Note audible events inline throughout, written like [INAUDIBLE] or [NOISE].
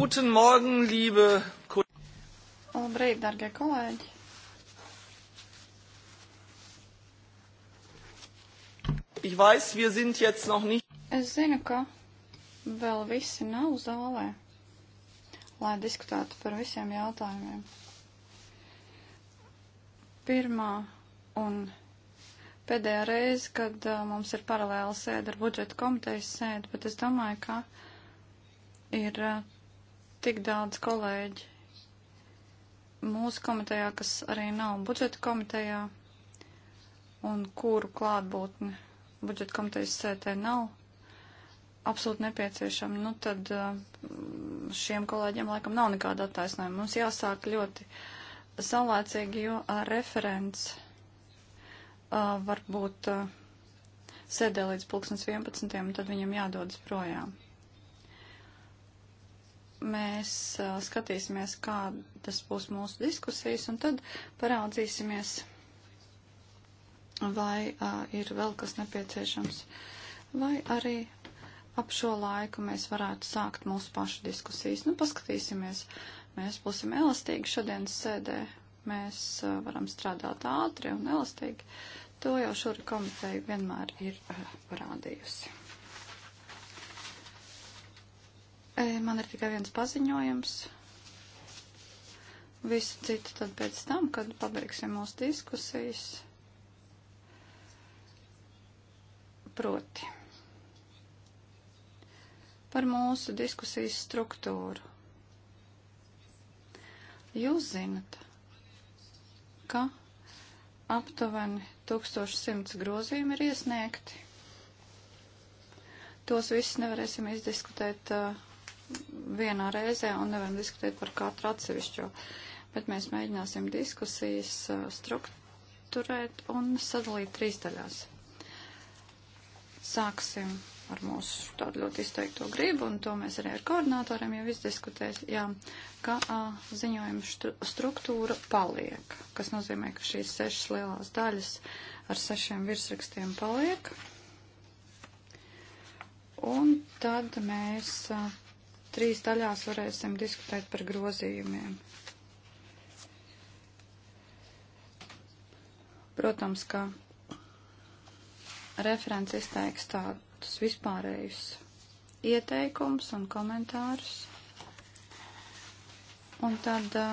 Guten Morgen, liebe Kollegen. Labrīt, darbie kolēģi. Ich weiß, wir sind jetzt noch nicht. Es zinu, ka vēl visi nav zālē, lai diskutētu par visiem jautājumiem. Pirmā un pēdējā reize, kad uh, mums ir paralēla sēde ar budžeta komitejas sēdi, bet es domāju, ka ir uh, tik daudz kolēģi mūsu komitejā, kas arī nav budžeta komitejā un kuru klātbūtni budžeta komitejas sētē nav absolūti nepieciešama, nu tad uh, šiem kolēģiem laikam nav nekāda attaisnojuma. Mums jāsāk ļoti saulēcīgi, jo uh, referents uh, varbūt sēdē līdz pulkstens 11, un tad viņam jādodas projām mēs uh, skatīsimies, kādas būs mūsu diskusijas, un tad paraudzīsimies, vai uh, ir vēl kas nepieciešams, vai arī ap šo laiku mēs varētu sākt mūsu pašu diskusijas. Nu, paskatīsimies, mēs būsim elastīgi šodienas sēdē, mēs uh, varam strādāt ātri un elastīgi. To jau šura komiteja vienmēr ir uh, parādījusi. E, man ir tikai viens paziņojums. Visu citu tad pēc tam, kad pabeigsim mūsu diskusijas. Proti. Par mūsu diskusijas struktūru. Jūs zinat, ka aptuveni 1100 grozījumi ir iesniegti. Tos visus nevarēsim izdiskutēt uh, vienā reizē un nevaram diskutēt par katru atsevišķo. Bet mēs mēģināsim diskusijas uh, strukturēt un sadalīt trīs daļās. Sāksim ar mūsu tādu ļoti izteikto gribu, un to mēs arī ar koordinātoriem jau izdiskutējām, ka a, ziņojuma štru, struktūra paliek, kas nozīmē, ka šīs sešas lielās daļas ar sešiem virsrakstiem paliek. Un tad mēs a, Trīs daļās varēsim diskutēt par grozījumiem. Protams, ka referents izteiks tādus vispārējus ieteikums un komentārus. Un tad uh,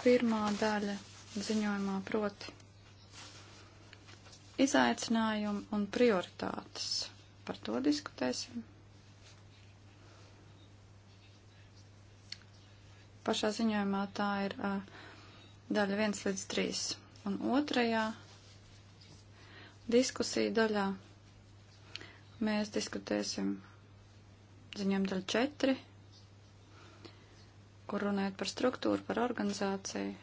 pirmā daļa ziņojumā proti izaicinājumi un prioritātes. Par to diskutēsim. pašā ziņojumā tā ir uh, daļa 1 līdz 3. Un otrajā diskusija daļā mēs diskutēsim ziņojumu daļu 4, kur runājot par struktūru, par organizāciju.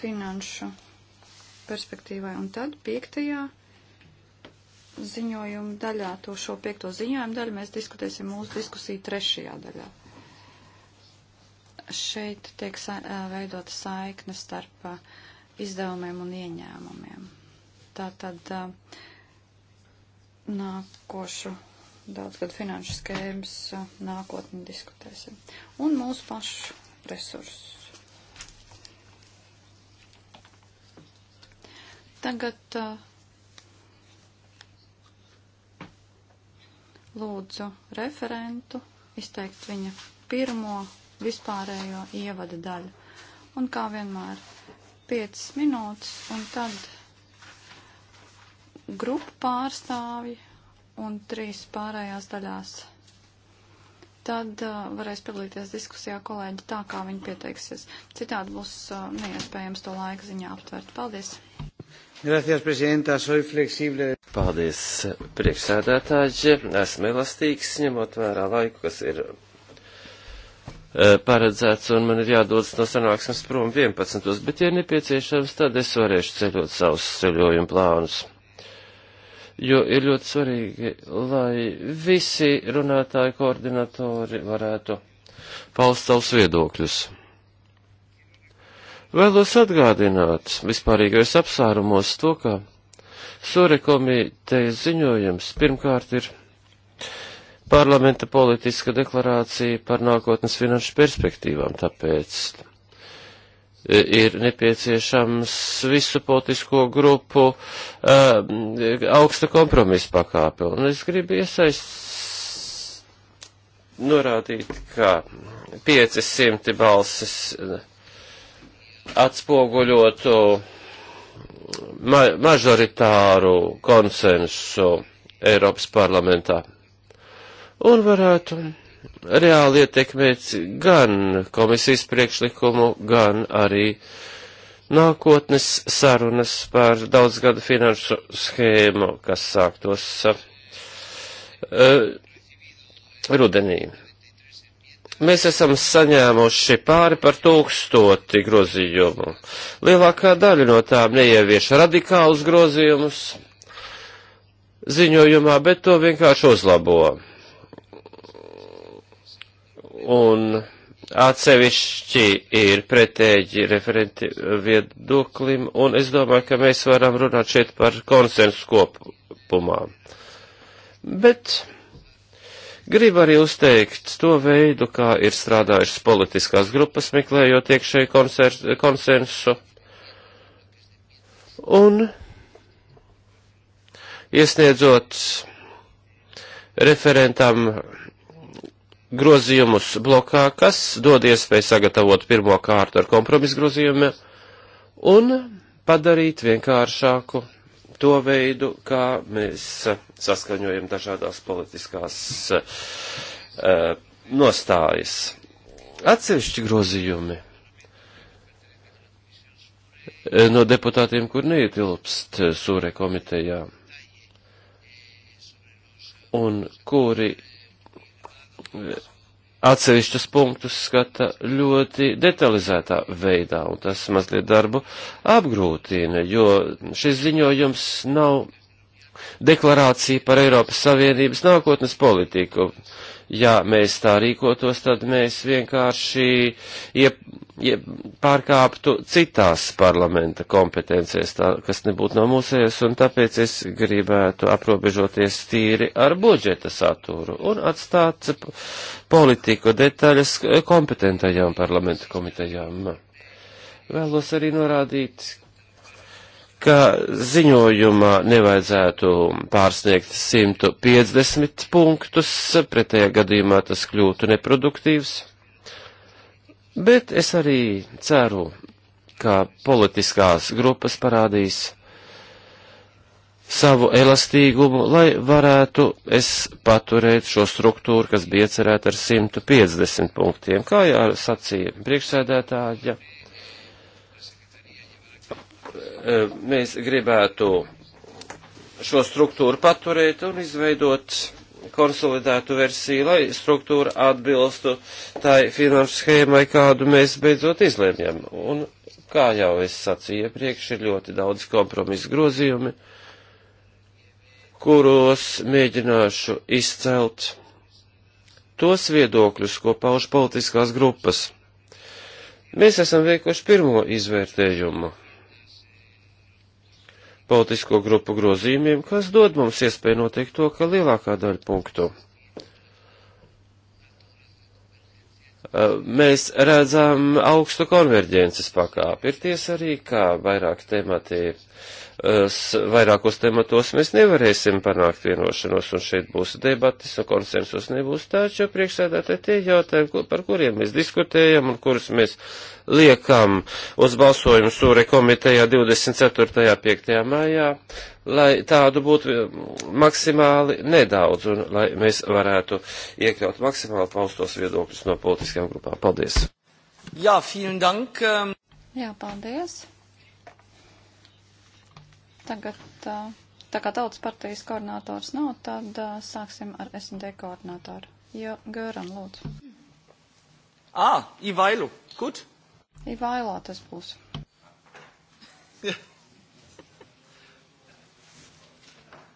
Finanšu perspektīvai. Un tad piektajā ziņojuma daļā, to šo piekto ziņojumu daļu mēs diskutēsim mūsu diskusiju trešajā daļā. Šeit tiek sa veidota saikne starp izdevumiem un ieņēmumiem. Tā tad nākošu daudzgadu finanšu skēmas nākotni diskutēsim. Un mūsu pašu resursus. Tagad uh, lūdzu referentu izteikt viņa pirmo vispārējo ievada daļu. Un kā vienmēr, 5 minūtes, un tad grupu pārstāvji un trīs pārējās daļās. Tad uh, varēs piedalīties diskusijā kolēģi tā, kā viņi pieteiksies. Citādi būs uh, neiespējams to laika ziņā aptvert. Paldies! Gracias, presidenta. Soy flexible. Paldies, priekšsēdētāji. Esmu elastīgs, ņemot vērā laiku, kas ir e, paredzēts, un man ir jādodas no sanāksmes prom 11. Bet, ja nepieciešams, tad es varēšu ceļot savus ceļojumu plānus. Jo ir ļoti svarīgi, lai visi runātāji koordinatori varētu paust savus viedokļus. Vēlos atgādināt vispārīgajos apsārumos to, ka Sure komitejas ziņojums pirmkārt ir parlamenta politiska deklarācija par nākotnes finanšu perspektīvām, tāpēc e, ir nepieciešams visu politisko grupu uh, augsta kompromisa pakāpe. Un es gribu iesaist norādīt, ka 500 balsis atspoguļotu ma mažoritāru konsensu Eiropas parlamentā un varētu reāli ietekmēt gan komisijas priekšlikumu, gan arī nākotnes sarunas par daudzgadu finanšu schēmu, kas sāktos uh, rudenī. Mēs esam saņēmuši pāri par tūkstoti grozījumu. Lielākā daļa no tām neievieš radikālus grozījumus ziņojumā, bet to vienkārši uzlabo. Un atsevišķi ir pretēji referenti viedoklim, un es domāju, ka mēs varam runāt šeit par konsensu kopumā. Bet Gribu arī uzteikt to veidu, kā ir strādājušas politiskās grupas, meklējot iekšēju konsensu. Un iesniedzot referentam grozījumus blokā, kas dod iespēju sagatavot pirmo kārtu ar kompromisu grozījumu un padarīt vienkāršāku to veidu, kā mēs eh, saskaņojam dažādās politiskās uh, nostājas. Atsevišķi grozījumi no deputātiem, kur neietilpst Sūre komitejā un kuri uh, atsevišķus punktus skata ļoti detalizētā veidā, un tas mazliet darbu apgrūtina, jo šis ziņojums nav deklarācija par Eiropas Savienības nākotnes politiku. Uh, ja mēs tā rīkotos, tad mēs vienkārši iep, iep, pārkāptu citās parlamenta kompetencēs, tā, kas nebūtu no mūsējas, un tāpēc es gribētu aprobežoties tīri ar budžeta saturu un atstāt politiku detaļas kompetentajām parlamenta komitejām. Vēlos arī norādīt, ka ziņojumā nevajadzētu pārsniegt 150 punktus, pretējā gadījumā tas kļūtu neproduktīvs. Bet es arī ceru, ka politiskās grupas parādīs savu elastīgumu, lai varētu es paturēt šo struktūru, kas bija cerēta ar 150 punktiem, kā jau sacīja priekšsēdētāja. Ja Eh, mēs gribētu šo struktūru paturēt un izveidot konsolidētu versiju, lai struktūra atbilstu tai finanšu schēmai, kādu mēs beidzot izlēmjam. Un, kā jau es sacīju iepriekš, ir ļoti daudz kompromisu grozījumi, kuros mēģināšu izcelt tos viedokļus, ko pauž politiskās grupas. Mēs esam veikuši pirmo izvērtējumu politisko grupu grozījumiem, kas dod mums iespēju noteikt to, ka lielākā daļa punktu mēs redzam augstu konverģences pakāpi. Ir tiesa arī, kā vairāk temati vairākos tematos mēs nevarēsim panākt vienošanos, un šeit būs debatas, un konsensus nebūs taču priekšsēdētāji tie jautājumi, par kuriem mēs diskutējam un kurus mēs liekam uz balsojumu Sūre komitejā 24.5. maijā, lai tādu būtu maksimāli nedaudz, un lai mēs varētu iekļaut maksimāli paustos viedokļus no politiskajām grupām. Paldies! Jā, vielen dank! Um, Jā, paldies! Tagad, uh, tā kā tautas partijas koordinators nav, tad uh, sāksim ar SND koordinatoru. Jo, Gēram, lūdzu. Ah, Ivailu. Gut. Ivailā tas būs. Ja.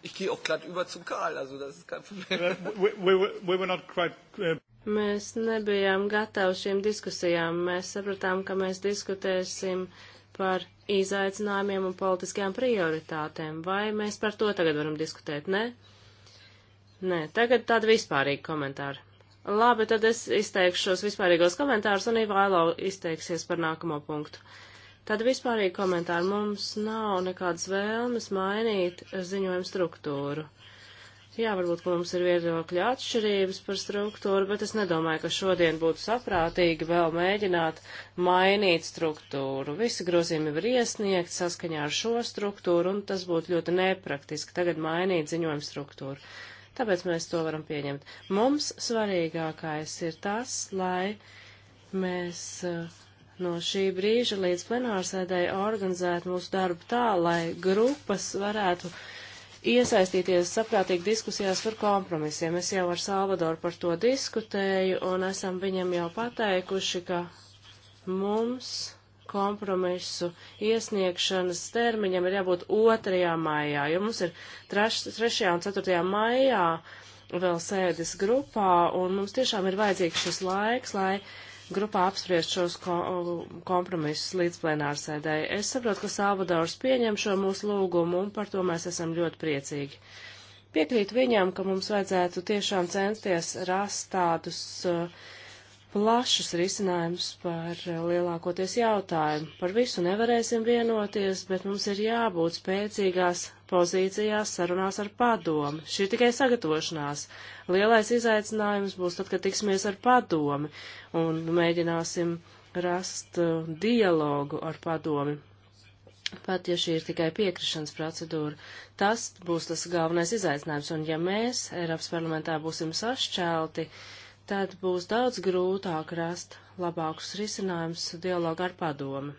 Ich gehe auch glatt über zum Karl, also das ist kein Problem. Uh, we, we, we were not quite, uh... Mēs nebijām gatavi šīm diskusijām. Mēs sapratām, ka mēs diskutēsim par izaicinājumiem un politiskajām prioritātēm. Vai mēs par to tagad varam diskutēt? Nē? Nē, tagad tāda vispārīga komentāra. Labi, tad es izteikšu šos vispārīgos komentārus un Ivailau izteiksies par nākamo punktu. Tad vispārīgi komentāri mums nav nekādas vēlmes mainīt ziņojumu struktūru. Jā, varbūt, ka mums ir viedokļa atšķirības par struktūru, bet es nedomāju, ka šodien būtu saprātīgi vēl mēģināt mainīt struktūru. Visi grozījumi ir iesniegt saskaņā ar šo struktūru, un tas būtu ļoti nepraktiski tagad mainīt ziņojumu struktūru. Tāpēc mēs to varam pieņemt. Mums svarīgākais ir tas, lai mēs eh, no šī brīža līdz plenārsēdēji organizētu mūsu darbu tā, lai grupas varētu iesaistīties saprātīgi diskusijās par kompromisiem. Es jau ar Salvadoru par to diskutēju un esam viņam jau pateikuši, ka mums kompromisu iesniegšanas termiņam ir jābūt 2. maijā, jo mums ir 3. un 4. maijā vēl sēdes grupā, un mums tiešām ir vajadzīgs šis laiks, lai grupā apspriest šos ko kompromisus līdz plenārsēdēji. Es saprotu, ka Salvadors pieņem šo mūsu lūgumu un par to mēs esam ļoti priecīgi. Piekrīt viņam, ka mums vajadzētu tiešām censties rast tādus uh, plašus risinājumus par eh, lielākoties jautājumu. Par visu nevarēsim vienoties, bet mums ir jābūt spēcīgās pozīcijās sarunās ar padomu. Šī ir tikai sagatavošanās. Lielais izaicinājums būs tad, kad tiksimies ar padomi un mēģināsim rast eh, dialogu ar padomi. Pat ja šī ir tikai piekrišanas procedūra, tas būs tas galvenais izaicinājums, un ja mēs Eiropas parlamentā būsim sašķelti, uh, tad būs daudz grūtāk rast labākus risinājumus dialogu ar padomu.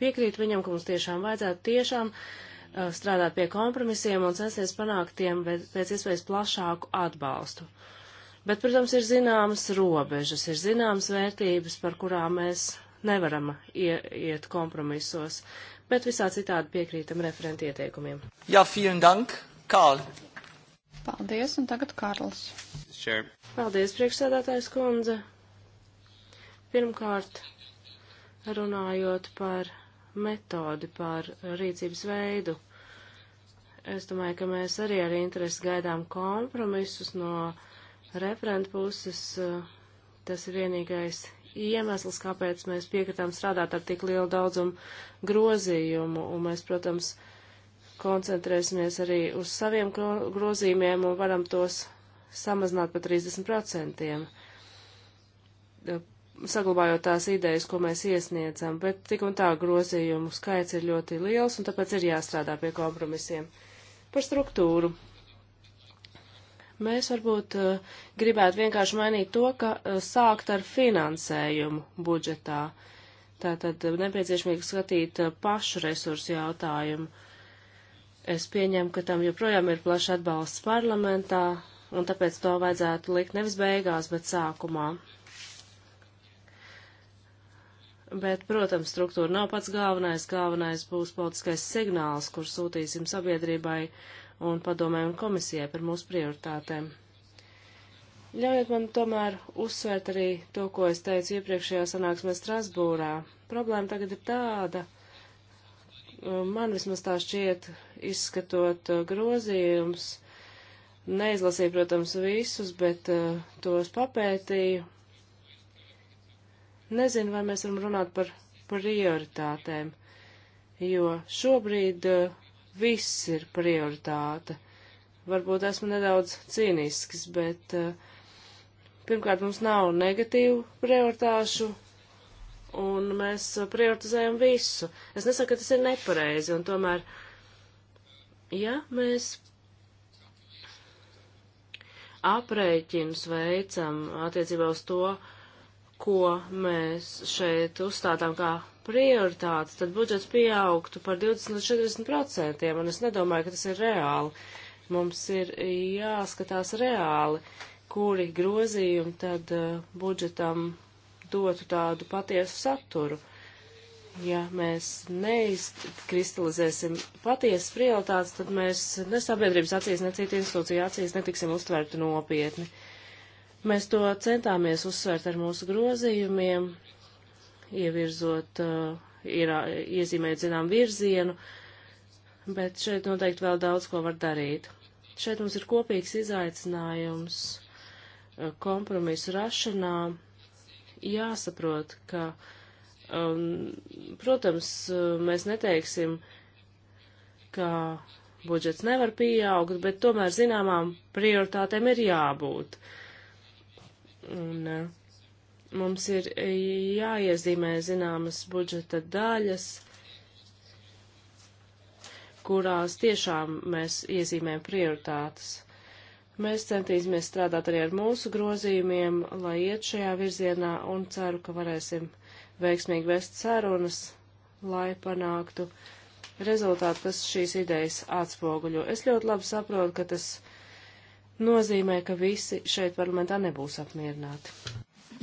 Piekrīt viņam, ka mums tiešām vajadzētu tiešām uh, strādāt pie kompromisiem un censties panākt tiem pēc iespējas plašāku atbalstu. Bet, protams, ir zināmas robežas, ir zināmas vērtības, par kurām mēs nevaram ie, iet kompromisos, bet visā citādi piekrītam referentu ieteikumiem. Jā, ja, vielen dank, Kārl. Paldies, un tagad Kārls. Sure. Paldies, priekšsēdētājs kundze. Pirmkārt, runājot par metodi, par rīcības veidu, es domāju, ka mēs arī ar interesi gaidām kompromisus no referenta puses. Tas ir vienīgais iemesls, kāpēc mēs piekritām strādāt ar tik lielu daudzumu grozījumu, un mēs, protams, uh, koncentrēsimies arī uz saviem grozījumiem un varam tos samazināt par 30%, e, saglabājot tās idejas, ko mēs iesniedzam, bet tik un tā grozījumu skaits ir ļoti liels, un tāpēc ir jāstrādā pie kompromisiem. Par struktūru. Mēs varbūt uh, gribētu vienkārši mainīt to, ka uh, sākt ar finansējumu budžetā. Tātad nepieciešamīgi skatīt uh, pašu resursu jautājumu. Uh, Es pieņemu, ka tam joprojām ir plašs atbalsts parlamentā, un tāpēc to vajadzētu likt nevis beigās, bet sākumā. Bet, protams, struktūra nav pats galvenais. Galvenais būs politiskais signāls, kur sūtīsim sabiedrībai un padomēm un komisijai par mūsu prioritātēm. Ļaujiet man tomēr uzsvērt arī to, ko es teicu iepriekšējā sanāksmē Strasbūrā. Problēma tagad ir tāda, Eh, man vismaz tā šķiet, izskatot eh, grozījums, neizlasīju, protams, visus, bet uh, tos papētīju. Nezinu, vai mēs varam runāt par prioritātēm, jo šobrīd uh, viss ir prioritāte. Varbūt esmu nedaudz cīnisks, bet uh, pirmkārt mums nav negatīvu prioritāšu, un mēs uh, prioritizējam visu. Es nesaku, ka tas ir nepareizi, un tomēr, ja mēs aprēķinus veicam attiecībā uz to, ko mēs šeit uzstādām kā prioritātes, tad budžets pieaugtu par 20 līdz 40 procentiem, un es nedomāju, ka tas ir reāli. Mums ir jāskatās reāli, kuri grozījumi tad uh, budžetam dotu tādu patiesu saturu. Ja mēs neizkristalizēsim patiesas prioritātes, tad mēs ne sabiedrības acīs, ne citu institūciju acīs netiksim uztverti nopietni. Mēs to centāmies uzsvērt ar mūsu grozījumiem, ievirzot, uh, ir, iezīmēt zinām virzienu, bet šeit noteikti vēl daudz ko var darīt. Šeit mums ir kopīgs izaicinājums uh, kompromisu rašanā jāsaprot, ka, um, protams, uh, mēs neteiksim, ka budžets nevar pieaugt, bet tomēr zināmām prioritātēm ir jābūt. Un, uh, mums ir jāiezīmē zināmas budžeta daļas, kurās tiešām mēs iezīmējam prioritātes. Mēs centīsimies strādāt arī ar mūsu grozījumiem, lai iet šajā virzienā un ceru, ka varēsim veiksmīgi vest sarunas, lai panāktu rezultātu, kas šīs idejas atspoguļo. Es ļoti labi saprotu, ka tas nozīmē, ka visi šeit parlamentā nebūs apmierināti.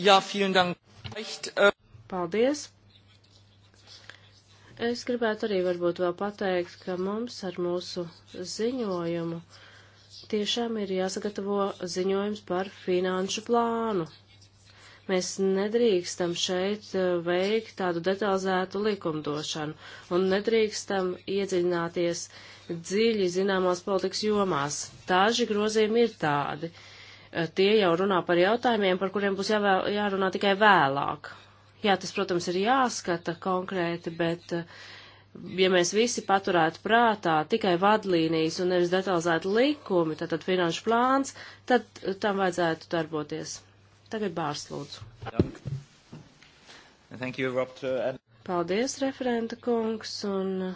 Jā, vielen dank. Eh, Paldies. Es gribētu arī varbūt vēl pateikt, ka mums ar mūsu ziņojumu tiešām ir jāsagatavo ziņojums par finanšu plānu. Mēs nedrīkstam šeit eh, veikt tādu detalizētu likumdošanu un nedrīkstam iedziļināties dziļi zināmās politikas jomās. Tāži grozījumi ir tādi. Eh, tie jau runā par jautājumiem, par kuriem būs jāvēl, jārunā tikai vēlāk. Jā, tas, protams, ir jāskata konkrēti, bet uh, ja mēs visi paturētu prātā tikai vadlīnijas un nevis detalizētu likumi, tātad finanšu plāns, tad eh, tam vajadzētu darboties. Tagad bārs lūdzu. Uh, Paldies, referenta kungs, un eh,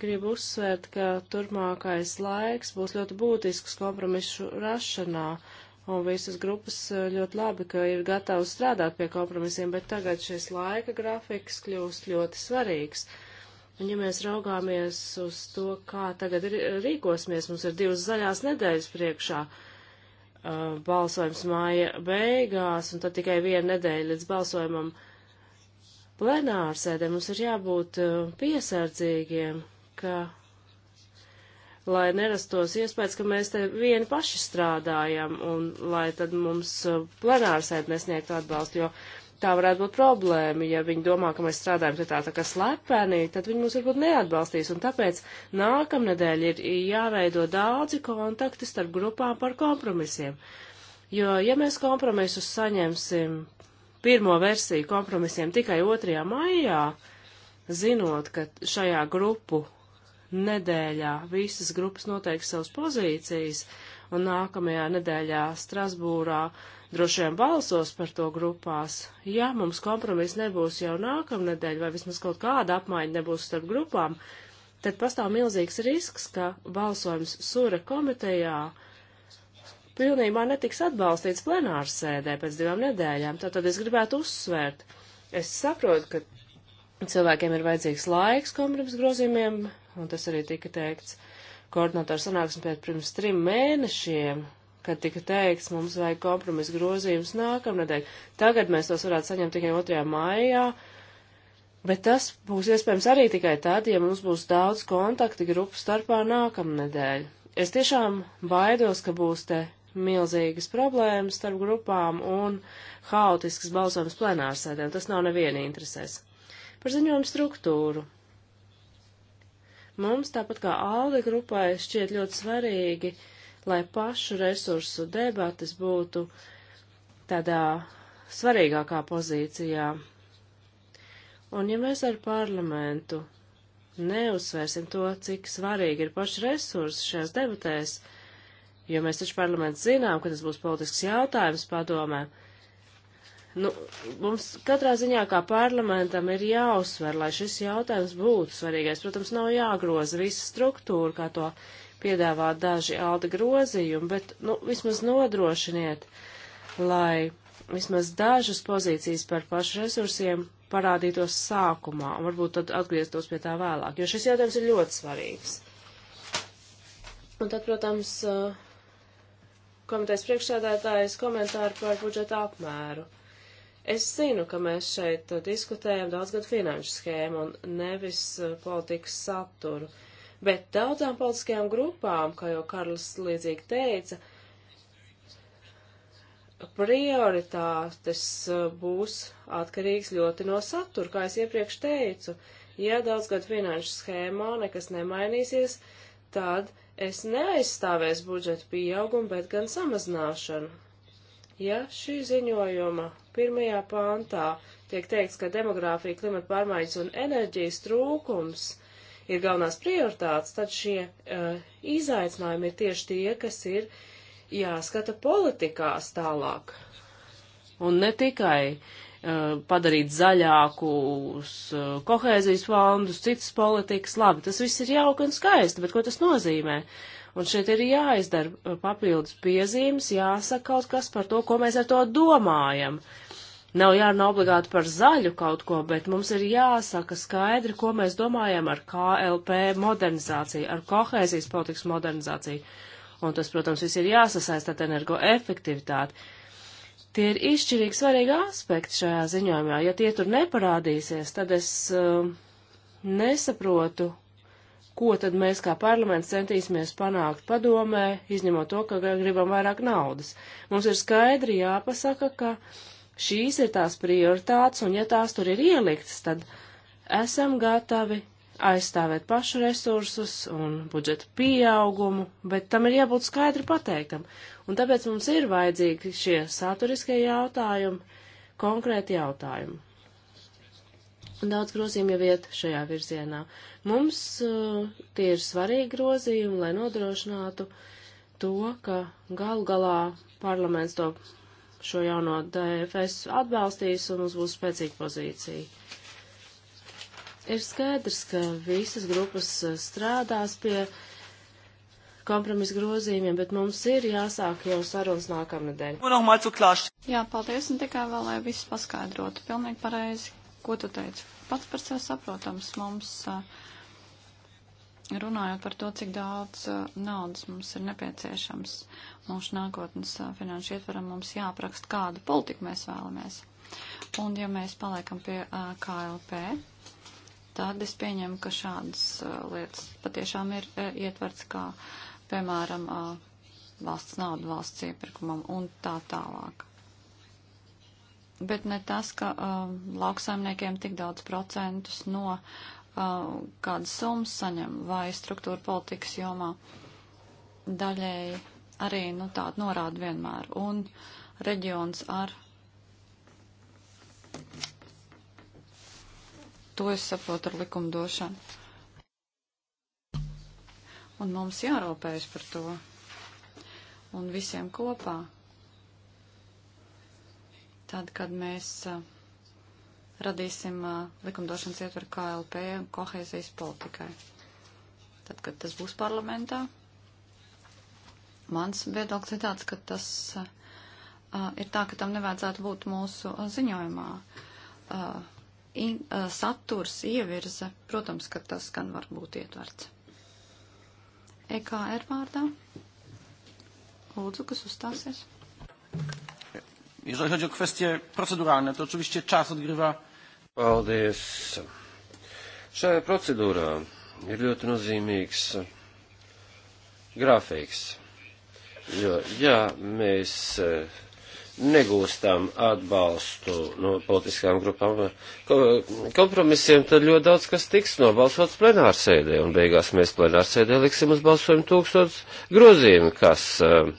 gribu uzsvērt, ka turpmākais laiks būs ļoti būtisks kompromisu rašanā. Uh, un visas grupas eh, ļoti labi, ka ir gatavs strādāt pie kompromisiem, bet tagad šis laika grafiks kļūst ļoti svarīgs. Un ja mēs raugāmies uz to, kā tagad rīkosimies, mums ir divas zaļās nedēļas priekšā, uh, balsojums māja beigās, un tad tikai viena nedēļa līdz balsojumam plenārsēdē mums ir jābūt uh, piesardzīgiem, ka lai nerastos iespējas, ka mēs te vieni paši strādājam un lai tad mums uh, plenārsēd nesniegtu atbalstu, jo tā varētu būt problēma. Ja viņi domā, ka mēs strādājam pie tā tā kā slepenī, tad viņi mūs varbūt neatbalstīs. Un tāpēc nākamnedēļ ir jāveido daudzi kontakti starp grupām par kompromisiem. Jo, ja mēs kompromisus saņemsim, pirmo versiju kompromisiem tikai 2. maijā, zinot, ka šajā grupu nedēļā. Visas grupas noteikti savas pozīcijas, un nākamajā nedēļā Strasbūrā droši vien balsos par to grupās. Ja mums kompromiss nebūs jau nākamnedēļ, vai vismaz kaut kāda apmaiņa nebūs starp grupām, tad pastāv milzīgs risks, ka balsojums Sura komitejā pilnībā netiks atbalstīts plenārsēdē pēc divām nedēļām. Tātad es gribētu uzsvērt. Es saprotu, ka Cilvēkiem ir vajadzīgs laiks kompromisu grozījumiem, un tas arī tika teikts koordinatoru sanāksmi pēc pirms trim mēnešiem, kad tika teikts, mums vajag kompromisu grozījums nākamnedēļ. Tagad mēs tos varētu saņemt tikai 2. maijā, bet tas būs iespējams arī tikai tad, ja mums būs daudz kontakti grupu starpā nākamnedēļ. Es tiešām baidos, ka būs te milzīgas problēmas starp grupām un haotisks balsojums plenārsēdēm. Tas nav neviena interesēs. Par ziņojumu struktūru. Mums, tāpat kā ALDE grupai, šķiet ļoti svarīgi, lai pašu resursu debatas būtu tādā svarīgākā pozīcijā. Un ja mēs ar parlamentu neuzsvērsim to, cik svarīgi ir paši resursi šajās debatēs, jo mēs taču parlaments zinām, ka tas būs politisks jautājums padomē, Nu, mums katrā ziņā kā parlamentam ir jāuzsver, lai šis jautājums būtu svarīgais. Protams, nav jāgroza visa struktūra, kā to piedāvā daži alda grozījumi, bet nu, vismaz nodrošiniet, lai vismaz dažas pozīcijas par pašu resursiem parādītos sākumā, un varbūt tad atgrieztos pie tā vēlāk, jo šis jautājums ir ļoti svarīgs. Un tad, protams, uh, komitejas priekšsēdētājas komentāru par budžeta apmēru. Es zinu, ka mēs šeit diskutējam daudzgad finanšu schēmu un nevis eh, politikas saturu, bet daudzām politiskajām grupām, kā jau Karls līdzīgi teica, prioritātes eh, būs atkarīgs ļoti no satura, kā es iepriekš teicu. Ja daudzgad finanšu schēmā nekas nemainīsies, tad es neaizstāvēs budžeta pieaugumu, bet gan samazināšanu Ja šī ziņojuma pirmajā pāntā tiek teikts, ka demogrāfija, klimata pārmaiņas un enerģijas trūkums ir galvenās prioritātes, tad šie uh, izaicinājumi ir tieši tie, kas ir jāskata politikās tālāk. Un ne tikai uh, padarīt zaļākus uh, kohēzijas fondus, citas politikas, labi, tas viss ir jauki un skaisti, bet ko tas nozīmē? Uh, Un šeit ir jāizdara uh, papildus piezīmes, jāsaka kaut kas par to, ko mēs ar to domājam. Nav jārunā obligāti par zaļu kaut ko, bet mums ir jāsaka skaidri, ko mēs domājam ar KLP modernizāciju, ar kohēzijas politikas modernizāciju. Un tas, protams, viss ir jāsasaistāt energoefektivitāti. Tie ir izšķirīgi svarīgi aspekti šajā ziņojumā. Ja tie tur neparādīsies, tad es uh, nesaprotu, ko tad mēs kā parlaments centīsimies panākt padomē, izņemot to, ka gribam vairāk naudas. Mums ir skaidri jāpasaka, ka šīs ir tās prioritātes, un ja tās tur ir ieliktas, tad esam gatavi aizstāvēt pašu resursus un budžeta pieaugumu, bet tam ir jābūt skaidri pateiktam. Un tāpēc mums ir vajadzīgi šie saturiskie jautājumi, konkrēti jautājumi. Daudz grozījumu jau iet šajā virzienā. Mums uh, tie ir svarīgi grozījumi, lai nodrošinātu to, ka galu galā parlaments to šo jauno DFS atbalstīs un mums būs spēcīga pozīcija. Ir skaidrs, ka visas grupas uh, strādās pie kompromisa grozījumiem, bet mums ir jāsāk jau sarunas nākamnedēļ. Nu, Jā, paldies, un tikai vēl, lai viss paskaidrotu. Pilnīgi pareizi, ko tu teici? Pats par sevi saprotams mums, eh, runājot par to, cik daudz eh, naudas mums ir nepieciešams mūsu nākotnes eh, finanšu ietvaram, mums jāaprakst, kādu politiku mēs vēlamies. Un ja mēs paliekam pie KLP, tad es pieņemu, ka šādas lietas patiešām ir ietverts kā, piemēram, valsts nauda valsts iepirkumam un tā tālāk bet ne tas, ka uh, lauksaimniekiem tik daudz procentus no uh, kādas summas saņem vai struktūra politikas jomā daļēji arī nu, tāda norāda vienmēr. Un reģions ar to es saprotu ar likumdošanu. Un mums jārūpējas par to. Un visiem kopā. Tad, kad mēs uh, radīsim uh, likumdošanas ietveru KLP un kohēzijas politikai. Tad, kad tas būs parlamentā, mans viedoklis ir tāds, ka tas uh, ir tā, ka tam nevajadzētu būt mūsu ziņojumā. In, saturs ievirze, protams, ka tas gan var būt ietverts. EKR vārdā. Lūdzu, kas uzstāsies? Jeżeli chodzi o kwestie proceduralne, to oczywiście czas odgrywa. Paldies. Šajā procedūrā ir ļoti nozīmīgs grafiks. Jo, ja mēs eh, negūstam atbalstu no politiskām grupām kompromisiem, tad ļoti daudz kas tiks nobalsots plenārsēdē, un beigās mēs plenārsēdē liksim uz balsojumu tūkstots grozījumu, kas uh,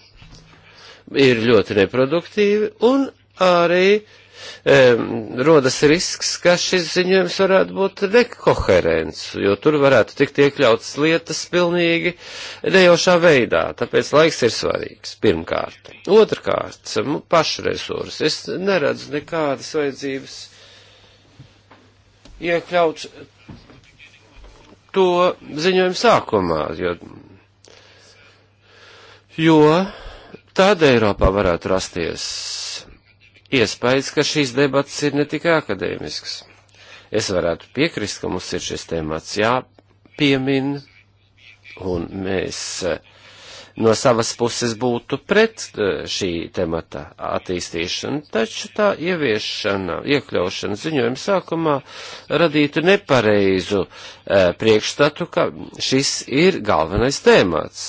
ir ļoti neproduktīvi un arī um, rodas risks, ka šis ziņojums varētu būt nekoherents, jo tur varētu tikt iekļautas lietas pilnīgi nejošā veidā, tāpēc laiks ir svarīgs, pirmkārt. Otrkārt, pašresursi. Es neredzu nekādas vajadzības iekļaut to ziņojumu sākumā, jo, jo tad Eiropā varētu rasties iespējas, ka šīs debats ir ne tikai akadēmisks. Es varētu piekrist, ka mums ir šis temats jāpiemin, un mēs eh, no savas puses būtu pret eh, šī temata attīstīšanu, taču tā ieviešana, iekļaušana ziņojuma sākumā radītu nepareizu eh, priekšstatu, ka šis ir galvenais temats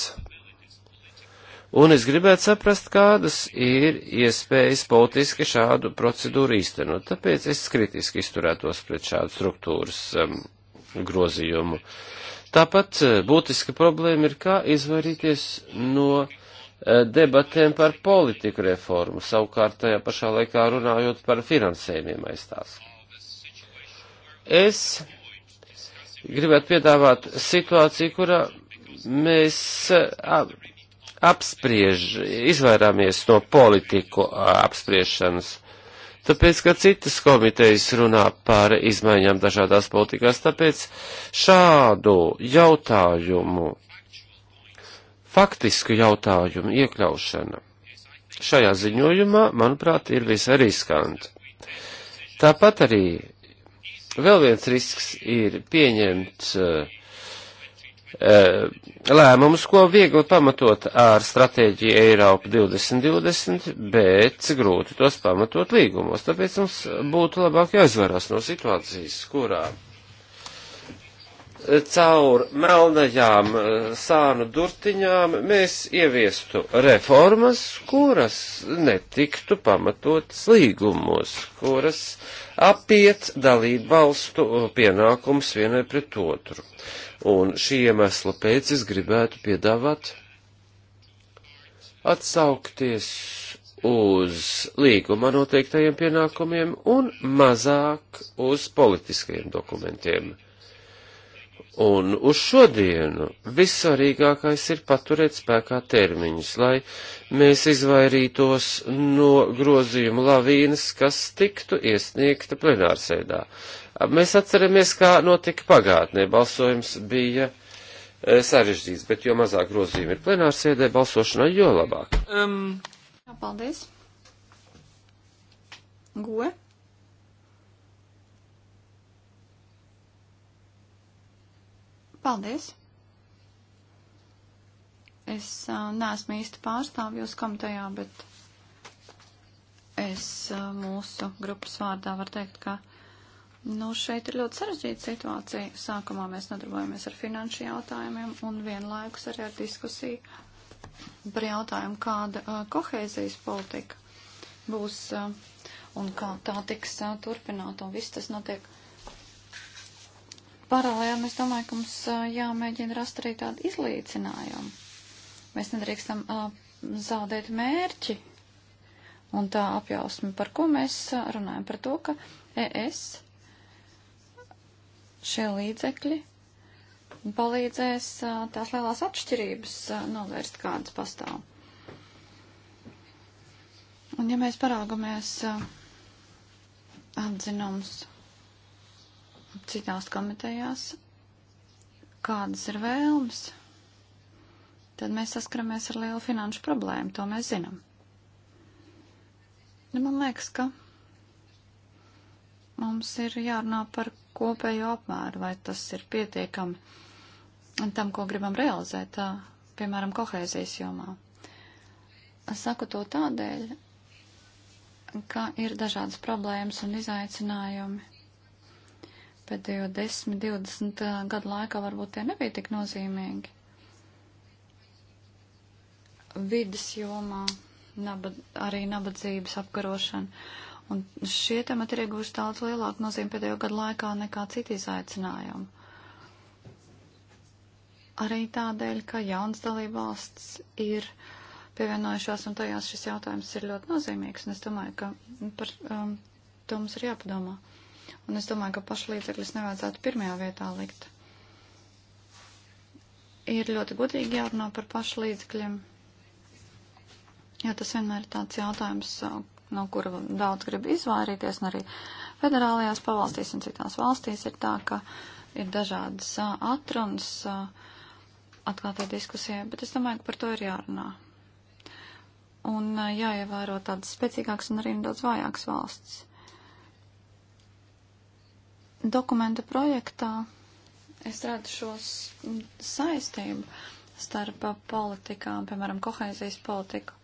Un es gribētu saprast, kādas ir iespējas politiski šādu procedūru īstenot. Tāpēc es kritiski izturētos pret šādu struktūras um, grozījumu. Tāpat uh, būtiska problēma ir, kā izvairīties no uh, debatēm par politiku reformu, savukārt tajā pašā laikā runājot par finansējumiem aizstās. Es gribētu piedāvāt situāciju, kurā mēs uh, apspriež, izvairāmies no politiku apspriešanas. Tāpēc, ka citas komitejas runā par izmaiņām dažādās politikās, tāpēc šādu jautājumu, faktisku jautājumu iekļaušana šajā ziņojumā, manuprāt, ir visai riskanti. Tāpat arī vēl viens risks ir pieņemt uh, Eh, lēmumus, ko viegli pamatot ar stratēģiju Eiropa 2020, bet grūti tos pamatot līgumos. Tāpēc mums būtu labāk jāizvairās no situācijas, kurā caur melnajām eh, sānu durtiņām mēs ieviestu reformas, kuras netiktu pamatotas līgumos, kuras apiet dalību valstu eh, pienākums vienai pret otru. Un šī iemesla pēc es gribētu piedāvāt atsaukties uz līguma noteiktajiem pienākumiem un mazāk uz politiskajiem dokumentiem Un uz šodienu vissvarīgākais ir paturēt spēkā termiņus, lai mēs izvairītos no grozījuma lavīnas, kas tiktu iesniegta plenārsēdā. Mēs atceramies, kā notika pagātnē. Balsojums bija e, sarežģīts, bet jo mazāk grozījumi ir plenārsēdē, balsošanā jo labāk. Um. Paldies. Goe. Paldies! Es uh, neesmu īsti pārstāvjus komitejā, bet es uh, mūsu grupas vārdā varu teikt, ka nu, šeit ir ļoti sarežģīta situācija. Sākumā mēs nodarbojamies ar finanšu jautājumiem un vienlaikus arī ar diskusiju par jautājumu, kāda uh, kohēzijas politika būs uh, un kā tā tiks uh, turpināta un viss tas notiek paralēli es domāju, ka mums jāmēģina rast arī tādu izlīdzinājumu. Mēs nedrīkstam uh, zaudēt mērķi un tā apjausmi, par ko mēs runājam, par to, ka ES šie līdzekļi palīdzēs tās lielās atšķirības novērst, kādas pastāv. Un ja mēs parāgamies atzinums citās komitejās, kādas ir vēlmes, tad mēs saskaramies ar lielu finanšu problēmu, to mēs zinām. Nu, man liekas, ka mums ir jārunā par kopējo apmēru, vai tas ir pietiekami tam, ko gribam realizēt, tā, piemēram, kohēzijas jomā. Es saku to tādēļ, ka ir dažādas problēmas un izaicinājumi Pēdējo 10, 20 gadu laikā varbūt tie nebija tik nozīmīgi. Vides jomā nabad, arī nabadzības apkarošana. Un šie temati ir ieguvuši daudz lielāku nozīmi pēdējo gadu laikā nekā citi izaicinājumi. Arī tādēļ, ka jauns dalībvalsts ir pievienojušās un tajās šis jautājums ir ļoti nozīmīgs, un es domāju, ka par um, to mums ir jāpadomā. Uh, Un es domāju, ka pašlīdzekļus nevajadzētu pirmajā vietā likt. Ir ļoti gudrīgi jārunā par pašlīdzekļiem, jo tas vienmēr ir tāds jautājums, uh, no kura daudz grib izvairīties, un arī federālajās pavalstīs un citās valstīs ir tā, ka ir dažādas uh, atrunas uh, atklātā diskusijā, bet es domāju, ka par to ir jārunā. Un jāievēro tādas spēcīgākas un arī nedaudz vājākas valsts dokumenta projektā es redzu šos saistību starp politikām, piemēram, kohēzijas politiku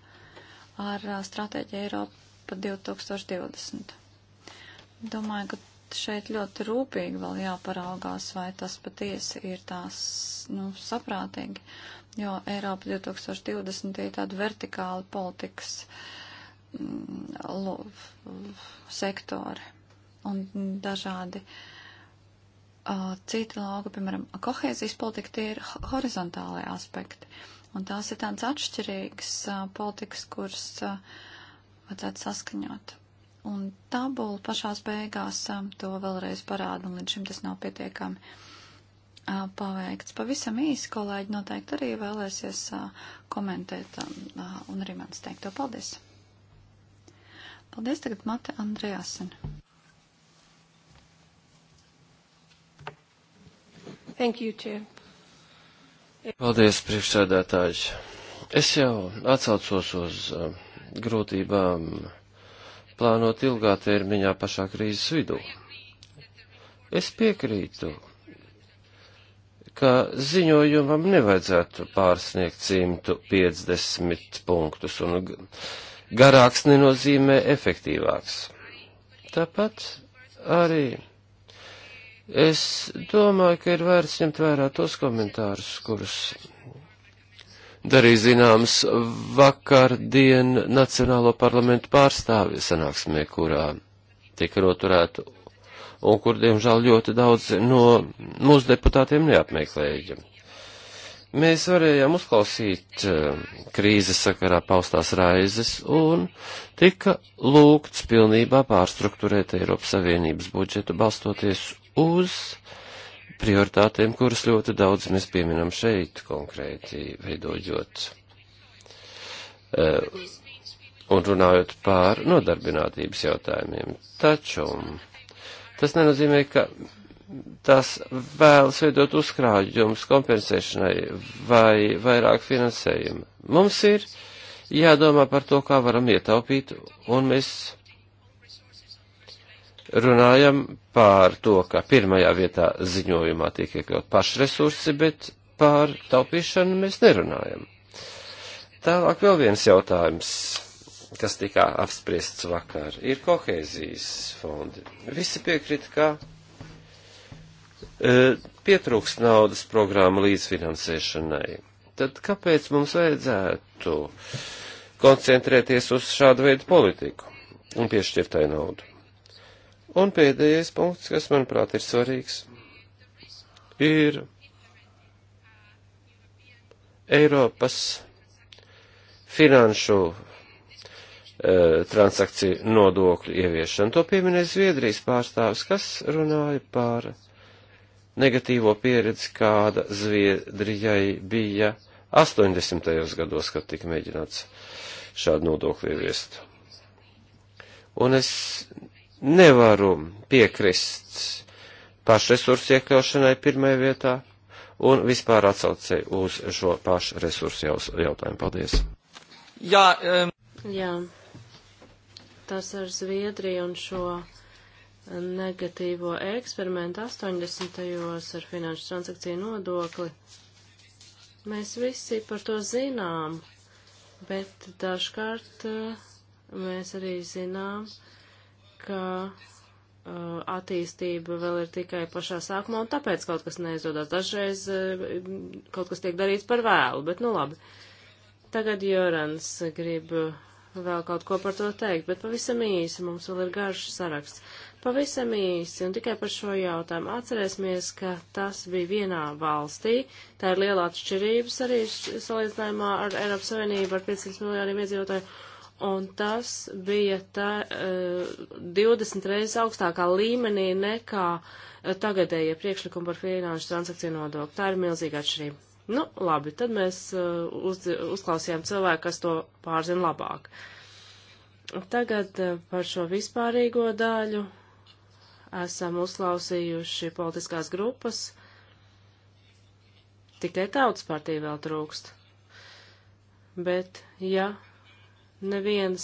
ar stratēģiju Eiropa 2020. Domāju, ka šeit ļoti rūpīgi vēl jāparaugās, vai tas patiesi ir tās, nu, saprātīgi, jo Eiropa 2020 ir tāda vertikāla politikas mm, sektori un dažādi uh, citi lauki, piemēram, kohēzijas politika, tie ir horizontālai aspekti. Un tās ir tādas atšķirīgas politikas, kuras vajadzētu saskaņot. Un tabula pašās beigās to vēlreiz parāda, un līdz šim tas nav pietiekami paveikts. Pavisam īsi kolēģi noteikti arī vēlēsies komentēt un arī mans teikto. Paldies! Paldies tagad Mate Andrejasen. Thank you, Chair. Paldies, priekšsēdētāji. Es jau atsaucos uz um, grūtībām plānot ilgā termiņā pašā krīzes vidū. Es piekrītu, ka ziņojumam nevajadzētu pārsniegt 150 punktus, un garāks nenozīmē efektīvāks. Tāpat arī Es domāju, ka ir vērts ņemt vērā tos komentārus, kurus darīja zināms vakardien Nacionālo parlamentu pārstāvju sanāksmē, kurā tika noturēta un kur, diemžēl, ļoti daudz no mūsu deputātiem neapmeklēja. Mēs varējām uzklausīt eh, krīzes sakarā paustās raizes un tika lūgts pilnībā pārstruktūrēt Eiropas Savienības budžetu balstoties uz prioritātēm, kuras ļoti daudz mēs pieminam šeit konkrēti, veidojot uh, un runājot pār nodarbinātības jautājumiem. Taču tas nenozīmē, ka tas vēlas veidot uzkrājumus kompensēšanai vai vairāk finansējumu. Mums ir jādomā par to, kā varam ietaupīt, un mēs runājam pār to, ka pirmajā vietā ziņojumā tiek iekļaut pašresursi, bet pār taupīšanu mēs nerunājam. Tālāk vēl viens jautājums, kas tika apspriests vakar, ir kohēzijas fondi. Visi piekrīt, ka e, pietrūks naudas programmu līdzfinansēšanai. Tad kāpēc mums vajadzētu koncentrēties uz šādu veidu politiku un piešķirtai naudu? Un pēdējais punkts, kas manuprāt ir svarīgs, ir Eiropas finanšu e, transakciju nodokļu ieviešana. To pieminēja Zviedrijas pārstāvis, kas runāja par negatīvo pieredzi, kāda Zviedrijai bija 80. gados, kad tika mēģināts šādu nodokli ieviest. Un es nevaru piekrist pašresursu iekļaušanai pirmajā vietā un vispār atsaucei uz šo pašresursu jautājumu. Paldies! Jā, um... Jā, tas ar Zviedriju un šo negatīvo eksperimentu 80. ar finanšu transakciju nodokli. Mēs visi par to zinām, bet dažkārt eh, mēs arī zinām, uh, ka uh, attīstība vēl ir tikai pašā sākumā, un tāpēc kaut kas neizdodas. Dažreiz uh, kaut kas tiek darīts par vēlu, bet nu labi. Tagad Jorans grib vēl kaut ko par to teikt, bet pavisam īsi mums vēl ir garš saraksts. Pavisam īsi un tikai par šo jautājumu. Atcerēsimies, ka tas bija vienā valstī. Tā ir liela atšķirības arī salīdzinājumā ar Eiropas Savienību ar 500 miljoniem iedzīvotāju un tas bija tā, 20 eh, reizes augstākā līmenī nekā eh, tagadējie priekšlikumi par finanšu transakciju nodokli. Tā ir milzīga atšķirība. Nu, labi, tad mēs eh, uz, uzklausījām cilvēku, kas to pārzina labāk. Tagad par šo vispārīgo daļu esam uzklausījuši politiskās grupas. Tikai tautas partija vēl trūkst. Bet, ja neviens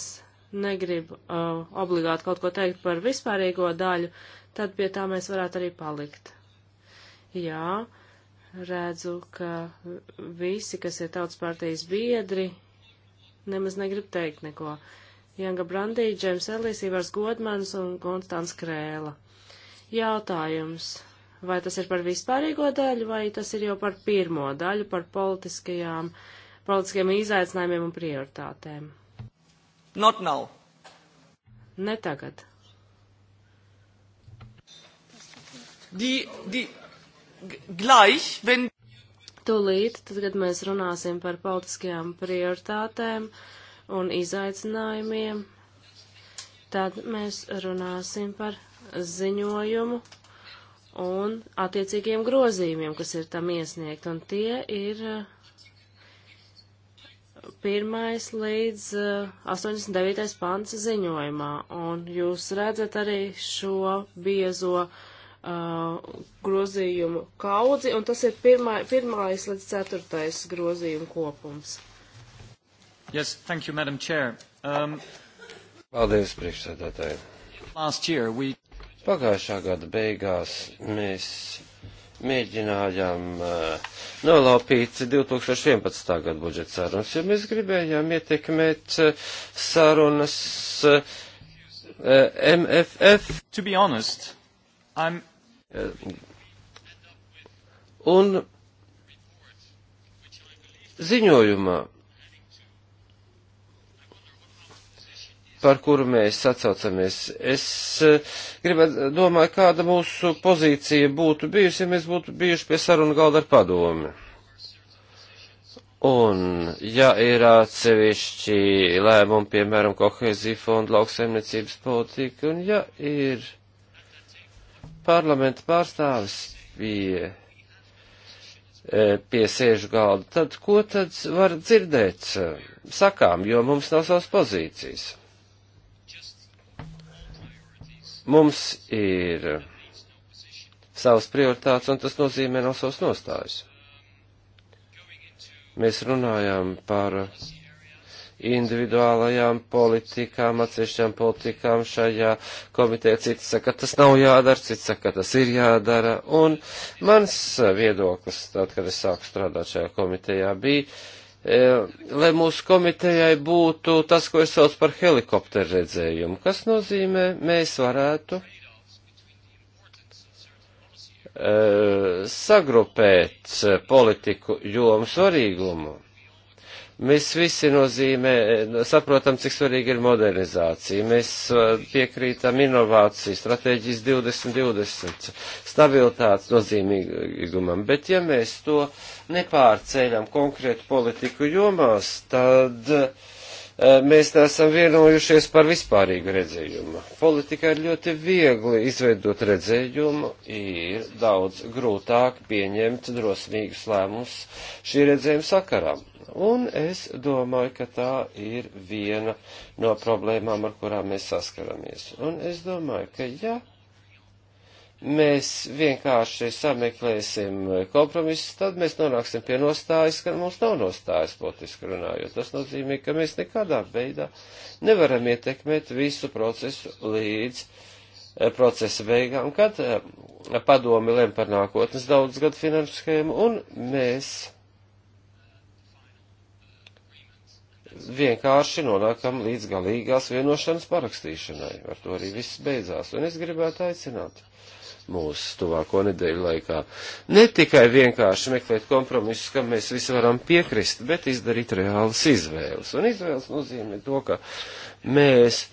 negrib uh, obligāti kaut ko teikt par vispārīgo daļu, tad pie tā mēs varētu arī palikt. Jā, redzu, ka visi, kas ir tautas partijas biedri, nemaz negrib teikt neko. Janga Brandī, Džems Ellis, Ivars Godmans un Konstants Krēla. Jautājums. Vai tas ir par vispārīgo daļu, vai tas ir jau par pirmo daļu, par politiskajām, politiskajiem izaicinājumiem un prioritātēm? Not now. Ne tagad. Die, die, gleich, wenn... Tūlīt, tad, kad mēs runāsim par politiskajām prioritātēm un izaicinājumiem, tad mēs runāsim par ziņojumu un attiecīgiem grozījumiem, kas ir tam iesniegt, un tie ir uh, 1. līdz 89. Eh, pants ziņojumā, un jūs redzat arī šo biezo uh, grozījumu kaudzi, un tas ir 1. līdz 4. grozījumu kopums. Yes, thank you, Madam Chair. Um, Paldies, priekšsēdētāji. Last year we... Pagājušā gada beigās mēs mēģinājām eh, nolaupīt 2011. gadu budžeta sarunas, jo mēs gribējām ietekmēt eh, sarunas eh, MFF. To be honest, I'm... Un ziņojumā par kuru mēs atsaucamies. Es eh, gribētu, domāju, kāda mūsu pozīcija būtu bijusi, ja mēs būtu bijuši pie sarunu galda ar padomi. Un, ja ir atsevišķi lēmumi, piemēram, kohēzija fonda lauksaimniecības politika, un ja ir parlamenta pārstāvis pie, eh, pie sēžu galda, tad ko tad var dzirdēt sakām, jo mums nav savas pozīcijas? Mums ir savas prioritātes, un tas nozīmē no savas nostājas. Mēs runājām par individuālajām politikām, atsevišķām politikām šajā komitē. Citi saka, tas nav jādara, citi saka, tas ir jādara. Un mans viedoklis, tad, kad es sāku strādāt šajā komitejā, bija, uh, E, lai mūsu komitejai būtu tas, ko es sauc par helikopteru redzējumu, kas nozīmē, mēs varētu e, sagrupēt politiku jomu svarīgumu Mēs visi nozīmē, saprotam, cik svarīgi ir modernizācija. Mēs uh, piekrītam inovāciju, stratēģijas 2020, stabilitātes nozīmīgumam, bet ja mēs to nepārceļam konkrētu politiku jomās, tad uh, mēs neesam vienojušies par vispārīgu redzējumu. Politikā ir ļoti viegli izveidot redzējumu, ir daudz grūtāk pieņemt drosmīgus lēmumus šī redzējuma sakaram Un es domāju, ka tā ir viena no problēmām, ar kurām mēs saskaramies. Un es domāju, ka ja mēs vienkārši sameklēsim kompromisus, tad mēs nonāksim pie nostājas, ka mums nav nostājas politiski runājot. Tas nozīmē, ka mēs nekādā veidā nevaram ietekmēt visu procesu līdz eh, procesa beigām, kad eh, padomi lem par nākotnes daudz gadu finanšu schēmu, un mēs vienkārši nonākam līdz galīgās vienošanas parakstīšanai. Ar to arī viss beidzās. Un es gribētu aicināt mūsu tuvāko nedēļu laikā. Ne tikai vienkārši meklēt kompromisus, kam mēs visi varam piekrist, bet izdarīt reālas izvēles. Un izvēles nozīmē to, ka mēs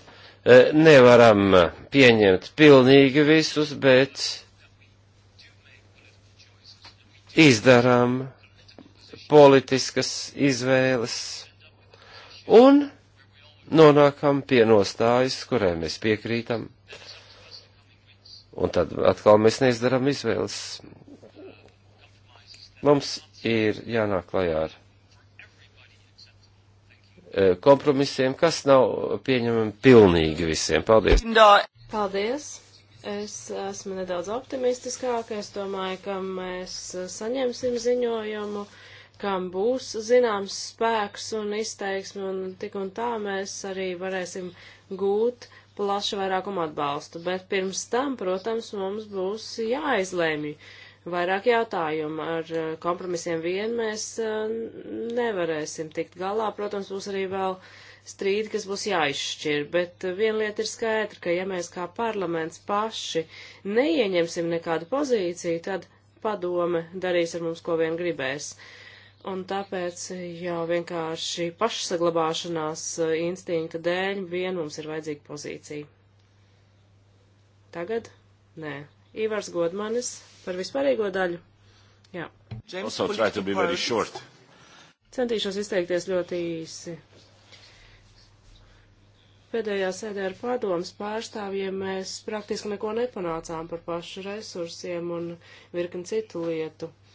e, nevaram pieņemt pilnīgi visus, bet izdarām politiskas izvēles Un nonākam pie nostājas, kurai mēs piekrītam. Un tad atkal mēs neizdaram izvēles. Mums ir jānāk klajā ar e, kompromisiem, kas nav pieņemami pilnīgi visiem. Paldies! Paldies! Es esmu nedaudz optimistiskāk. Es domāju, ka mēs saņemsim ziņojumu kam būs zināms spēks un izteiksme, un tik un tā mēs arī varēsim gūt plašu vairākumu atbalstu. Bet pirms tam, protams, mums būs jāizlēmj vairāk jautājumu. Ar eh, kompromisiem vien mēs eh, nevarēsim tikt galā. Protams, būs arī vēl strīdi, kas būs jāizšķir, bet eh, viena lieta ir skaidra, ka ja mēs kā parlaments paši neieņemsim nekādu pozīciju, tad padome darīs ar mums, ko vien gribēs. Uh, un tāpēc jau vienkārši pašsaglabāšanās eh, instinkta dēļ vien mums ir vajadzīga pozīcija. Tagad? Nē. Ivars Godmanis par vispārīgo daļu. Jā. Centīšos izteikties ļoti īsi. Pēdējā sēdē ar padomas pārstāvjiem mēs praktiski neko nepanācām par pašu resursiem un virkni citu lietu. Uh,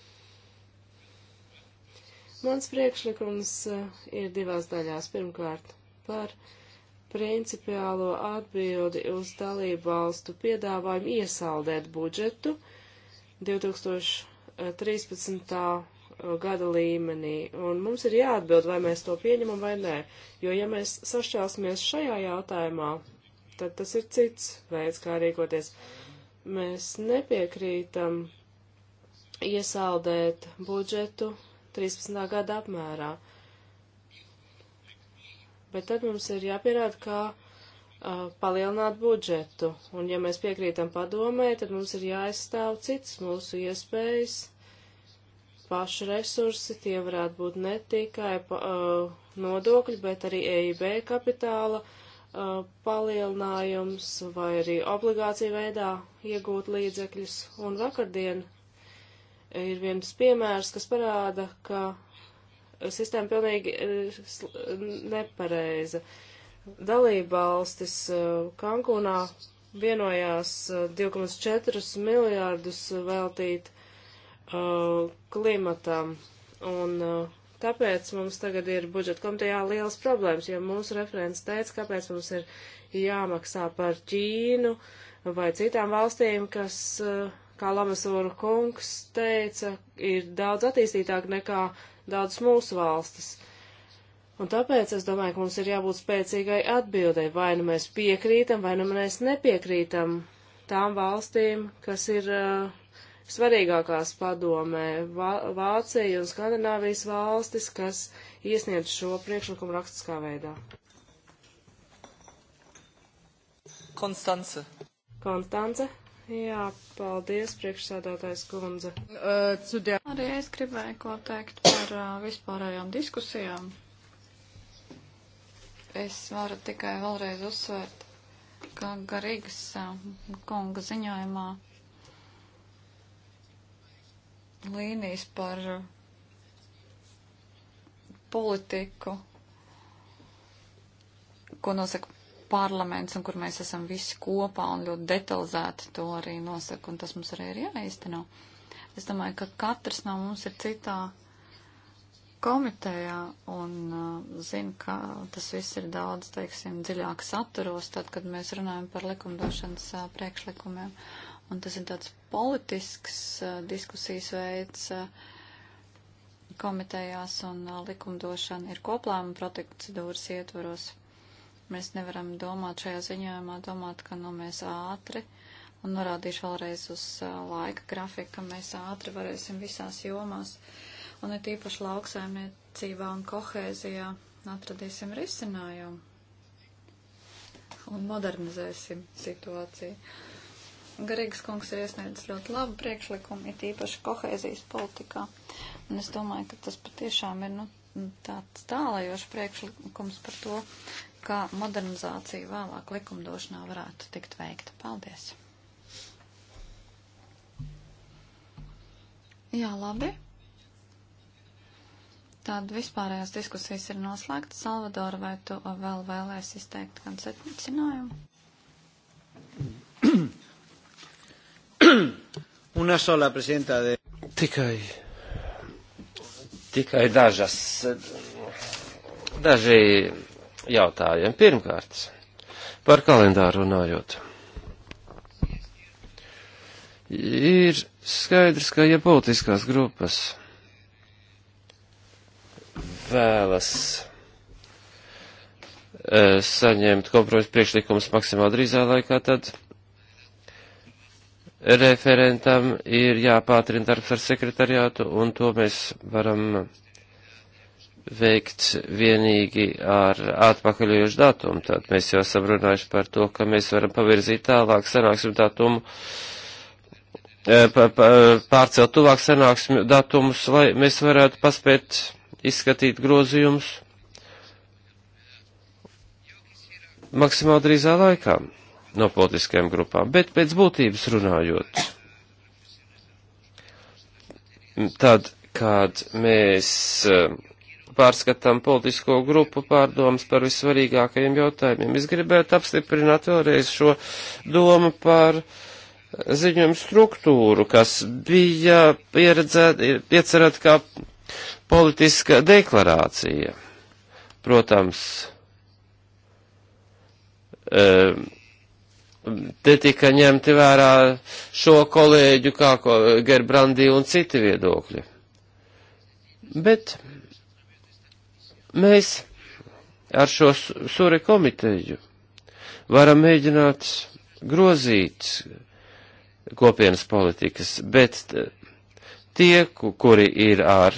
Mans priekšlikums eh, ir divās daļās. Pirmkārt, par principiālo atbildi uz dalību valstu piedāvājumu iesaldēt budžetu 2013 eh, gada līmenī, un mums ir jāatbild, vai mēs to pieņemam vai nē, jo ja mēs sašķelsimies šajā jautājumā, tad tas ir cits veids, kā rīkoties. Mēs nepiekrītam iesaldēt budžetu 13. gada apmērā. Bet tad mums ir jāpierāda, kā uh, palielināt budžetu. Un ja mēs piekrītam padomē, tad mums ir jāizstāv citas mūsu iespējas, paši resursi, tie varētu būt ne tikai uh, nodokļi, bet arī EIB kapitāla uh, palielinājums vai arī obligācija veidā iegūt līdzekļus. Un vakardien ir viens piemērs, kas parāda, ka sistēma pilnīgi e, nepareiza. Dalībvalstis e, Kankūnā vienojās 2,4 e, miljārdus veltīt uh, klimatam. Un uh, tāpēc mums tagad ir budžeta komitejā liels problēmas, jo mūsu referents teica, kāpēc mums ir jāmaksā par Ķīnu vai citām valstīm, kas uh, kā Lamasūra kungs teica, ir daudz attīstītāk nekā daudz mūsu valstis. Un tāpēc es domāju, ka mums ir jābūt spēcīgai atbildē, vai nu mēs piekrītam, vai nu mēs nepiekrītam tām valstīm, kas ir uh, svarīgākās padomē Vā, Vācija un Skandināvijas valstis, kas iesniedz šo priekšlikumu rakstiskā veidā. Konstance. Konstance. Jā, paldies, priekšsēdātājs kundze. Arī es gribēju ko teikt par uh, vispārējām diskusijām. Es varu tikai vēlreiz uzsvērt, ka Garīgas uh, kunga ziņojumā līnijas par politiku, ko nosaka parlaments un kur mēs esam visi kopā un ļoti detalizēti to arī nosaka, un tas mums arī ir jāizteno. Es domāju, ka katrs no mums ir citā komitejā un uh, zinu, ka tas viss ir daudz, teiksim, dziļāk saturos, tad, kad mēs runājam par likumdošanas uh, priekšlikumiem. Un tas ir tāds politisks uh, diskusijas veids. Uh, komitejās un uh, likumdošana ir koplēma procedūras ietvaros. Mēs nevaram domāt šajā ziņojumā, domāt, ka nu mēs ātri, un norādīšu vēlreiz uz uh, laika grafiku, ka mēs ātri varēsim visās jomās, un ir tīpaši lauksaimniecībā un kohēzijā atradīsim risinājumu un modernizēsim situāciju. Garīgs kungs ir iesniedzis ļoti labu priekšlikumu, ir īpaši kohēzijas politikā. Un es domāju, ka tas patiešām ir nu, tāds tālajošs priekšlikums par to, kā modernizācija vēlāk likumdošanā varētu tikt veikta. Paldies! Jā, labi. Tad vispārējās diskusijas ir noslēgtas. Salvadora, vai tu vēl vēlēs izteikt kādu secinājumu? [CLEARS THROAT] Una sola presidenta de... Tikai, tikai dažas, daži jautājumu. Pirmkārt, par kalendāru runājot. Ir skaidrs, ka ja politiskās grupas vēlas e, saņemt kompromisu priekšlikumus maksimāli drīzā laikā, tad referentam ir jāpātrina darbs ar sekretariātu, un to mēs varam veikts vienīgi ar atpakaļojošu datumu. Tad mēs jau esam runājuši par to, ka mēs varam pavirzīt tālāk sanāksmi datumu, e, pārcelt tuvāk sanāksmi datumus, lai mēs varētu paspēt izskatīt grozījumus maksimāli drīzā laikā no politiskajām grupām. Bet pēc būtības runājot, tad, kad mēs uh, pārskatām politisko grupu pārdomas par vissvarīgākajiem jautājumiem. Es gribētu apstiprināt vēlreiz šo domu par ziņojumu struktūru, kas bija iecerēta kā politiska deklarācija. Protams, ehm, te tika ņemti vērā šo kolēģu kā Gerbrandī un citi viedokļi. Bet Mēs ar šo sure komiteju varam mēģināt grozīt kopienas politikas, bet tie, kuri ir ar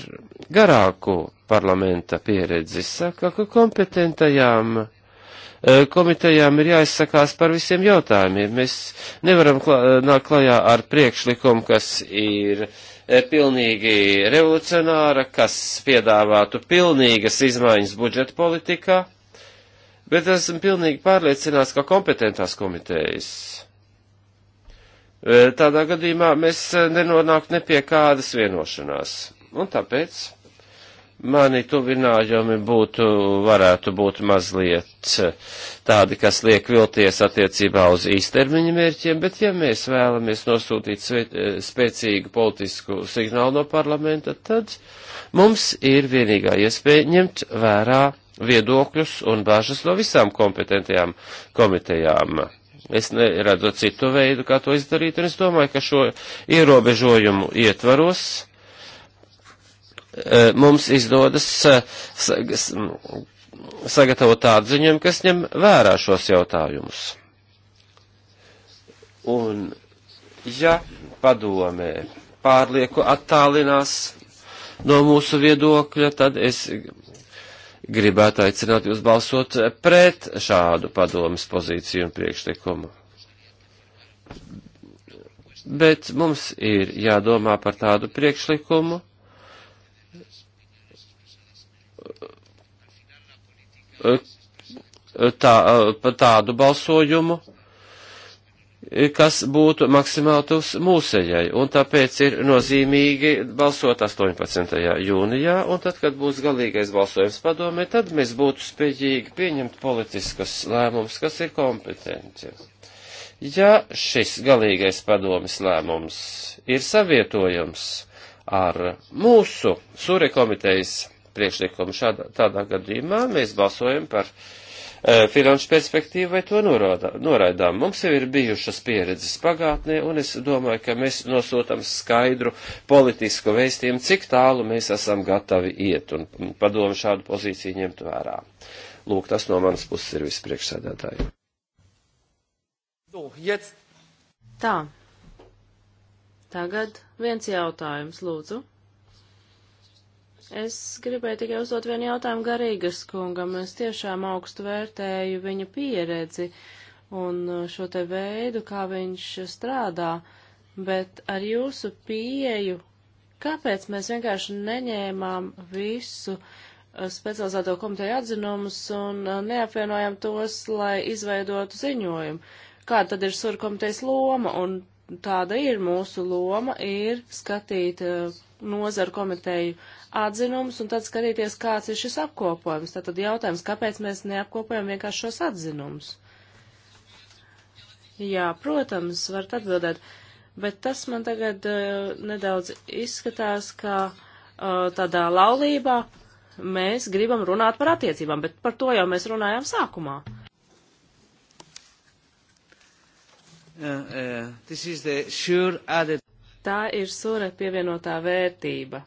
garāku parlamenta pieredzi, saka, ka kompetentajām e, komitejām ir jāizsakās par visiem jautājumiem. Mēs nevaram klā, nākt klajā ar priekšlikumu, kas ir uh, E, pilnīgi revolucionāra, kas piedāvātu pilnīgas izmaiņas budžeta politikā, bet esmu pilnīgi pārliecināts, ka kompetentās komitejas. E, tādā gadījumā mēs e, nenonāktu ne pie kādas vienošanās. Un tāpēc mani tuvinājumi būtu, varētu būt mazliet eh, tādi, kas liek vilties attiecībā uz īstermiņa mērķiem, bet ja mēs vēlamies nosūtīt eh, spēcīgu politisku signālu no parlamenta, tad mums ir vienīgā iespēja ņemt vērā viedokļus un bāžas no visām kompetentajām komitejām. Es neredzu citu veidu, kā to izdarīt, un es domāju, ka šo ierobežojumu ietvaros Eh, mums izdodas eh, sagatavot tādu ziņojumu, kas ņem vērā šos jautājumus. Un ja padomē pārlieku attālinās no mūsu viedokļa, tad es gribētu aicināt jūs balsot pret šādu padomas pozīciju un priekšlikumu. Bet mums ir jādomā par tādu priekšlikumu, Eh, tā, eh, tādu balsojumu, eh, kas būtu maksimāli tuvs mūsejai, un tāpēc ir nozīmīgi balsot 18. jūnijā, un tad, kad būs galīgais balsojums padomē, tad mēs būtu spējīgi pieņemt politiskas lēmumus, kas ir kompetenti. Ja šis galīgais padomis lēmums ir savietojams ar mūsu sure komitejas priekšlikumu. Šādā, tādā gadījumā mēs balsojam par e, finanšu perspektīvu vai to norādā, noraidām. Mums jau ir bijušas pieredzes pagātnē, un es domāju, ka mēs nosūtam skaidru politisku vēstījumu, cik tālu mēs esam gatavi iet, un padomu šādu pozīciju ņemt vērā. Lūk, tas no manas puses ir viss priekšsēdētāji. Tā. Tagad viens jautājums, lūdzu. Es gribēju tikai uzdot vienu jautājumu Garīgas kungam. Es tiešām augstu vērtēju viņa pieredzi un uh, šo te veidu, kā viņš strādā, bet ar jūsu pieeju, kāpēc mēs vienkārši neņēmām visu uh, specializēto komiteju atzinumus un uh, neapvienojam tos, lai izveidotu ziņojumu? Kāda tad ir sur komitejas loma? Un tāda ir mūsu loma, ir skatīt nozaru komiteju atzinums un tad skatīties, kāds ir šis apkopojums. Tātad jautājums, kāpēc mēs neapkopojam vienkārši šos atzinumus? Jā, protams, varat atbildēt, bet tas man tagad uh, nedaudz izskatās, ka uh, tādā laulībā mēs gribam runāt par attiecībām, bet par to jau mēs runājām sākumā. Uh, uh, sure added... Tā ir sura pievienotā vērtība.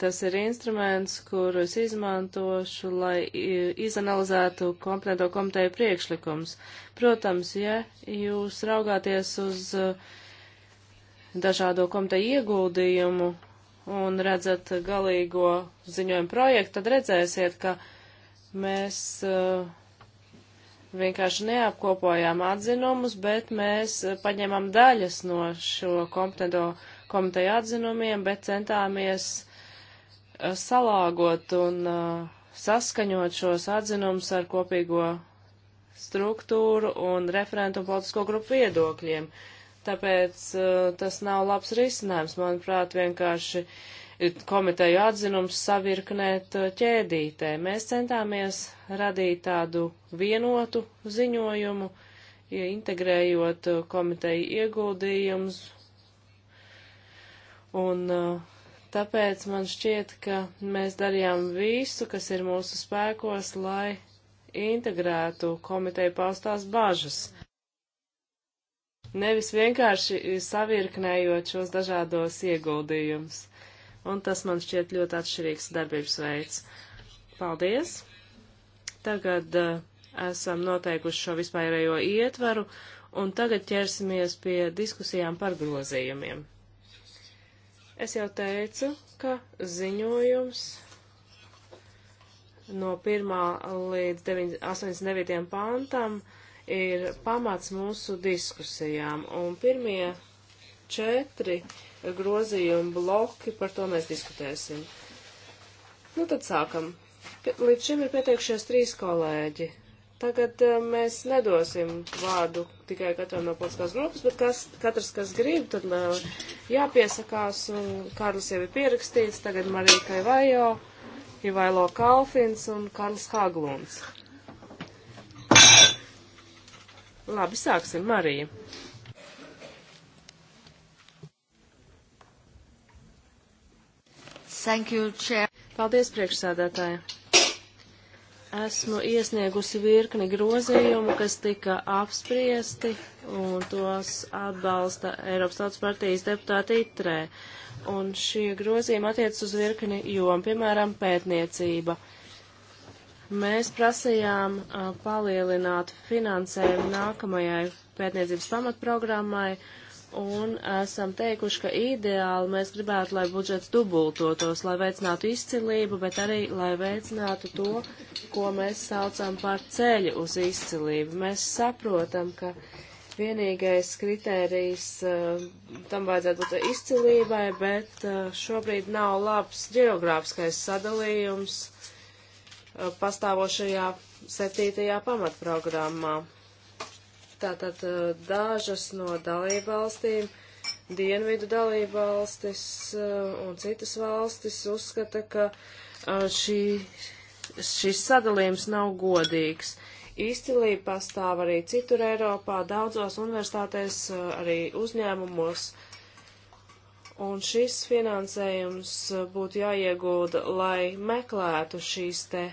Tas ir instruments, kuru es izmantošu, lai izanalizētu kompetento komiteju priekšlikums. Protams, ja jūs raugāties uz uh, dažādo komiteju ieguldījumu un redzat galīgo ziņojumu projektu, tad redzēsiet, ka mēs uh, vienkārši neapkopojām atzinumus, bet mēs uh, paņēmām daļas no šo kompetento komiteju atzinumiem, bet centāmies Eh, salāgot un eh, saskaņot šos atzinumus ar kopīgo struktūru un referentu un politisko grupu viedokļiem. Tāpēc eh, tas nav labs risinājums, manuprāt, vienkārši komiteju atzinums savirknēt ķēdītē. Mēs centāmies radīt tādu vienotu ziņojumu, integrējot komiteju ieguldījumus un uh, Tāpēc man šķiet, ka mēs darījām visu, kas ir mūsu spēkos, lai integrētu komiteju paustās bažas. Nevis vienkārši savirknējot šos dažādos ieguldījumus. Un tas man šķiet ļoti atšķirīgs darbības veids. Paldies! Tagad uh, esam noteikuši šo vispārējo ietvaru, un tagad ķersimies pie diskusijām par grozījumiem. Es jau teicu, ka ziņojums no 1. līdz 89. pantam ir pamats mūsu diskusijām, un pirmie četri grozījumi bloki, par to mēs diskutēsim. Nu tad sākam. Līdz šim ir pieteikušies trīs kolēģi. Tagad eh, mēs nedosim vārdu tikai katram no politiskās grupas, bet kas, katrs, kas grib, tad jāpiesakās, un Kārlis jau ir pierakstīts, tagad Marija Kaivajo, Ivailo Kalfins un Karls Haglunds. Labi, sāksim, Marija. Thank you, Chair. Paldies, priekšsādātāji esmu iesniegusi virkni grozījumu, kas tika apspriesti, un tos atbalsta Eiropas Tautas partijas deputāti Itrē. Un šie grozījumi attiec uz virkni jomu, piemēram, pētniecība. Mēs prasījām a, palielināt finansējumu nākamajai pētniecības pamatprogrammai un esam teikuši, ka ideāli mēs gribētu, lai budžets dubultotos, lai veicinātu izcilību, bet arī, lai veicinātu to, ko mēs saucam par ceļu uz izcilību. Mēs saprotam, ka vienīgais kritērijs uh, tam vajadzētu būt izcilībai, bet uh, šobrīd nav labs geogrāfiskais sadalījums uh, pastāvošajā septītajā pamatprogrammā. Tātad dažas no dalībvalstīm, dienvidu dalībvalstis un citas valstis uzskata, ka šī, šis sadalījums nav godīgs. Izcilība pastāv arī citur Eiropā, daudzos universitātēs, arī uzņēmumos. Un šis finansējums būtu jāiegūda, lai meklētu šīs te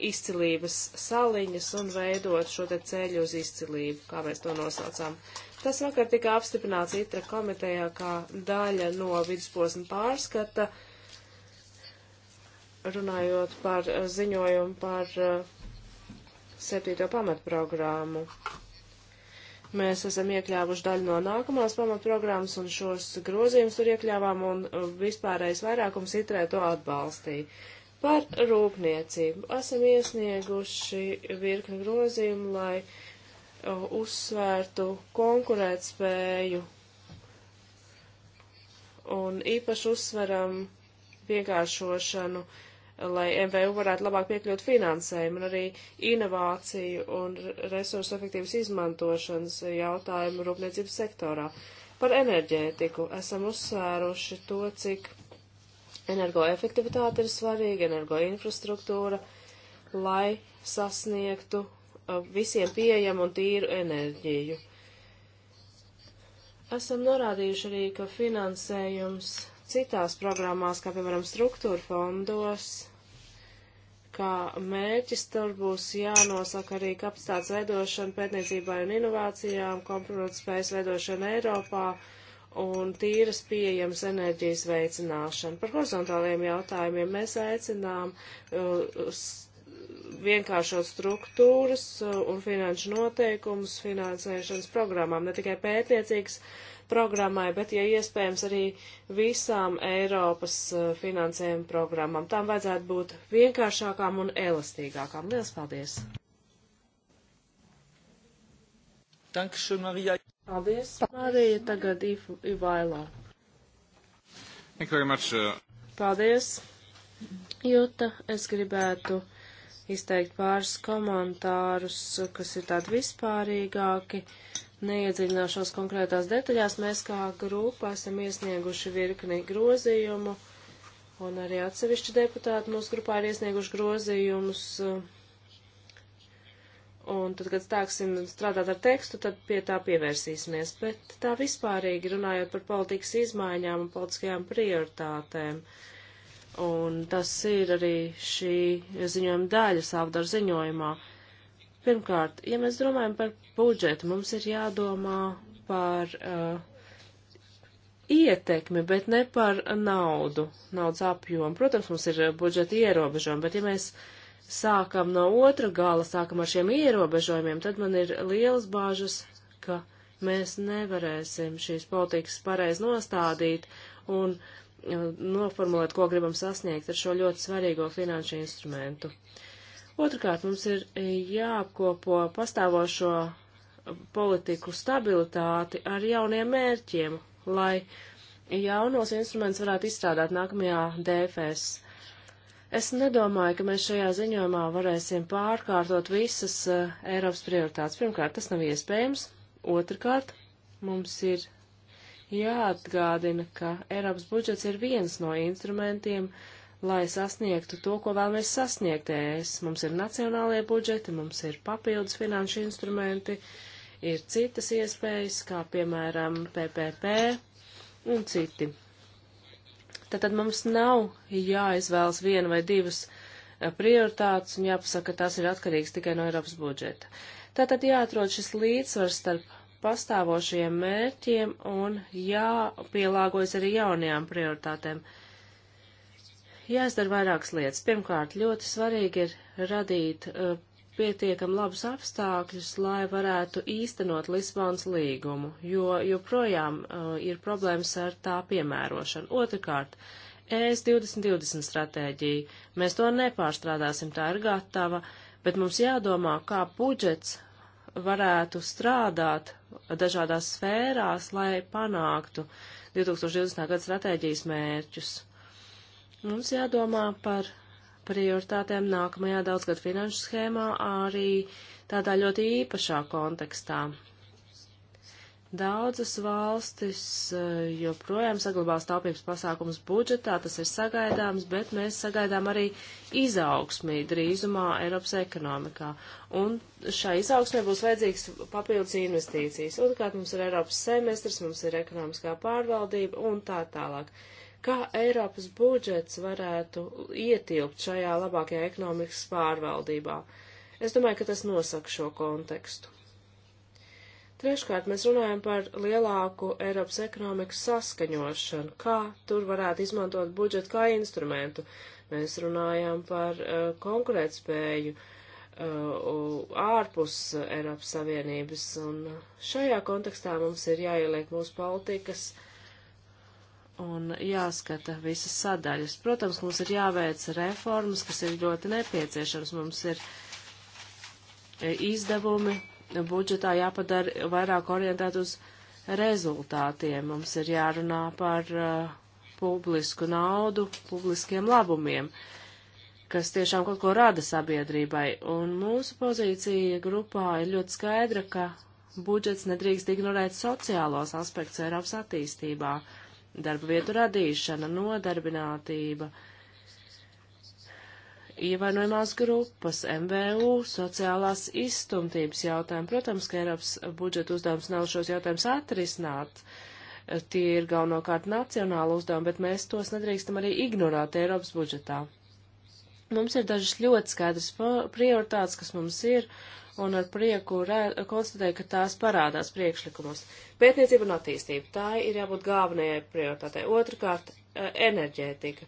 izcilības saliņas un veidot šo te ceļu uz izcilību, kā mēs to nosaucām. Tas vakar tika apstiprināts ITRA komitejā kā daļa no vidusposma pārskata, runājot par eh, ziņojumu par eh, septīto pamatprogrammu. Mēs esam iekļāvuši daļu no nākamās pamatprogrammas un šos grozījumus tur iekļāvām un eh, vispārējais vairākums itrē to atbalstīja. Par rūpniecību esam iesnieguši virkni grozījumu, lai uh, uzsvērtu konkurētspēju un īpaši uzsveram vienkāršošanu, lai MVU varētu labāk piekļūt finansējumu un arī inovāciju un resursu efektīvas izmantošanas jautājumu rūpniecības sektorā. Par enerģētiku esam uzsvēruši to, cik Energoefektivitāte ir svarīga, energoinfrastruktūra, lai sasniegtu uh, visiem pieejamu un tīru enerģiju. Esam norādījuši arī, ka finansējums citās programmās, kā piemēram struktūra fondos, kā mērķis tur būs jānosaka arī kapacitātes veidošana pētniecībai un inovācijām, kompromisu spējas veidošana Eiropā, uh, un tīras pieejamas enerģijas veicināšanu. Par horizontāliem jautājumiem mēs aicinām uh, vienkāršot struktūras uh, un finanšu noteikumus finansēšanas programmām, ne tikai pētniecīgas programmai, bet, ja iespējams, arī visām Eiropas uh, finansējuma programmām. Tām vajadzētu būt vienkāršākām un elastīgākām. Lielas paldies! Dankšan, Marija. Paldies. Marija, tagad Ivailā. Uh, Paldies. Jūta, es gribētu izteikt pāris komentārus, kas ir tādi vispārīgāki. Neiedziļināšos konkrētās detaļās. Mēs kā grupa esam iesnieguši virkni grozījumu, un arī atsevišķi deputāti mūsu grupā ir iesnieguši grozījumus. Uh, un tad, kad stāksim strādāt ar tekstu, tad pie tā pievērsīsimies. Bet tā vispārīgi runājot par politikas izmaiņām un politiskajām prioritātēm. Un tas ir arī šī ziņojuma daļa savdar ziņojumā. Pirmkārt, ja mēs domājam par budžetu, mums ir jādomā par uh, ietekmi, bet ne par naudu, naudas apjomu. Protams, mums ir budžeta ierobežojumi, bet ja mēs uh, sākam no otra gala, sākam ar šiem ierobežojumiem, tad man ir lielas bāžas, ka mēs nevarēsim šīs politikas pareiz nostādīt un e, noformulēt, ko gribam sasniegt ar šo ļoti svarīgo finanšu instrumentu. Otrkārt, mums ir jāapkopo pastāvošo politiku stabilitāti ar jauniem mērķiem, lai jaunos instrumentus varētu izstrādāt nākamajā DFS. Es nedomāju, ka mēs šajā ziņojumā varēsim pārkārtot visas uh, Eiropas prioritātes. Pirmkārt, tas nav iespējams. Otrkārt, mums ir jāatgādina, ka Eiropas budžets ir viens no instrumentiem, lai sasniegtu to, ko vēlamies sasniegt ES. Mums ir nacionālie budžeti, mums ir papildus finanšu instrumenti, ir citas iespējas, kā piemēram PPP un citi tad, tad mums nav jāizvēlas viena vai divas eh, prioritātes un jāpasaka, ka tās ir atkarīgas tikai no Eiropas budžeta. Tātad jāatrod šis līdzsvars starp pastāvošajiem mērķiem un jāpielāgojas arī jaunajām prioritātēm. Jāizdara vairākas lietas. Pirmkārt, ļoti svarīgi ir radīt uh, pietiekam labus apstākļus, lai varētu īstenot Lisbonas līgumu, jo joprojām uh, ir problēmas ar tā piemērošanu. Otrakārt, ES 2020 stratēģija. Mēs to nepārstrādāsim, tā ir gatava, bet mums jādomā, kā budžets varētu strādāt dažādās sfērās, lai panāktu 2020. gada stratēģijas mērķus. Mums jādomā par prioritātēm nākamajā daudzgad finanšu schēmā arī tādā ļoti īpašā kontekstā. Daudzas valstis eh, joprojām saglabās taupības pasākums budžetā, tas ir sagaidāms, bet mēs sagaidām arī izaugsmī drīzumā Eiropas ekonomikā. Un šai izaugsmē būs vajadzīgs papildus investīcijas. Otrkārt mums ir Eiropas semestrs, mums ir ekonomiskā pārvaldība un tā tālāk. Uh, kā Eiropas budžets varētu ietilpt šajā labākajā ekonomikas pārvaldībā. Es domāju, ka tas nosaka šo kontekstu. Treškārt, mēs runājam par lielāku Eiropas ekonomikas saskaņošanu, kā tur varētu izmantot budžetu kā instrumentu. Mēs runājam par uh, konkurētspēju uh, ārpus Eiropas Savienības, un šajā kontekstā mums ir jāieliek mūsu politikas uh, un jāskata visas sadaļas. Protams, mums ir jāveic reformas, kas ir ļoti nepieciešams. Mums ir e, izdevumi budžetā jāpadara vairāk orientēt uz rezultātiem. Mums ir jārunā par uh, publisku naudu, publiskiem labumiem, kas tiešām kaut ko rada sabiedrībai. Un mūsu pozīcija grupā ir ļoti skaidra, ka budžets nedrīkst ignorēt sociālos aspektus Eiropas attīstībā. Uh, darba vietu radīšana, nodarbinātība, ievainojumās grupas, MVU, sociālās izstumtības jautājumi. Protams, ka Eiropas budžeta uzdevums nav šos jautājumus atrisināt. Tie ir galvenokārt nacionāla uzdevuma, bet mēs tos nedrīkstam arī ignorēt Eiropas budžetā. Mums ir dažas ļoti skaidras prioritātes, kas mums ir, un ar prieku konstatēju, ka tās parādās priekšlikumos. Pētniecība un attīstība. Tā ir jābūt galvenajai prioritātei. Otrakārt, e, enerģētika.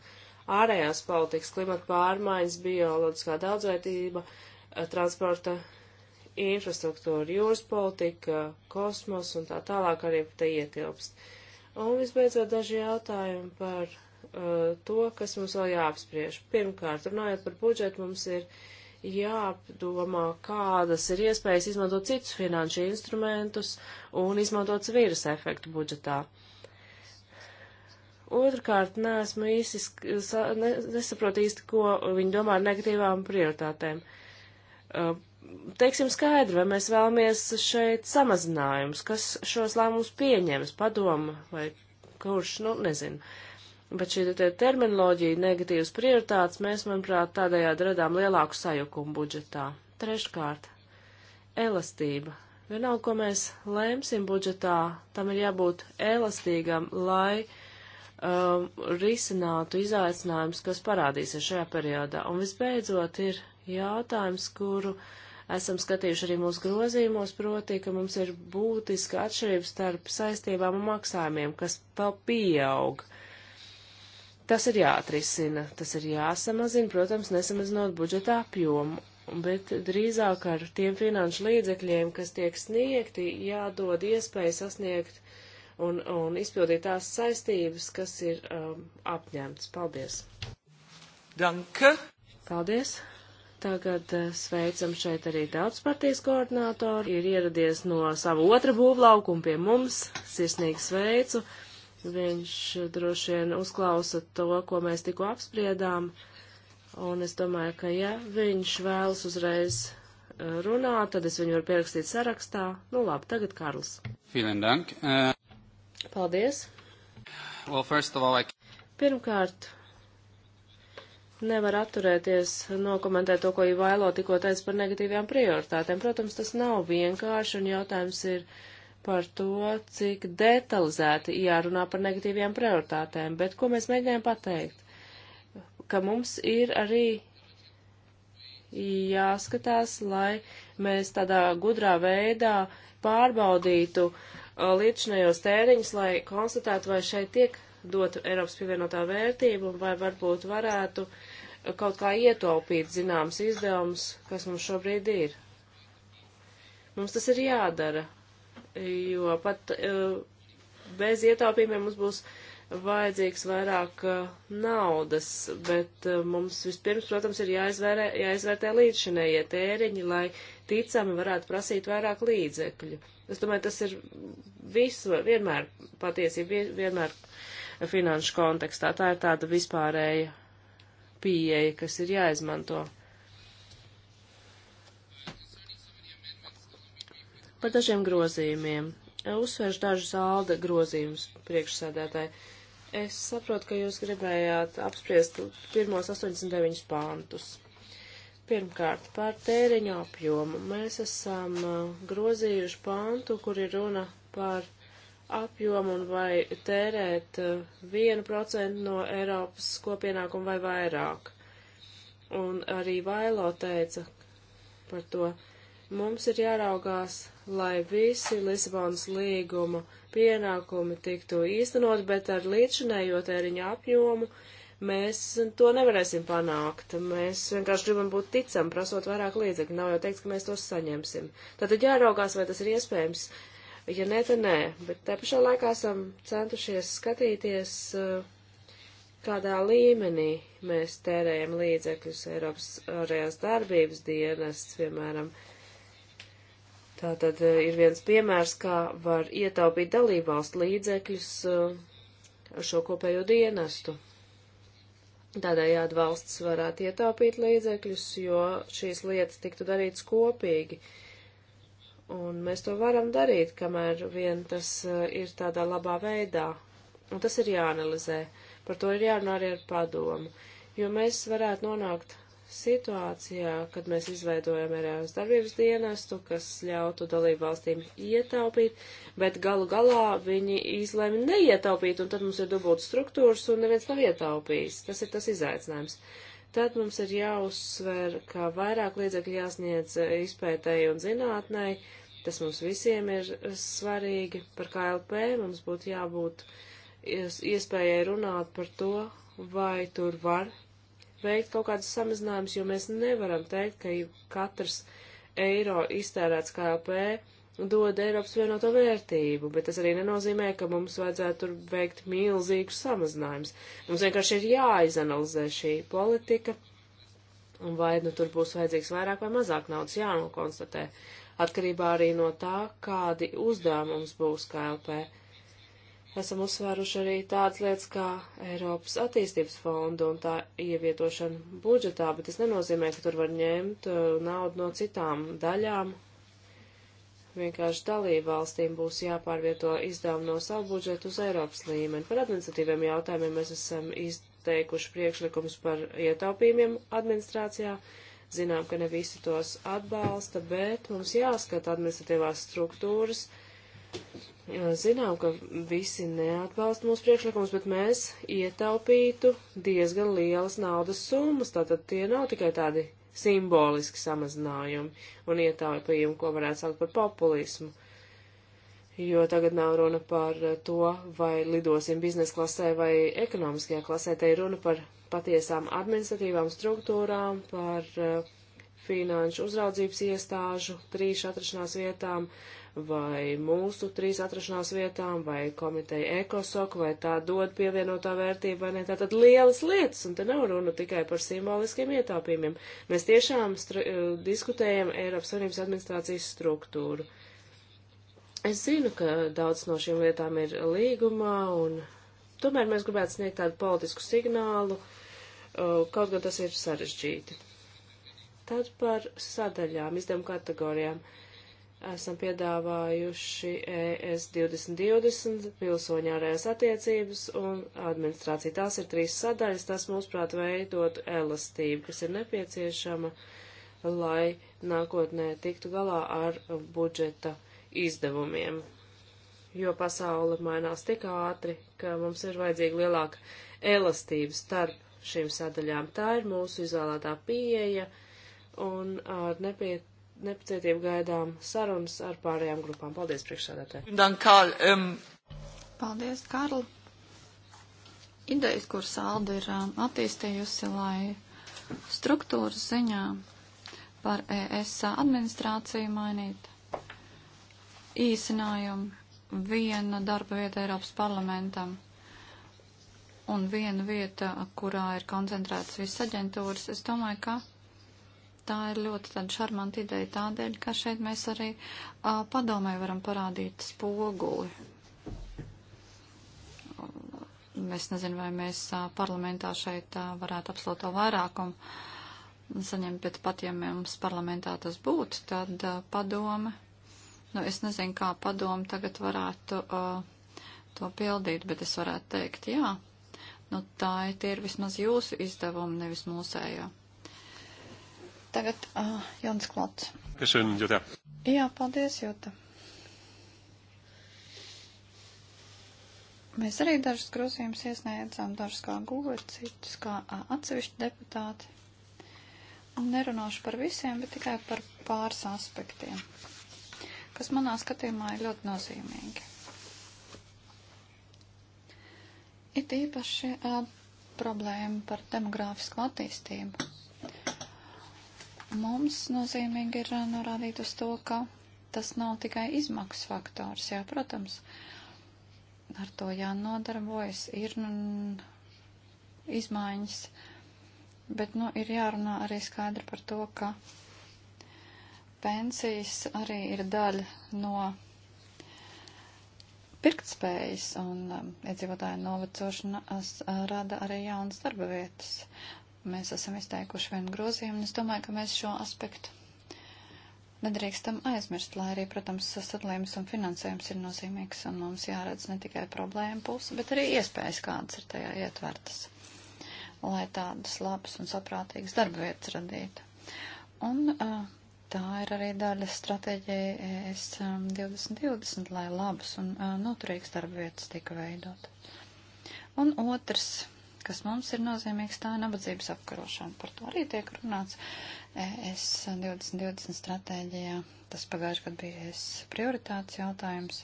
Ārējās politikas, klimata pārmaiņas, bioloģiskā daudzveidība, e, transporta infrastruktūra, jūras politika, kosmos un tā tālāk arī te ietilpst. Un visbeidzot daži jautājumi par uh, to, kas mums vēl jāapspriež. Pirmkārt, runājot par budžetu, mums ir uh, jāapdomā, kādas ir iespējas izmantot citus finanšu instrumentus un izmantot svīras efektu budžetā. Otrakārt, neesmu īsti, ne, nesaprotu īsti, ko viņi domā ar negatīvām prioritātēm. Uh, teiksim skaidri, vai mēs vēlamies šeit samazinājumus, kas šos lēmumus pieņems, padoma vai kurš, nu, nezinu. Uh, Bet šī te terminoloģija, negatīvas prioritātes, mēs, manuprāt, tādējādi radām lielāku sajukumu budžetā. Treškārt, elastība. Vienalga, ko mēs lēmsim budžetā, tam ir jābūt elastīgam, lai um, risinātu izaicinājumus, kas parādīsies šajā periodā. Un visbeidzot ir jautājums, kuru esam skatījuši arī mūsu grozījumos, proti, ka mums ir būtiska atšķirība starp saistībām un maksājumiem, kas pieaug. Uh, Tas ir jāatrisina, tas ir jāsamazina, protams, nesamazinot budžeta apjomu, bet drīzāk ar tiem finanšu līdzekļiem, kas tiek sniegti, jādod iespēja sasniegt un, un izpildīt tās saistības, kas ir um, apņemtas. Paldies! Danke! Paldies! Tagad uh, sveicam šeit arī daudzpartijas koordinātoru. Ir ieradies no sava otra būvlaukuma pie mums. Sirsnīgi sveicu! Viņš droši vien uzklausa to, ko mēs tikko apspriedām, un es domāju, ka ja viņš vēlas uzreiz eh, runāt, tad es viņu varu pierakstīt sarakstā. Nu labi, tagad Karls. Vielen dank. Uh... Paldies. Well, first of all, I... Pirmkārt, nevar atturēties nokomentēt to, ko Ivailo tikko teica par negatīvajām prioritātēm. Protams, tas nav vienkārši, un jautājums ir, par to, cik detalizēti jārunā par negatīvajām prioritātēm, bet ko mēs mēģinājām pateikt? Ka mums ir arī jāskatās, lai mēs tādā gudrā veidā pārbaudītu uh, liečinējos tēriņus, lai konstatētu, vai šeit tiek dota Eiropas pievienotā vērtība, vai varbūt varētu uh, kaut kā ietaupīt zināmas izdevumus, kas mums šobrīd ir. Mums tas ir jādara, jo pat eh, bez ietaupījumiem mums būs vajadzīgs vairāk eh, naudas, bet eh, mums vispirms, protams, ir jāizvērē, jāizvērtē līdzšinējie tēriņi, lai ticami varētu prasīt vairāk līdzekļu. Es domāju, tas ir visu, vienmēr patiesība, vienmēr finanšu kontekstā. Tā ir tāda vispārēja pieeja, kas ir jāizmanto. Par dažiem grozījumiem. Uzsvēršu dažus ALDE grozījumus priekšsēdētāji. Es saprotu, ka jūs gribējāt apspriest pirmos 89 pāntus. Pirmkārt, par tēriņu apjomu. Mēs esam uh, grozījuši pāntu, kur ir runa par apjomu un vai tērēt 1% uh, no Eiropas kopienākuma vai vairāk. Un arī Vailo teica par to, Mums ir jāraugās, lai visi Lisabonas līguma pienākumi tiktu īstenot, bet ar līdzinējo tēriņu apjomu mēs to nevarēsim panākt. Mēs vienkārši gribam būt ticam, prasot vairāk līdzekļu. Nav jau teikt, ka mēs tos saņemsim. Tātad jāraugās, vai tas ir iespējams. Ja nē, tad nē. Bet te pašā laikā esam centušies skatīties, eh, kādā līmenī mēs tērējam līdzekļus Eiropas ārējās darbības dienas, piemēram. Uh, Tātad eh, ir viens piemērs, kā var ietaupīt dalībvalstu līdzekļus eh, šo kopējo dienestu. Tādējādi valsts varētu ietaupīt līdzekļus, jo šīs lietas tiktu darītas kopīgi. Un mēs to varam darīt, kamēr vien tas eh, ir tādā labā veidā. Un tas ir jāanalizē. Par to ir jārunā arī ar padomu. Jo mēs varētu nonākt situācijā, kad mēs izveidojam Eiropas darbības dienestu, kas ļautu dalību valstīm ietaupīt, bet galu galā viņi izlēma neietaupīt, un tad mums ir dubult struktūras, un neviens nav ietaupījis. Tas ir tas izaicinājums. Tad mums ir jāuzsver, ka vairāk līdzekļu jāsniedz izpētēji un zinātnēji. Tas mums visiem ir svarīgi. Par KLP mums būtu jābūt iespējai runāt par to, vai tur var veikt kaut kādus samazinājumus, jo mēs nevaram teikt, ka katrs eiro iztērēts KLP dod Eiropas vienoto vērtību, bet tas arī nenozīmē, ka mums vajadzētu tur veikt milzīgus samazinājumus. Mums vienkārši ir jāizanalizē šī politika, un vai nu tur būs vajadzīgs vairāk vai mazāk naudas jānokonstatē, atkarībā arī no tā, kādi uzdevumi mums būs KLP. Ka esam uzsvēruši arī tādas lietas kā Eiropas attīstības fondu un tā ievietošana budžetā, bet tas nenozīmē, ka tur var ņemt uh, naudu no citām daļām. Vienkārši dalību valstīm būs jāpārvieto izdevumi no savu budžetu uz Eiropas līmeni. Par administratīviem jautājumiem mēs esam izteikuši priekšlikums par ietaupījumiem administrācijā. Zinām, ka ne visi tos atbalsta, bet mums jāskata administratīvās struktūras, uh, Zinām, ka visi neatbalsta mūsu priekšlikumus, bet mēs ietaupītu diezgan lielas naudas summas, tātad tie nav tikai tādi simboliski samazinājumi un ietaupījumi, ko varētu saukt par populismu. Jo tagad nav runa par to, vai lidosim biznesa klasē vai ekonomiskajā klasē, te ir runa par patiesām administratīvām struktūrām, par uh, finanšu uzraudzības iestāžu, trīšu atrašanās vietām, uh, vai mūsu trīs atrašanās vietām, vai komiteja ekosok, vai tā dod pievienotā vērtība, vai ne. Tātad lielas lietas, un te nav runa tikai par simboliskiem ietāpījumiem. Mēs tiešām eh, diskutējam Eiropas Savienības administrācijas struktūru. Es zinu, ka daudz no šīm lietām ir līgumā, un tomēr mēs gribētu sniegt tādu politisku signālu, eh, kaut gan tas ir sarežģīti. Tad par sadaļām, izdevuma kategorijām. Uh, esam piedāvājuši e ES 2020 pilsoņu ārējās attiecības un administrācija. Tās ir trīs sadaļas, tas mūsuprāt veidot elastību, kas ir nepieciešama, lai nākotnē tiktu galā ar budžeta izdevumiem. Jo pasaule mainās tik ātri, ka mums ir vajadzīga lielāka elastība starp šīm sadaļām. Tā ir mūsu izvēlētā pieeja un ar nepie, nepacietību gaidām sarunas ar pārējām grupām. Paldies, priekšsēdētāji. Ähm, Paldies, Karl. Idejas, kuras Alda ir attīstījusi, lai struktūras ziņā par ES administrāciju mainītu īsinājumu viena darba vieta Eiropas parlamentam un viena vieta, kurā ir koncentrētas visas aģentūras. Es domāju, ka tā ir ļoti tāda šarmanta ideja tādēļ, ka šeit mēs arī uh, padomē varam parādīt spoguli. Es nezinu, vai mēs uh, parlamentā šeit uh, varētu apsloto vairākumu saņemt, bet pat ja mums parlamentā tas būtu, tad uh, padome, nu es nezinu, kā padome tagad varētu uh, to pildīt, bet es varētu teikt, jā, nu tā tie ir vismaz jūsu izdevumi, nevis mūsējā. Tagad uh, Jans Klots. Kas ir Jūta? Jā, paldies, Jūta. Mēs arī dažus grozījumus iesniedzām, dažus kā guvi, citus kā atsevišķi deputāti. Nerunāšu par visiem, bet tikai par pāris aspektiem, kas manā skatījumā ir ļoti nozīmīgi. It īpaši uh, problēma par demogrāfisko attīstību. Mums nozīmīgi ir eh, norādīt uz to, ka tas nav tikai izmaksu faktors, jā, protams, ar to jānodarbojas, ir un, mm, izmaiņas, bet, nu, ir jārunā arī skaidri par to, ka pensijas arī ir daļa no pirktspējas un um, iedzīvotāju novecošana eh, rada arī jaunas darba vietas. Mēs esam izteikuši vienu grozījumu, un es domāju, ka mēs šo aspektu nedrīkstam aizmirst, lai arī, protams, sadalījums un finansējums ir nozīmīgs, un mums jāredz ne tikai problēma puse, bet arī iespējas, kādas ir tajā ietvertas, lai tādas labas un saprātīgas darba vietas radītu. Un uh, tā ir arī daļa stratēģija e ES 2020, lai labas un uh, noturīgas darba vietas tika veidot. Un otrs kas mums ir nozīmīgs, tā ir nabadzības apkarošana. Par to arī tiek runāts e ES 2020 stratēģijā. Tas pagājuši gadu bija ES prioritātes jautājums,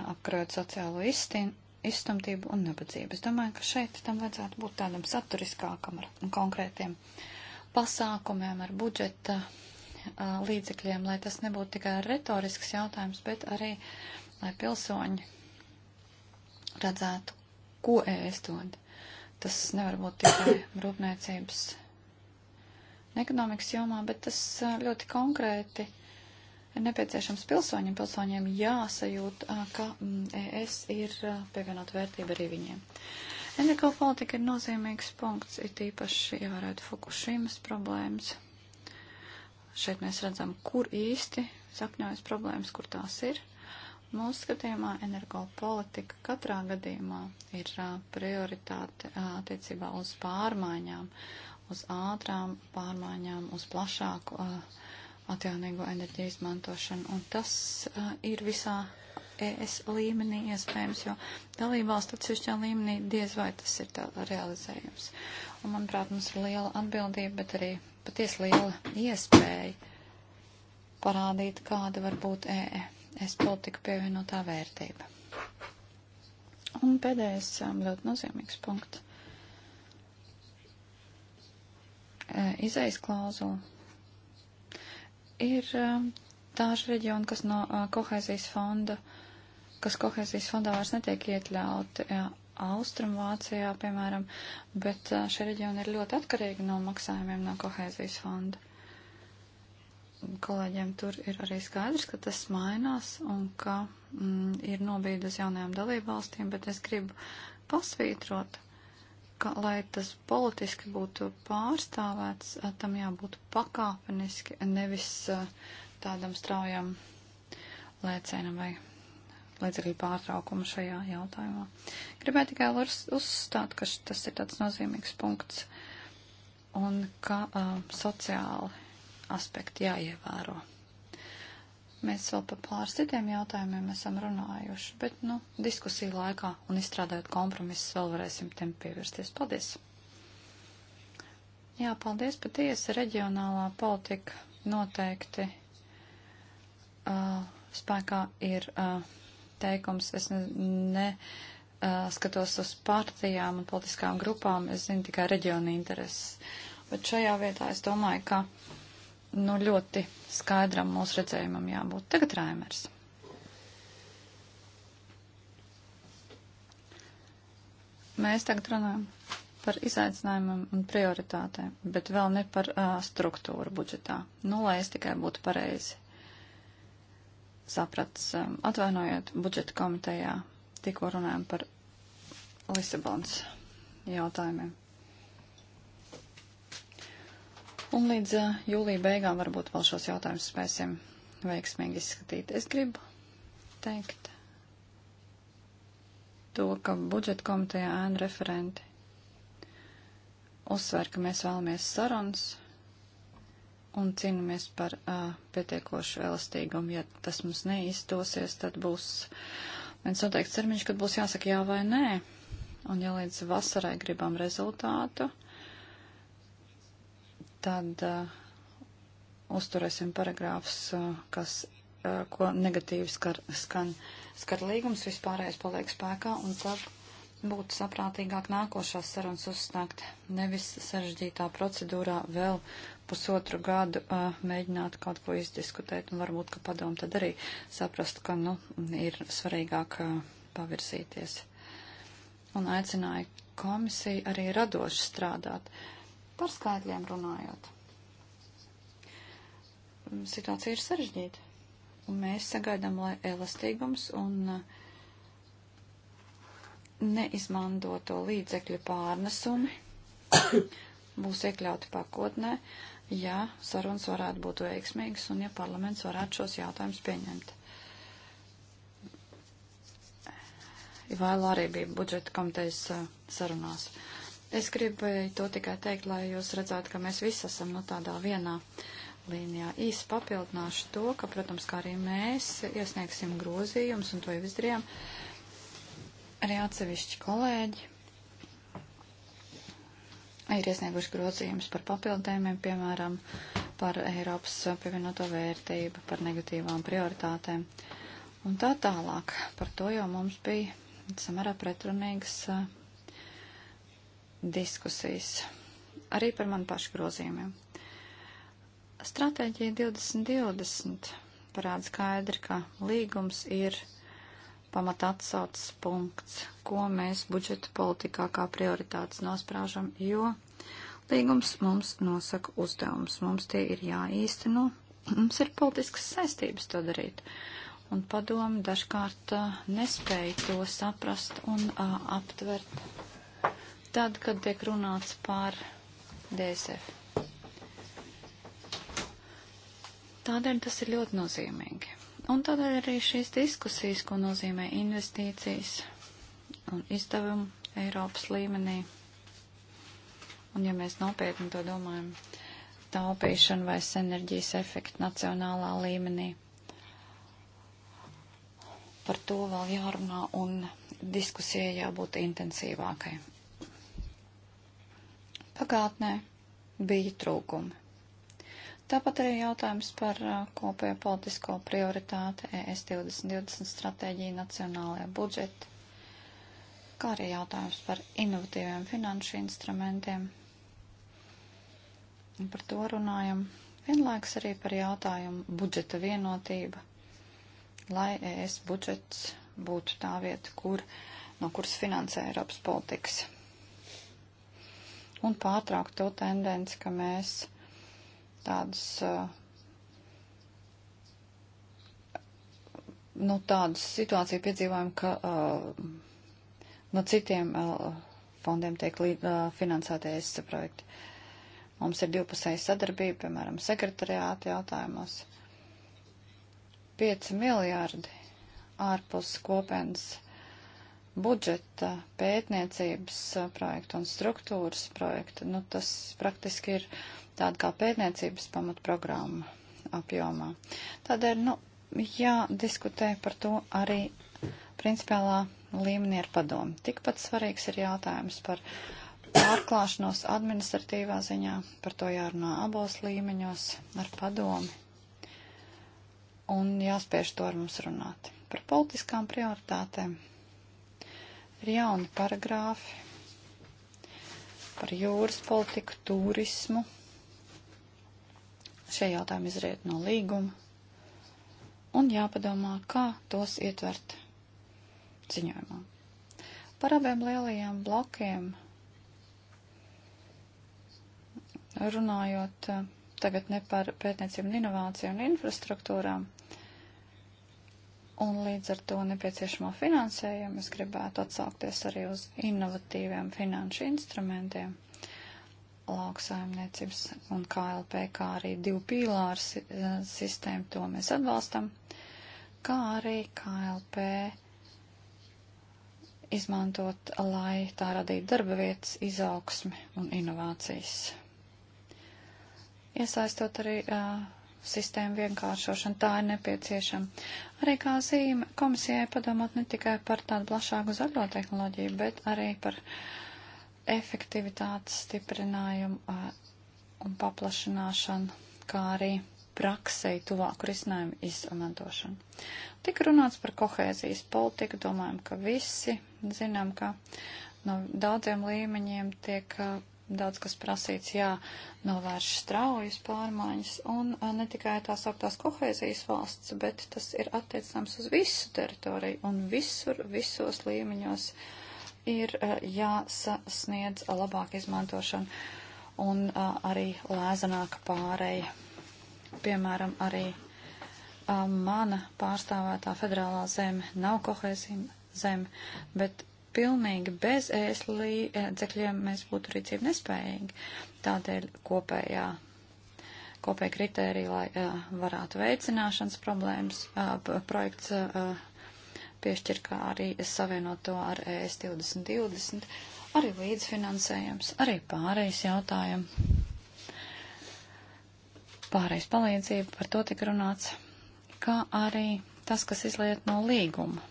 apkarojot sociālo izstin, izstumtību un nabadzību. Es domāju, ka šeit tam vajadzētu būt tādam saturiskākam ar konkrētiem pasākumiem, ar budžeta līdzekļiem, lai tas nebūtu tikai retorisks jautājums, bet arī, lai pilsoņi redzētu, ko ēst e dod. Tas nevar būt tikai rūpniecības un ekonomikas jomā, bet tas ļoti konkrēti ir nepieciešams pilsoņiem. Pilsoņiem jāsajūt, ka mm, ES ir pievienot vērtību arī viņiem. Energopolitika ir nozīmīgs punkts, it īpaši ievērēt Fukushimas problēmas. Šeit mēs redzam, kur īsti sakņojas problēmas, kur tās ir. Mūsu skatījumā energopolitika katrā gadījumā ir prioritāte attiecībā uz pārmaiņām, uz ātrām pārmaiņām, uz plašāku atjaunīgo enerģiju izmantošanu. Un tas ir visā ES līmenī iespējams, jo dalībvalstu atsevišķā līmenī diez vai tas ir tā realizējums. Un, manuprāt, mums ir liela atbildība, bet arī paties liela iespēja parādīt, kāda var būt EE e es politiku pievienotā vērtība. Un pēdējais um, ļoti nozīmīgs punkts. E, izejas klauzula. Ir um, daži reģioni, kas no uh, kohēzijas fonda, kas kohēzijas fondā vairs netiek iekļauti. Austrumvācijā, piemēram, bet uh, šie reģioni ir ļoti atkarīgi no maksājumiem no kohēzijas fonda kolēģiem tur ir arī skaidrs, ka tas mainās un ka mm, ir nobīdas jaunajām dalībvalstīm, bet es gribu pasvītrot, ka, lai tas politiski būtu pārstāvēts, eh, tam jābūt pakāpeniski, nevis eh, tādam straujam lēcēnam vai līdz arī pārtraukumu šajā jautājumā. Gribēju tikai uzstāt, ka tas ir tāds nozīmīgs punkts un ka uh, sociāli aspekti jāievēro. Mēs vēl par pāris citiem jautājumiem esam runājuši, bet, nu, diskusiju laikā un izstrādājot kompromisus vēl varēsim tiem pievērsties. Paldies! Jā, paldies, patiesi reģionālā politika noteikti uh, spēkā ir uh, teikums, es ne, ne uh, skatos uz partijām un politiskām grupām, es zinu tikai reģionu intereses. Bet šajā vietā es domāju, ka nu, ļoti skaidram mūsu redzējumam jābūt. Tagad Raimers. Mēs tagad runājam par izaicinājumiem un prioritātēm, bet vēl ne par uh, struktūru budžetā. Nu, lai es tikai būtu pareizi saprats, um, atvainojiet, budžeta komitejā tikko runājam par Lisabons jautājumiem. Un līdz uh, jūlija beigām varbūt vēl šos jautājumus spēsim veiksmīgi izskatīt. Es gribu teikt to, ka budžeta komitejā ēna referenti uzsver, ka mēs vēlamies sarunas un cīnāmies par uh, pietiekošu elastīgumu. Ja tas mums neizdosies, tad būs viens noteikts termiņš, kad būs jāsaka jā vai nē. Un ja līdz vasarai gribam rezultātu, uh, tad uh, uzturēsim paragrāfs, uh, kas, uh, ko negatīvi skar, skan, skar līgums, vispārējais paliek spēkā, un tad būtu saprātīgāk nākošās sarunas uzsnākt, nevis sarežģītā procedūrā vēl pusotru gadu uh, mēģināt kaut ko izdiskutēt, un varbūt, ka padomu tad arī saprast, ka, nu, ir svarīgāk uh, pavirzīties. Un aicināja komisiju arī radoši strādāt. Uh, Par skaitļiem runājot. Situācija ir sarežģīta. Un mēs sagaidām, lai elastīgums un uh, neizmantoto līdzekļu pārnesumi [COUGHS] būs iekļauti pakotnē, ja sarunas varētu būt veiksmīgas un ja parlaments varētu šos jautājumus pieņemt. Ivaila arī bija budžeta komitejas uh, sarunās. Uh, Es gribēju to tikai teikt, lai jūs redzētu, ka mēs visi esam no nu, tādā vienā līnijā. Īsi papildināšu to, ka, protams, kā arī mēs iesniegsim grozījumus, un to jau izdarījām, arī atsevišķi kolēģi ir iesnieguši grozījumus par papildējumiem, piemēram, par Eiropas pievienoto vērtību, par negatīvām prioritātēm. Un tā tālāk. Par to jau mums bija samērā pretrunīgas diskusijas arī par manu pašu grozījumiem. Stratēģija 2020 parāda skaidri, ka līgums ir pamata atsaucas punkts, ko mēs budžeta politikā kā prioritātes nosprāžam, jo līgums mums nosaka uzdevums, mums tie ir jāīsteno, mums ir politiskas saistības to darīt. Un padomu dažkārt nespēja to saprast un a, aptvert tad, kad tiek runāts par DSF. Tādēļ tas ir ļoti nozīmīgi. Un tādēļ arī šīs diskusijas, ko nozīmē investīcijas un izdevumi Eiropas līmenī. Un ja mēs nopietni to domājam, taupīšana vai enerģijas efekta nacionālā līmenī. Par to vēl jārunā un diskusijai jābūt intensīvākai. Pagātnē bija trūkumi. Tāpat arī jautājums par uh, kopējo politisko prioritāti ES 2020 stratēģiju nacionālajā budžeta, kā arī jautājums par inovatīviem finanšu instrumentiem. Un par to runājam. Vienlaiks arī par jautājumu budžeta vienotība, lai ES budžets būtu tā vieta, kur, no kuras finansē Eiropas politikas un pārtraukt to tendenci, ka mēs tādus, nu, tādus situāciju piedzīvojam, ka no citiem fondiem tiek finansēties projekti. Mums ir divpusēja sadarbība, piemēram, sekretariāta jautājumos. 5 miljārdi ārpus kopienas budžeta pētniecības eh, projektu un struktūras projektu, nu, tas praktiski ir tāda kā pētniecības pamatprogramma apjomā. Tādēļ, nu, jādiskutē par to arī principiālā līmenī ar padomu. Tikpat svarīgs ir jautājums par pārklāšanos administratīvā ziņā, par to jārunā abos līmeņos ar padomi. Un jāspiež to ar mums runāt. Par politiskām prioritātēm Ir jauni paragrāfi par jūras politiku, turismu. Šie jautājumi izriet no līguma. Un jāpadomā, kā tos ietvert ziņojumā. Par abiem lielajiem blokiem runājot eh, tagad ne par pētniecību un inovāciju un infrastruktūrām un līdz ar to nepieciešamo finansējumu es gribētu atsaukties arī uz innovatīviem finanšu instrumentiem lauksaimniecības un KLP, kā arī divu pīlāru eh, sistēmu, to mēs atbalstam, kā arī KLP izmantot, lai tā radītu darba vietas, izaugsmi un inovācijas. Iesaistot arī uh, sistēmu vienkāršošanu. Tā ir nepieciešama. Arī kā zīme komisijai padomāt ne tikai par tādu plašāku zaļo tehnoloģiju, bet arī par efektivitātes stiprinājumu uh, un paplašināšanu, kā arī praksei tuvāku risinājumu izmantošanu. Tik runāts par kohēzijas politiku, domājam, ka visi zinām, ka no daudziem līmeņiem tiek daudz kas prasīts, jā, novērš straujas pārmaiņas, un eh, ne tikai tās augtās kohēzijas valsts, bet tas ir attiecams uz visu teritoriju, un visur, visos līmeņos ir eh, jāsasniedz labāk izmantošana un eh, arī lēzanāka pārēja. Piemēram, arī mana pārstāvētā federālā zeme nav kohēzija zeme, bet pilnīgi bez ēslīdzekļiem eh, mēs būtu rīcību nespējīgi. Tādēļ kopējā kopēja kritērija, lai uh, varētu veicināšanas problēmas uh, projekts uh, piešķir, kā arī savienot to ar ES 2020, arī līdzfinansējums, arī pārējais jautājumi. Pārējais palīdzība, par to tika runāts, kā arī tas, kas izliet no līguma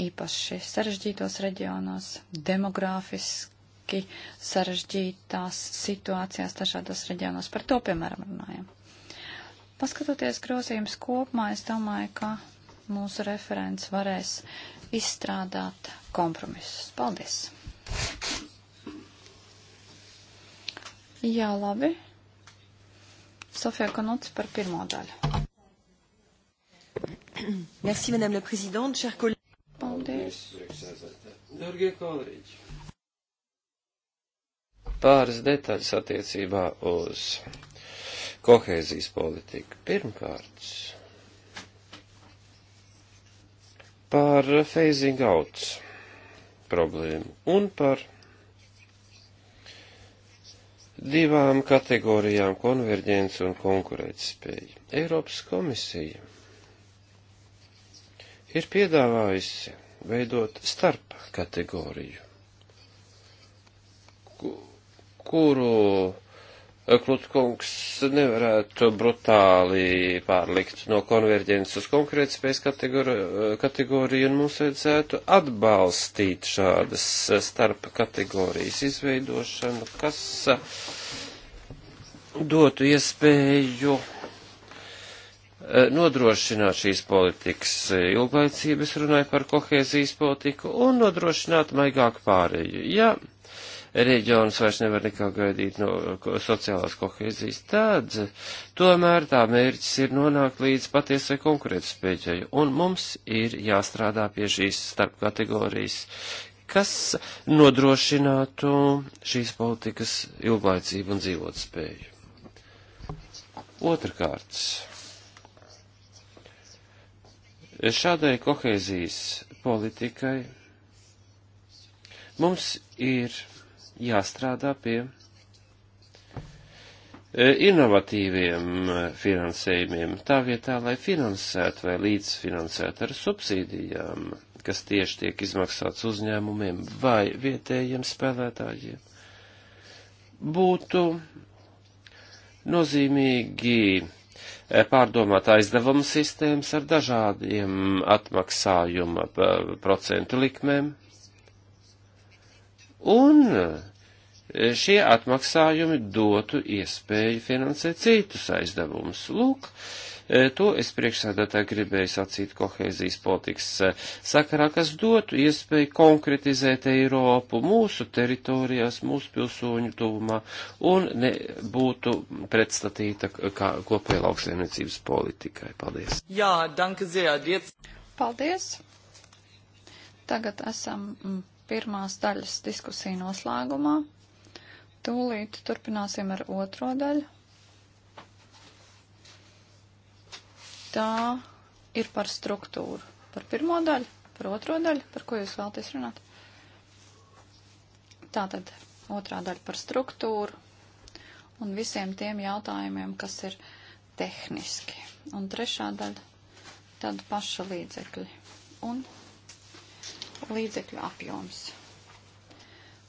īpaši sarežģītos reģionos, demogrāfiski sarežģītās situācijās dažādos reģionos. Par to, piemēram, runājam. Paskatoties grozījums kopumā, es domāju, ka mūsu referents varēs izstrādāt kompromisus. Paldies! Jā, labi. Sofija Konots par pirmo daļu. Merci, Madame la Présidente, chers collègues. Paldies. Dargie kolēģi. Pāris detaļas attiecībā uz kohēzijas politiku. Pirmkārt, par phasing out problēmu un par divām kategorijām konverģents un konkurētspēja. Eiropas komisija ir piedāvājusi veidot starp kategoriju, kuru eh, Klutkungs nevarētu brutāli pārlikt no konverģences uz konkrētu spējas kategoriju, eh, kategoriju, un mums vajadzētu atbalstīt šādas eh, starp kategorijas izveidošanu, kas dotu iespēju Eh, nodrošināt šīs politikas ilglaicības, runāju par kohēzijas politiku, un nodrošināt maigāku pārēju. Ja reģions vairs nevar nekā gaidīt no sociālās kohēzijas, tad tomēr tā mērķis ir nonākt līdz patiesai konkurētspēķai, un mums ir jāstrādā pie šīs starp kategorijas, kas nodrošinātu šīs politikas ilglaicību un dzīvotspēju. Otrakārt Šādai kohēzijas politikai mums ir jāstrādā pie e, inovatīviem finansējumiem, tā vietā, lai finansētu vai līdzfinansētu ar subsīdijām, kas tieši tiek izmaksāts uzņēmumiem vai vietējiem spēlētājiem, būtu nozīmīgi pārdomāt aizdevumu sistēmas ar dažādiem atmaksājuma procentu likmēm. Un e, šie atmaksājumi dotu iespēju finansēt citus aizdevumus. Lūk, uh, E, to es priekšsēdētāji gribēju sacīt kohēzijas politikas e, sakarā, kas dotu iespēju konkretizēt Eiropu mūsu teritorijās, mūsu pilsoņu tuvumā un nebūtu pretstatīta kā kopēja lauksainicības politikai. Paldies! Jā, danke sehr, diec! Paldies! Tagad esam mm, pirmās daļas diskusiju noslēgumā. Tūlīt turpināsim ar otro daļu. tā ir par struktūru. Par pirmo daļu, par otro daļu, par ko jūs vēlaties runāt. Tātad otrā daļa par struktūru un visiem tiem jautājumiem, kas ir tehniski. Un trešā daļa tad paša līdzekļi un līdzekļu apjoms.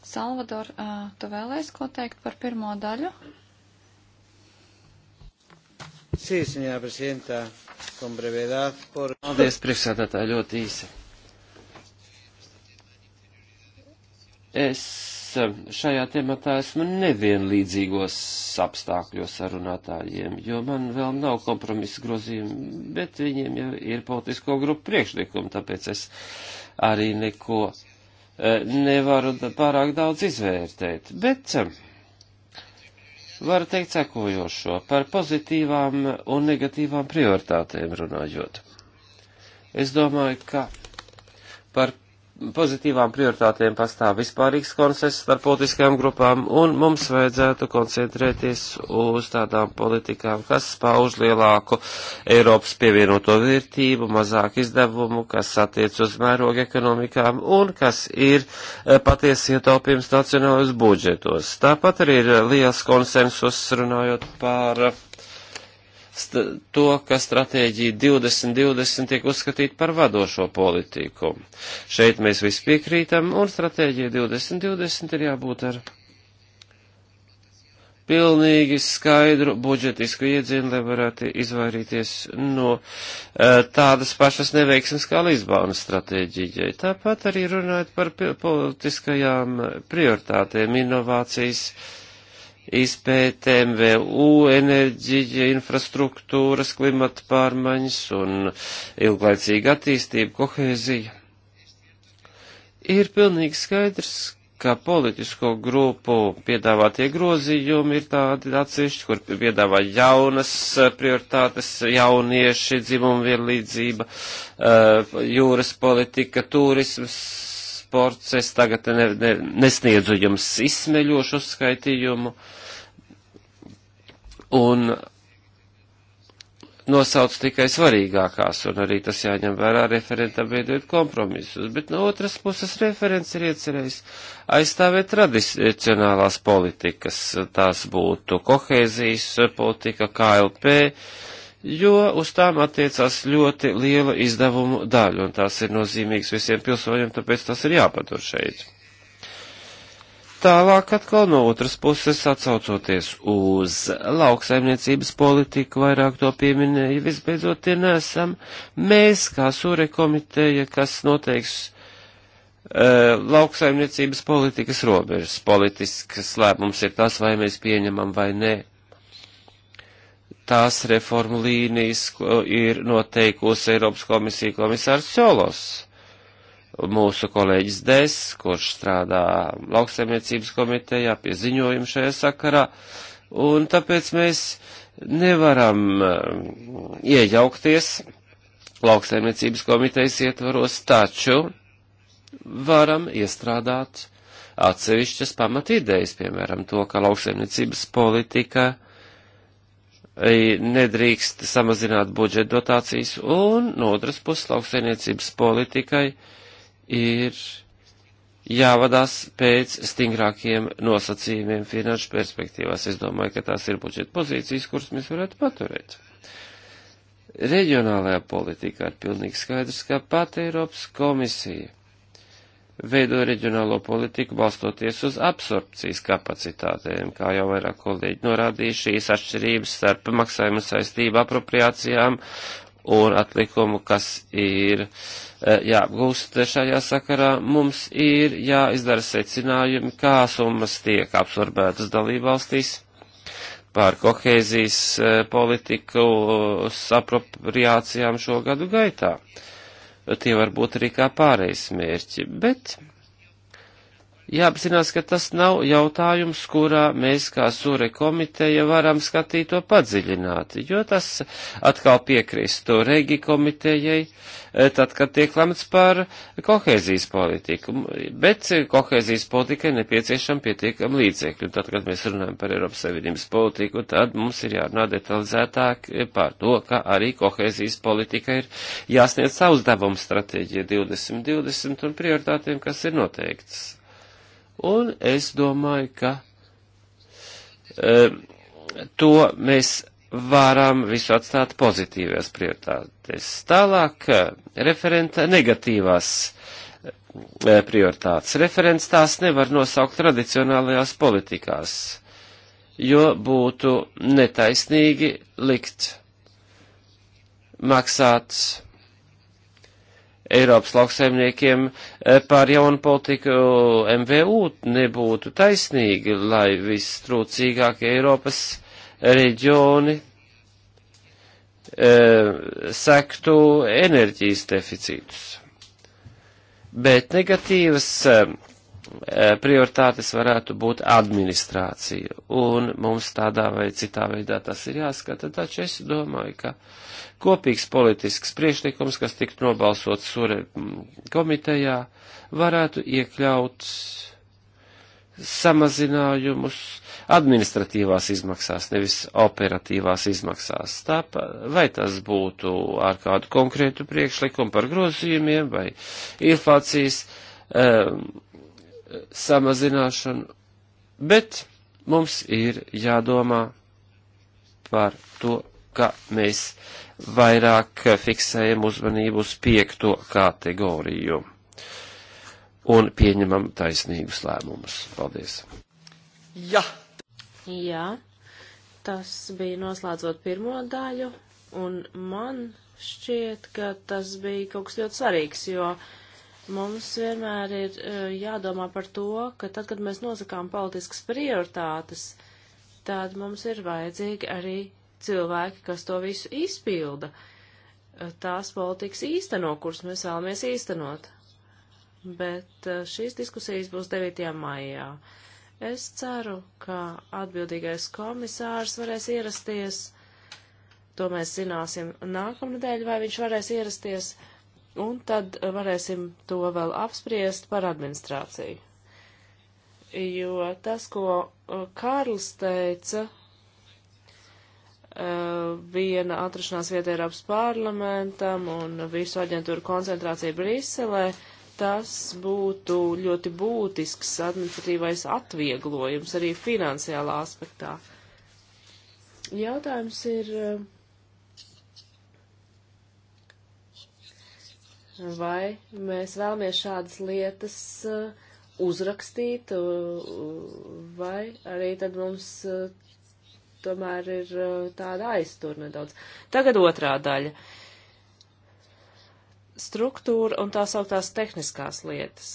Salvador, tu vēlēs ko teikt par pirmo daļu? Sí, señora presidenta. Por... Paldies, priekšsēdētāji, ļoti īsi. Es um, šajā tematā esmu nevienlīdzīgos apstākļos ar runātājiem, jo man vēl nav kompromisa grozījumi, bet viņiem jau ir politisko grupu priekšlikumi, tāpēc es arī neko eh, nevaru pārāk daudz izvērtēt. Bet um, varu teikt sekojošo par pozitīvām un negatīvām prioritātēm runājot. Es domāju, ka par pozitīvām prioritātēm pastāv vispārīgs konsensus starp politiskajām grupām, un mums vajadzētu koncentrēties uz tādām politikām, kas pauž lielāku Eiropas pievienoto vērtību, mazāk izdevumu, kas attiec uz mēroga ekonomikām un kas ir eh, patiesi ietaupījums nacionālajos budžetos. Tāpat arī ir liels konsensus runājot par to, ka stratēģija 2020 tiek uzskatīta par vadošo politiku. Šeit mēs visi piekrītam, un stratēģija 2020 ir jābūt ar pilnīgi skaidru budžetisku iedzienu, lai varētu izvairīties no e, tādas pašas neveiksmes kā Lisbonas stratēģijai. Tāpat arī runājot par politiskajām prioritātēm, inovācijas, izpētēm, VU enerģija, infrastruktūras, klimata pārmaiņas un ilglaicīga attīstība, kohēzija. Ir pilnīgi skaidrs, ka politisko grupu piedāvātie grozījumi ir tādi atsevišķi, kur piedāvā jaunas prioritātes, jaunieši, dzimumvienlīdzība, jūras politika, turisms, transports. Es tagad ne, ne, nesniedzu jums izsmeļošu uzskaitījumu. Un nosauc tikai svarīgākās, un arī tas jāņem vērā referentam veidot kompromisus, bet no otras puses referents ir iecerējis aizstāvēt tradicionālās politikas, tās būtu kohēzijas politika, KLP, uh, jo uz tām attiecās ļoti liela izdevumu daļa, un tās ir nozīmīgas visiem pilsoņiem, tāpēc tas ir jāpatur šeit. Tālāk atkal no otras puses atsaucoties uz lauksaimniecības politiku, vairāk to pieminēja, visbeidzot tie nesam mēs kā sūre komiteja, kas noteiks uh, lauksaimniecības politikas robežas. Politisks lēmums ir tas, vai mēs pieņemam vai nē tās reformu līnijas, ko ir noteikusi Eiropas komisija komisārs Solos. Mūsu kolēģis Des, kurš strādā lauksaimniecības komitejā pie ziņojuma šajā sakarā, un tāpēc mēs nevaram um, iejaukties lauksaimniecības komitejas ietvaros, taču varam iestrādāt atsevišķas pamatidejas, piemēram, to, ka lauksaimniecības politika nedrīkst samazināt budžeta dotācijas, un no otras puses lauksainiecības politikai ir jāvadās pēc stingrākiem nosacījumiem finanšu perspektīvās. Es domāju, ka tās ir budžeta pozīcijas, kuras mēs varētu paturēt. Reģionālajā politikā ir pilnīgi skaidrs, ka pat Eiropas komisija veido reģionālo politiku balstoties uz absorpcijas kapacitātēm, kā jau vairāk kolēģi norādīja, šīs atšķirības starp maksājumu saistību apropriācijām un atlikumu, kas ir e, jāapgūst šajā sakarā, mums ir jāizdara secinājumi, kā summas tiek absorbētas dalībvalstīs pār kohēzijas e, politiku apropriācijām šo gadu gaitā. Uh, tie var būt arī kā pārējais mērķi, bet jāapzinās, ka tas nav jautājums, kurā mēs kā sure komiteja varam skatīt to padziļināti, jo tas atkal piekristu regi komitejai, eh, tad, kad tiek lemts par kohēzijas politiku. Bet kohēzijas politikai nepieciešama pietiekama līdzekļa, un tad, kad mēs runājam par Eiropas Savienības politiku, tad mums ir jārunā detalizētāk par to, ka arī kohēzijas politika ir jāsniedz savus devumu stratēģija 2020 un prioritātiem, kas ir noteikts. Un es domāju, ka um, to mēs varam visu atstāt pozitīvās prioritātes. Tālāk eh, referenta negatīvās eh, prioritātes. Referents tās nevar nosaukt tradicionālajās politikās, jo būtu netaisnīgi likt maksāt Eiropas lauksaimniekiem eh, par jaunu politiku MVU nebūtu taisnīgi, lai vistrūcīgākie Eiropas reģioni e, sektu enerģijas deficītus. Bet negatīvas e, Eh, prioritātes varētu būt administrācija, un mums tādā vai citā veidā tas ir jāskata, taču es domāju, ka kopīgs politisks priešlikums, kas tiktu nobalsots sure komitejā, varētu iekļaut samazinājumus administratīvās izmaksās, nevis operatīvās izmaksās. Tāpat, vai tas būtu ar kādu konkrētu priekšlikumu par grozījumiem vai inflācijas um, samazināšanu, bet mums ir jādomā par to, ka mēs vairāk fiksējam uzmanību uz piekto kategoriju un pieņemam taisnīgus lēmumus. Paldies! Jā! Jā, tas bija noslēdzot pirmo daļu, un man šķiet, ka tas bija kaut kas ļoti svarīgs, jo uh, Mums vienmēr ir eh, jādomā par to, ka tad, kad mēs nosakām politiskas prioritātes, tad mums ir vajadzīgi arī cilvēki, kas to visu izpilda, eh, tās politikas īsteno, kuras mēs vēlamies īstenot. Bet eh, šīs diskusijas būs 9. maijā. Es ceru, ka atbildīgais komisārs varēs ierasties. To mēs zināsim nākamnedēļ, vai viņš varēs ierasties un tad eh, varēsim to vēl apspriest par administrāciju. Jo tas, ko eh, Kārls teica, eh, viena atrašanās vieta Eiropas parlamentam un visu aģentūru koncentrācija Briselē, tas būtu ļoti būtisks administratīvais atvieglojums arī finansiālā aspektā. Jautājums ir, vai mēs vēlamies šādas lietas uh, uzrakstīt, uh, vai arī tad mums uh, tomēr ir tāda aiztur nedaudz. Tagad otrā daļa. Struktūra un tā sauktās tehniskās lietas.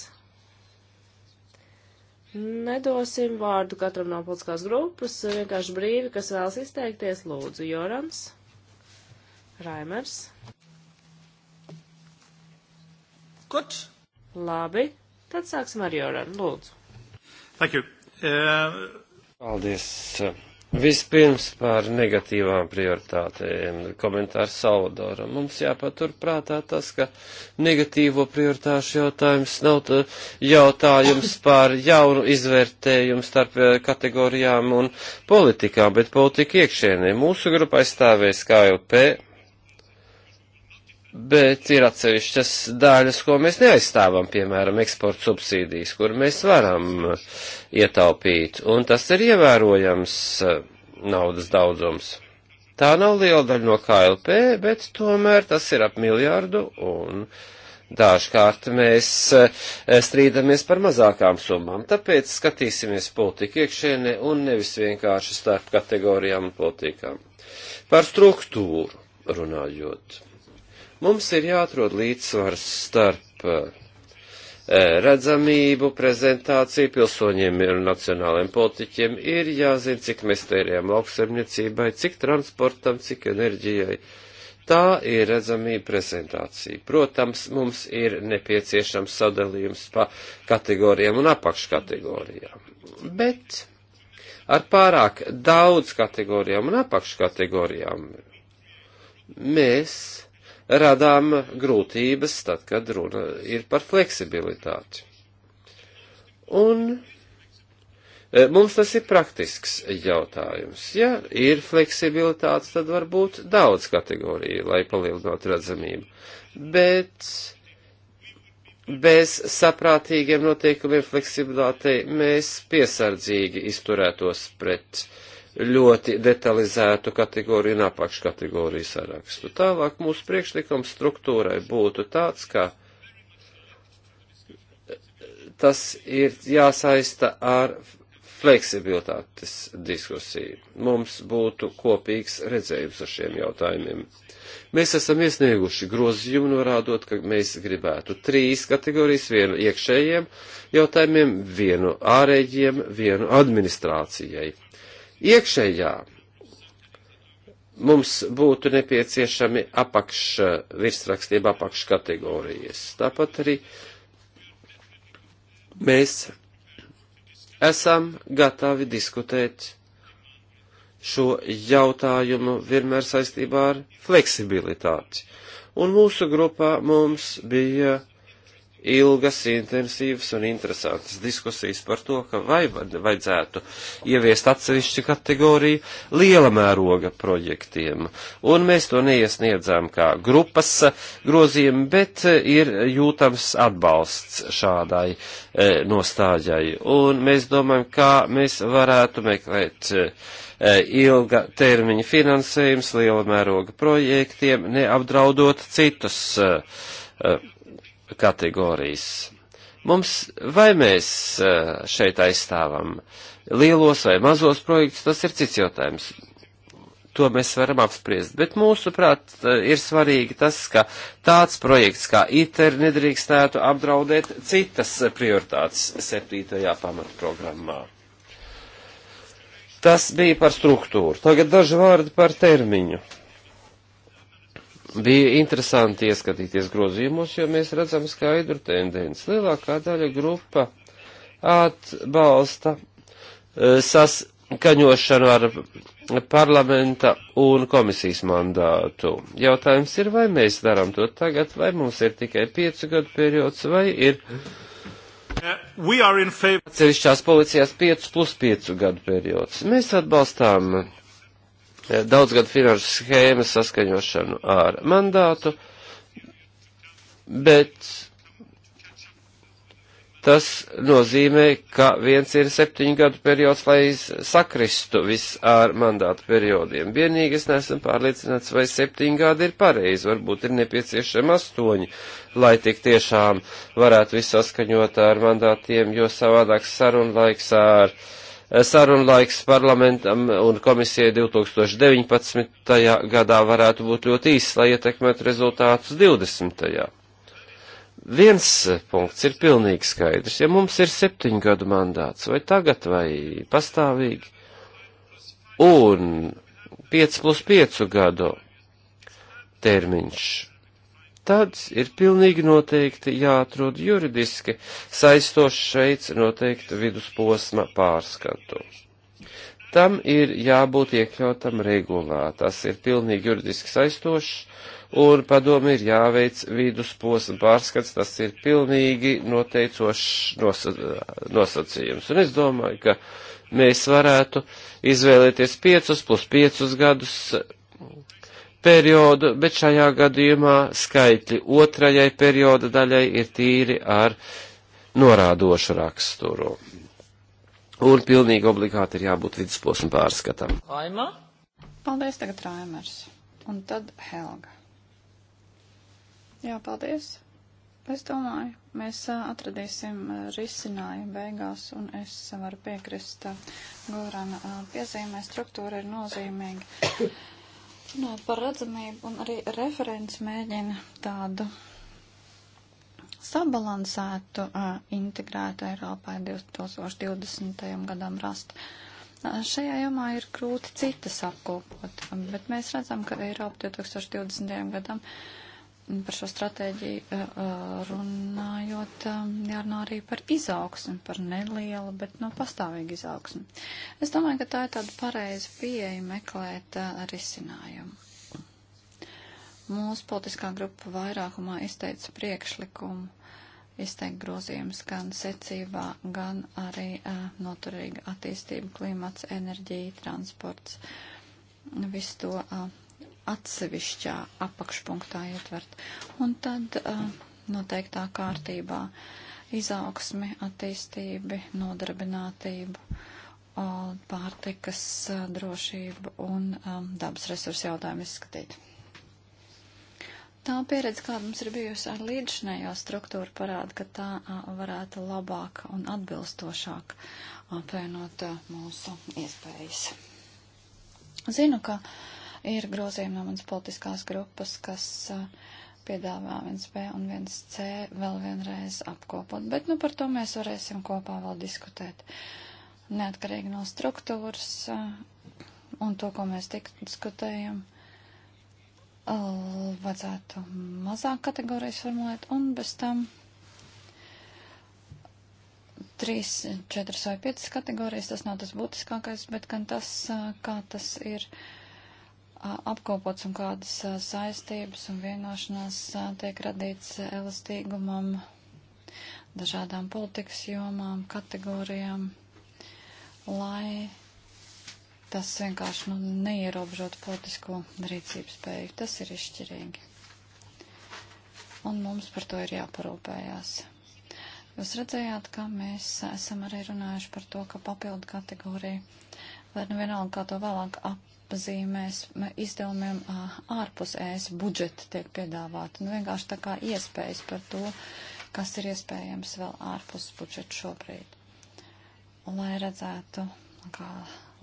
Nedosim vārdu katram no politiskās grupas, vienkārši brīvi, kas vēlas izteikties, lūdzu, Jorans, Raimers. Gut. Labi, tad sāksim ar Joranu, lūdzu. Thank you. Uh... Paldies. Vispirms par negatīvām prioritātēm. Komentārs Salvadora. Mums jāpatur prātā tas, ka negatīvo prioritāšu jautājums nav jautājums par jaunu izvērtējumu starp eh, kategorijām un politikām, bet politika iekšēnē. Mūsu grupa aizstāvēs KLP bet ir atsevišķas daļas, ko mēs neaizstāvam, piemēram, eksporta subsīdijas, kur mēs varam ietaupīt, un tas ir ievērojams eh, naudas daudzums. Tā nav liela daļa no KLP, bet tomēr tas ir ap miljārdu, un dažkārt mēs eh, strīdamies par mazākām summām. Tāpēc skatīsimies politiku iekšēnē un nevis vienkārši starp kategorijām un politikām. Par struktūru runājot Mums ir jāatrod līdzsvars starp eh, redzamību, prezentāciju pilsoņiem un nacionāliem politiķiem. Ir jāzina, cik mēs tērējam lauksaimniecībai, cik transportam, cik enerģijai. Tā ir redzamība prezentācija. Protams, mums ir nepieciešams sadalījums pa kategorijām un apakškategorijām. Bet ar pārāk daudz kategorijām un apakškategorijām mēs radām grūtības, tad, kad runa ir par fleksibilitāti. Un e, Mums tas ir praktisks jautājums. Ja ir fleksibilitāte, tad var būt daudz kategoriju, lai palielinātu redzamību. Bet bez saprātīgiem noteikumiem fleksibilitātei mēs piesardzīgi izturētos pret uh, ļoti detalizētu kategoriju un apakškategoriju sarakstu. Tālāk mūsu priekšlikums struktūrai būtu tāds, ka tas ir jāsaista ar fleksibilitātes diskusiju. Mums būtu kopīgs redzējums ar šiem jautājumiem. Mēs esam iesnieguši grozījumu, norādot, ka mēs gribētu trīs kategorijas - vienu iekšējiem jautājumiem, vienu ārējiem, vienu administrācijai iekšējā mums būtu nepieciešami apakš virsrakstība, apakš kategorijas. Tāpat arī mēs esam gatavi diskutēt šo jautājumu vienmēr saistībā ar fleksibilitāti. Un mūsu grupā mums bija uh, ilgas, intensīvas un interesantas diskusijas par to, ka vai vajadzētu ieviest atsevišķu kategoriju liela mēroga projektiem. Un mēs to neiesniedzām kā grupas grozījumi, bet ir jūtams atbalsts šādai e, nostājai. Un mēs domājam, kā mēs varētu meklēt e, ilga termiņa finansējums liela mēroga projektiem, neapdraudot citus. E, e kategorijas. Mums vai mēs eh, šeit aizstāvam lielos vai mazos projektus, tas ir cits jautājums. To mēs varam apspriest, bet mūsuprāt eh, ir svarīgi tas, ka tāds projekts kā ITER nedrīkstētu apdraudēt citas prioritātes septītajā pamatprogrammā. Tas bija par struktūru. Tagad daži vārdi par termiņu bija interesanti ieskatīties grozījumos, jo mēs redzam skaidru tendenci. Lielākā daļa grupa atbalsta eh, saskaņošanu ar parlamenta un komisijas mandātu. Jautājums ir, vai mēs darām to tagad, vai mums ir tikai piecu gadu periods, vai ir uh, atsevišķās policijās 5 plus 5 gadu periods. Mēs atbalstām Eh, daudzgadu finanšu schēmas saskaņošanu ar mandātu, bet tas nozīmē, ka viens ir septiņu gadu periods, lai sakristu viss ar mandātu periodiem. Vienīgi es neesmu pārliecināts, vai septiņu gadi ir pareizi, varbūt ir nepieciešami astoņi, lai tik tiešām varētu viss saskaņot ar mandātiem, jo savādāk sarunlaiks ar. Uh, sarunlaiks parlamentam un komisijai 2019. gadā varētu būt ļoti īss, lai ietekmētu rezultātus 20. Viens punkts ir pilnīgi skaidrs. Ja mums ir septiņu gadu mandāts, vai tagad, vai pastāvīgi, un 5 plus 5 gadu termiņš, tad ir pilnīgi noteikti jāatrod juridiski saistoši šeit noteikti vidusposma pārskatu. Tam ir jābūt iekļautam regulā, tas ir pilnīgi juridiski saistošs, un padomi ir jāveic vidusposma pārskats, tas ir pilnīgi noteicošs nosa nosacījums. Un es domāju, ka mēs varētu izvēlēties 5 plus 5 gadus periodu, bet šajā gadījumā skaitļi otrajai perioda daļai ir tīri ar norādošu raksturu. Un pilnīgi obligāti ir jābūt vidusposma pārskatam. Laima? Paldies, tagad Raimers. Un tad Helga. Jā, paldies. Es domāju, mēs atradīsim risinājumu beigās, un es varu piekrist Gorana piezīmē, struktūra ir nozīmīga. Runājot par redzamību, un arī referents mēģina tādu sabalansētu, integrētu Eiropai 2020. gadam rast. Šajā jomā ir grūti citas apkopot, bet mēs redzam, ka Eiropa 2020. gadam par šo stratēģiju eh, eh, runājot, eh, jārunā arī par izaugsmi, par nelielu, bet no nu, pastāvīgu izaugsmi. Es domāju, ka tā ir tāda pareiza pieeja meklēt risinājumu. Mūsu politiskā grupa vairākumā izteica priekšlikumu, izteikt grozījums gan secībā, gan arī noturīga attīstība, klimats, enerģija, transports, visu to. A, atsevišķā apakšpunktā ietvert. Un tad uh, noteiktā kārtībā izaugsmi, attīstību, nodarbinātību, uh, pārtikas uh, drošību un um, dabas resursu jautājumu izskatīt. Tā pieredze, kāda mums ir bijusi ar līdzinējo struktūru, parāda, ka tā uh, varētu labāk un atbilstošāk apvienot uh, mūsu iespējas. Zinu, ka uh, Ir grozījumi no manas politiskās grupas, kas uh, piedāvā 1B un 1C vēl vienreiz apkopot, bet nu par to mēs varēsim kopā vēl diskutēt. Neatkarīgi no struktūras uh, un to, ko mēs tik diskutējam uh, vajadzētu mazāk kategorijas formulēt, un bez tam 3, 4 vai 5 kategorijas, tas nav tas būtiskākais, bet gan tas, kā tas ir apkopots un kādas saistības un vienošanās tiek radīts elastīgumam, dažādām politikas jomām, kategorijām, lai tas vienkārši nu, neierobežot politisko rīcības spēju. Tas ir izšķirīgi. Un mums par to ir jāparūpējās. Jūs redzējāt, ka mēs esam arī runājuši par to, ka papildu kategorija, vai nu vienalga, kā to vēlāk ap apzīmēs izdevumiem ārpus ēs budžeta tiek piedāvāta. Nu, vienkārši tā kā iespējas par to, kas ir iespējams vēl ārpus budžeta šobrīd. Lai redzētu, kā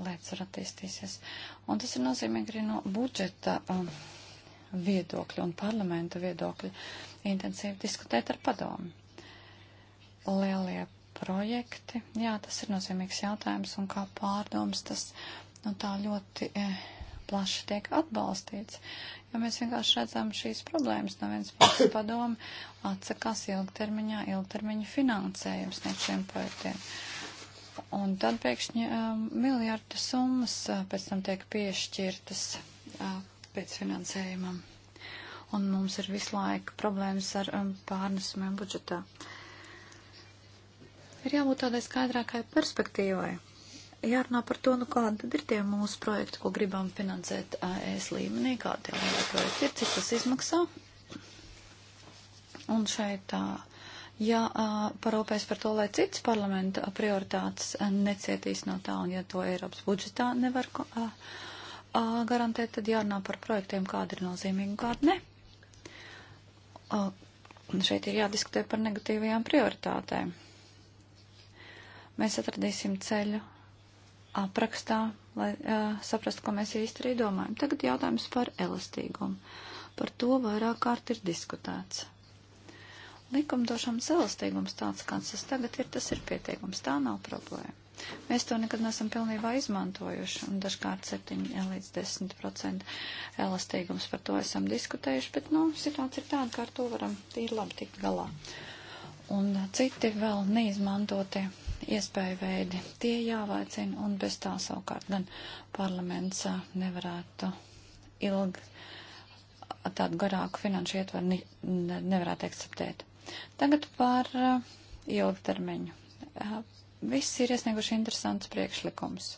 lietas var attīstīsies. Un tas ir nozīmīgi arī no budžeta um, viedokļa un parlamenta viedokļa intensīvi diskutēt ar padomu. Lielie projekti, jā, tas ir nozīmīgs jautājums un kā pārdoms tas nu, tā ļoti e, plaši tiek atbalstīts, jo mēs vienkārši redzam šīs problēmas. No vienas puses padomi atsakās ilgtermiņā, ilgtermiņa finansējums sniegt šiem projektiem. Un tad pēkšņi um, miljardu summas e, pēc tam tiek piešķirtas uh, pēc finansējumam. Un mums ir visu laiku problēmas ar um, pārnesumiem budžetā. Ir jābūt tādai skaidrākai perspektīvai jārunā par to, nu kādi tad ir tie mūsu projekti, ko gribam finansēt ES līmenī, kādi tie lielie projekti ir, cik tas izmaksā. Un šeit tā. Ja parūpēs par to, lai cits parlamenta prioritātes necietīs no tā, un ja to Eiropas budžetā nevar a, a, garantēt, tad jārunā par projektiem, kāda ir nozīmīga un kāda ne. A, šeit ir jādiskutē par negatīvajām prioritātēm. Mēs atradīsim ceļu aprakstā, lai uh, saprastu, ko mēs īsti arī domājam. Tagad jautājums par elastīgumu. Par to vairāk kārt ir diskutēts. Likumdošanas elastīgums tāds, kāds tas tagad ir, tas ir pietiekums. Tā nav problēma. Mēs to nekad neesam pilnībā izmantojuši, un dažkārt 7 līdz 10% elastīgums par to esam diskutējuši, bet, nu, situācija ir tāda, ka ar to varam tīri labi tikt galā. Un citi vēl neizmantotie iespēju veidi. Tie jālaicina, un bez tā savukārt gan parlaments nevarētu ilgi tādu garāku finanšu ietvaru ne, nevarētu akceptēt. Tagad par ilgtermiņu. Visi ir iesnieguši interesants priekšlikums.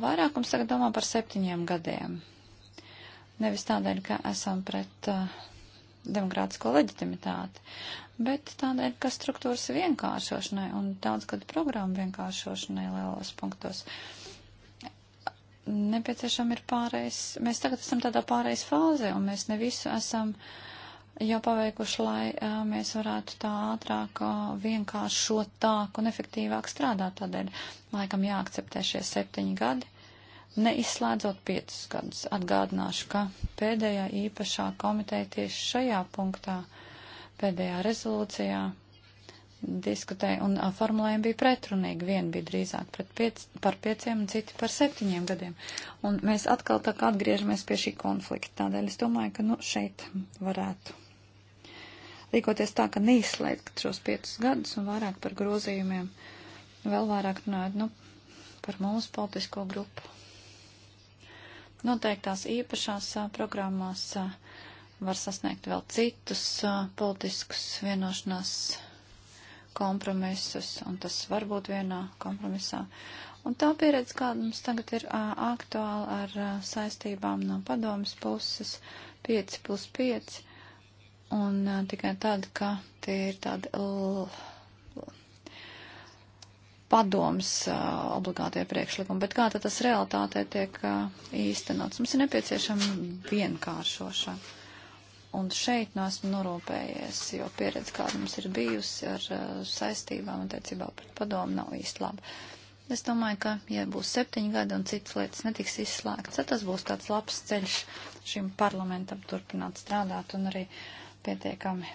Vairākums tagad domā par septiņiem gadiem. Nevis tādēļ, ka esam pret uh, demokrātisko leģitimitāti, bet tādēļ, ka struktūras vienkāršošanai un daudzgadu programmu vienkāršošanai lielos punktos nepieciešama ir pārējais. Mēs tagad esam tādā pārējais fāzē, un mēs ne visu esam jau paveikuši, lai uh, mēs varētu tā ātrāk, uh, vienkāršotāk un efektīvāk strādāt. Tādēļ laikam jāakceptē šie septiņi gadi, neizslēdzot piecus gadus. Atgādināšu, ka pēdējā īpašā komiteja tieši šajā punktā uh, Pēdējā rezolūcijā diskutēja un a, formulējumi bija pretrunīgi. Viena bija drīzāk pret piec, par pieciem un citi par septiņiem gadiem. Un mēs atkal tā kā atgriežamies pie šī konflikta. Tādēļ es domāju, ka nu, šeit varētu rīkoties tā, ka neizslēgt šos piecus gadus un vairāk par grozījumiem, vēl vairāk runājot nu, par mūsu politisko grupu. Noteiktās īpašās a, programmās. A, var sasniegt vēl citus uh, politiskus vienošanās kompromisus, un tas var būt vienā kompromisā. Un tā pieredze, kāda mums tagad ir uh, aktuāla ar uh, saistībām no padomas puses, 5 plus 5, un uh, tikai tad, ka tie ir tādi padoms uh, obligātie priekšlikumi, bet kā tad tas realitātē tiek uh, īstenots? Mums ir nepieciešama vienkāršošana. Un šeit nu esmu norūpējies, jo pieredze, kāda mums ir bijusi ar uh, saistībām attiecībā pret padomu, nav īsti laba. Es domāju, ka, ja būs septiņi gadi un citas lietas netiks izslēgts, tad tas būs tāds labs ceļš šim parlamentam turpināt strādāt un arī pietiekami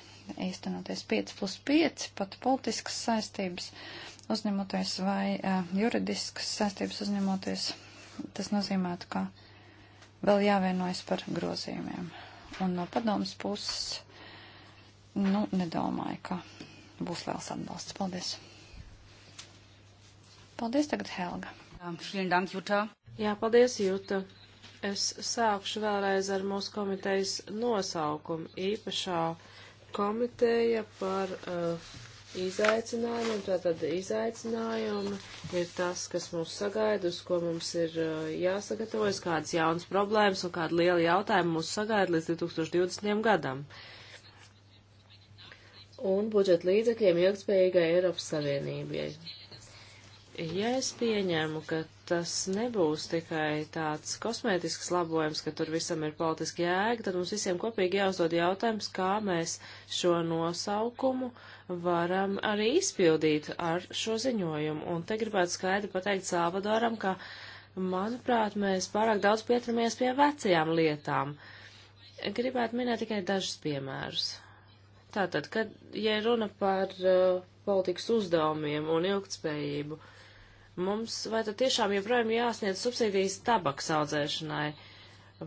īstenoties 5 plus 5, pat politiskas saistības uzņemoties vai uh, juridiskas saistības uzņemoties. Tas nozīmētu, ka vēl jāvienojas par grozījumiem un no padomas puses, nu, nedomāju, ka būs liels atbalsts. Paldies! Paldies tagad, Helga! Dank, Juta. Jā, paldies, Juta! Es sākšu vēlreiz ar mūsu komitejas nosaukumu īpašā komiteja par uh, izaicinājumiem. Tātad izaicinājumi ir tas, kas mūs sagaida, uz ko mums ir jāsagatavojas, kādas jaunas problēmas un kādi lieli jautājumi mūs sagaida līdz 2020. gadam. Un budžeta līdzekļiem ilgspējīgai Eiropas Savienībai. Ja es pieņēmu, ka tas nebūs tikai tāds kosmētisks labojums, ka tur visam ir politiski jēga, tad mums visiem kopīgi jāuzdod jautājums, kā mēs šo nosaukumu varam arī izpildīt ar šo ziņojumu. Un te gribētu skaidri pateikt Salvadoram, ka, manuprāt, mēs pārāk daudz pieturamies pie vecajām lietām. Gribētu minēt tikai dažus piemērus. Tātad, kad, ja runa par uh, politikas uzdevumiem un ilgtspējību, uh, Mums vai tad tiešām joprojām jāsniedz subsīdijas tabaks audzēšanai,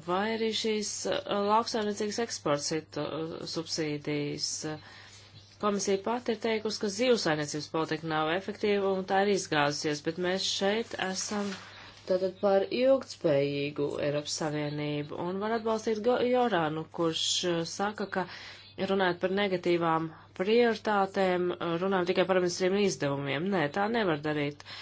vai arī šīs uh, lauksaimniecības eksporta uh, subsīdijas? Komisija pati ir teikusi, ka zivsainiecības politika nav efektīva un tā ir izgāzusies, bet mēs šeit esam tātad par ilgtspējīgu Eiropas Savienību un var atbalstīt Jorānu, kurš uh, saka, ka runājot par negatīvām prioritātēm, runājam tikai par ministriem izdevumiem. Nē, tā nevar darīt. Uh,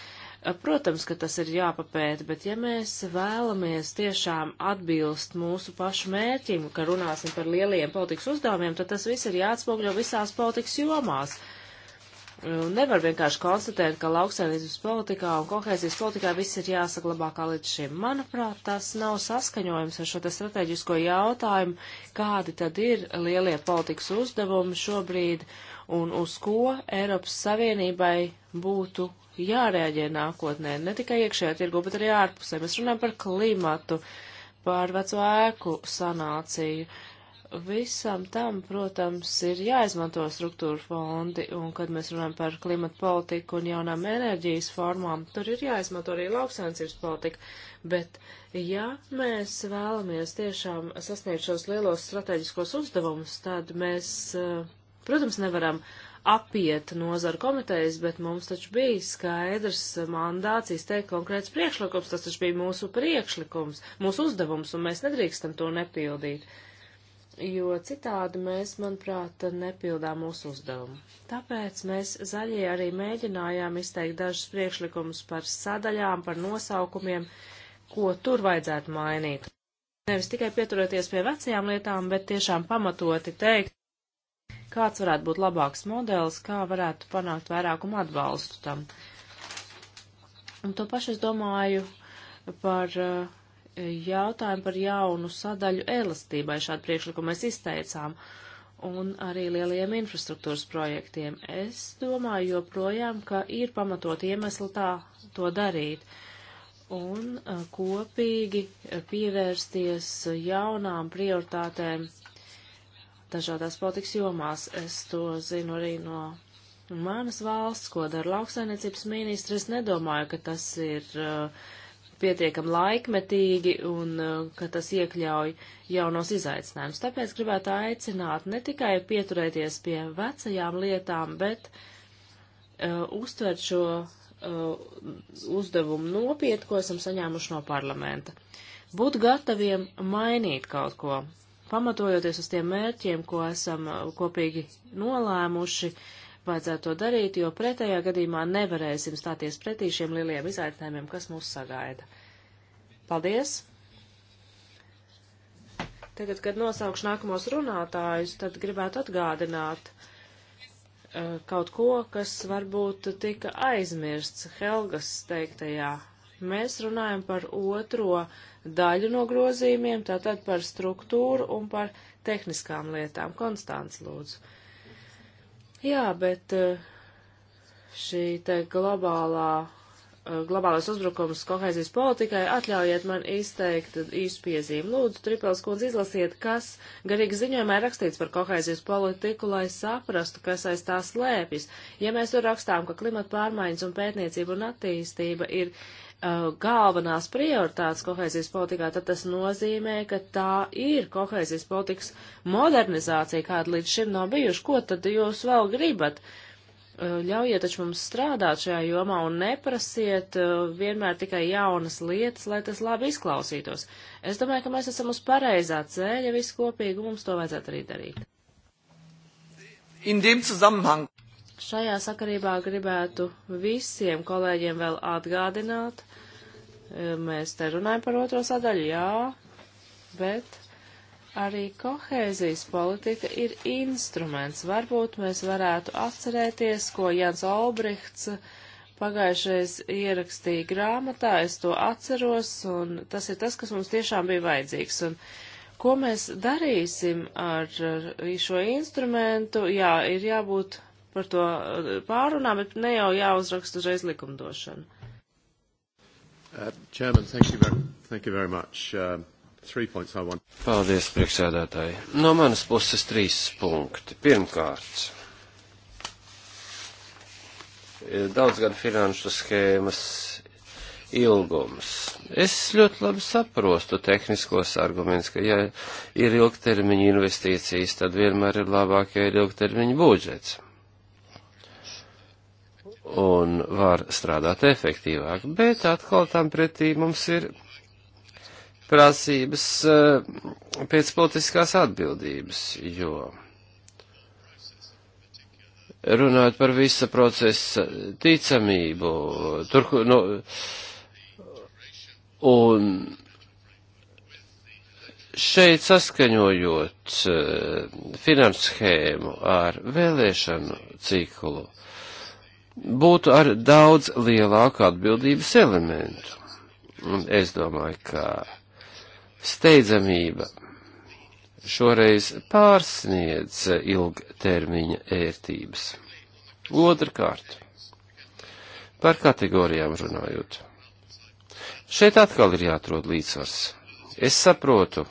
Protams, ka tas ir jāpapēta, bet ja mēs vēlamies tiešām atbilst mūsu pašu mērķim, ka runāsim par lielajiem politikas uzdevumiem, tad tas viss ir jāatspogļo visās politikas jomās. Nevar vienkārši konstatēt, ka lauksainības politikā un kohēzijas politikā viss ir jāsaglabā kā līdz šim. Manuprāt, tas nav saskaņojums ar šo te strateģisko jautājumu, kādi tad ir lielie politikas uzdevumi šobrīd un uz ko Eiropas Savienībai būtu jārēģē nākotnē, ne tikai iekšējā tirgu, bet arī ārpusē. Mēs runājam par klimatu, par veco ēku sanāciju. Visam tam, protams, ir jāizmanto struktūra fondi, un kad mēs runājam par klimatu politiku un jaunām enerģijas formām, tur ir jāizmanto arī lauksainsības politika. Bet, ja mēs vēlamies tiešām sasniegt šos lielos strateģiskos uzdevumus, tad mēs, eh, protams, nevaram uh, apiet nozaru komitejas, bet mums taču bija skaidrs mandāts izteikt konkrēts priekšlikums. Tas taču bija mūsu priekšlikums, mūsu uzdevums, un mēs nedrīkstam to nepildīt. Jo citādi mēs, manuprāt, nepildām mūsu uzdevumu. Tāpēc mēs zaļie arī mēģinājām izteikt dažus priekšlikumus par sadaļām, par nosaukumiem, ko tur vajadzētu mainīt. Nevis tikai pieturēties pie vecajām lietām, bet tiešām pamatoti teikt, kāds varētu būt labāks modelis, kā varētu panākt vairākumu atbalstu tam. Un to pašu es domāju par eh, jautājumu par jaunu sadaļu elastībai. Šādu priekšlikumu mēs izteicām. Un arī lielajiem infrastruktūras projektiem. Es domāju joprojām, ka ir pamatot iemesli tā to darīt un eh, kopīgi eh, pievērsties jaunām prioritātēm dažādās politikas jomās. Es to zinu arī no manas valsts, ko dara lauksainiecības ministri. Es nedomāju, ka tas ir uh, pietiekam laikmetīgi un uh, ka tas iekļauj jaunos izaicinājumus. Tāpēc gribētu aicināt ne tikai pieturēties pie vecajām lietām, bet uh, uztvert šo uh, uzdevumu nopietni, ko esam saņēmuši no parlamenta. Būt gataviem mainīt kaut ko, pamatojoties uz tiem mērķiem, ko esam uh, kopīgi nolēmuši, vajadzētu to darīt, jo pretējā gadījumā nevarēsim stāties pretī šiem lieliem izaicinājumiem, kas mūs sagaida. Paldies! Tagad, kad nosaukšu nākamos runātājus, tad gribētu atgādināt uh, kaut ko, kas varbūt tika aizmirsts Helgas teiktajā Mēs runājam par otro daļu no grozījumiem, tātad par struktūru un par tehniskām lietām. Konstants lūdzu. Jā, bet eh, šī te globālā, eh, globālais uzbrukums kohēzijas politikai, atļaujiet man izteikt īsu piezīmi. Lūdzu, Tripels kundze, izlasiet, kas garīgi ziņojumā ir rakstīts par kohēzijas politiku, lai saprastu, kas aiz tā slēpjas. Ja mēs tur rakstām, ka klimata pārmaiņas un pētniecība un attīstība ir Uh, galvenās prioritātes kohēzijas politikā, tad tas nozīmē, ka tā ir kohēzijas politikas modernizācija, kāda līdz šim nav bijuši. Ko tad jūs vēl gribat? Uh, ļaujiet taču mums strādāt šajā jomā un neprasiet uh, vienmēr tikai jaunas lietas, lai tas labi izklausītos. Es domāju, ka mēs esam uz pareizā ceļa viskopīgi, un mums to vajadzētu arī darīt. In dem Zusammenhang. Šajā sakarībā gribētu visiem kolēģiem vēl atgādināt, Mēs te runājam par otro sadaļu, jā, bet arī kohēzijas politika ir instruments. Varbūt mēs varētu atcerēties, ko Jans Olbrihts pagājušais ierakstīja grāmatā, es to atceros, un tas ir tas, kas mums tiešām bija vajadzīgs. Un ko mēs darīsim ar šo instrumentu? Jā, ir jābūt par to pārunā, bet ne jau jāuzraksta uzreiz likumdošanu. Uh, Chairman, thank you very, thank you very much. Um, uh, Paldies, priekšsēdētāji. No manas puses trīs punkti. Pirmkārt, eh, daudzgad finanšu schēmas ilgums. Es ļoti labi saprotu tehniskos argumentus, ka ja ir ilgtermiņa investīcijas, tad vienmēr ir labāk, ja ir ilgtermiņa budžets un var strādāt efektīvāk, bet atkal tam pretī mums ir prasības eh, pēc politiskās atbildības, jo runājot par visa procesa ticamību, tur, no, nu, un šeit saskaņojot eh, finanšu schēmu ar vēlēšanu ciklu, uh, būtu ar daudz lielāku atbildības elementu. Un es domāju, ka steidzamība šoreiz pārsniedz ilgtermiņa ērtības. Otrkārt, par kategorijām runājot. Šeit atkal ir jāatrod līdzsvars. Es saprotu,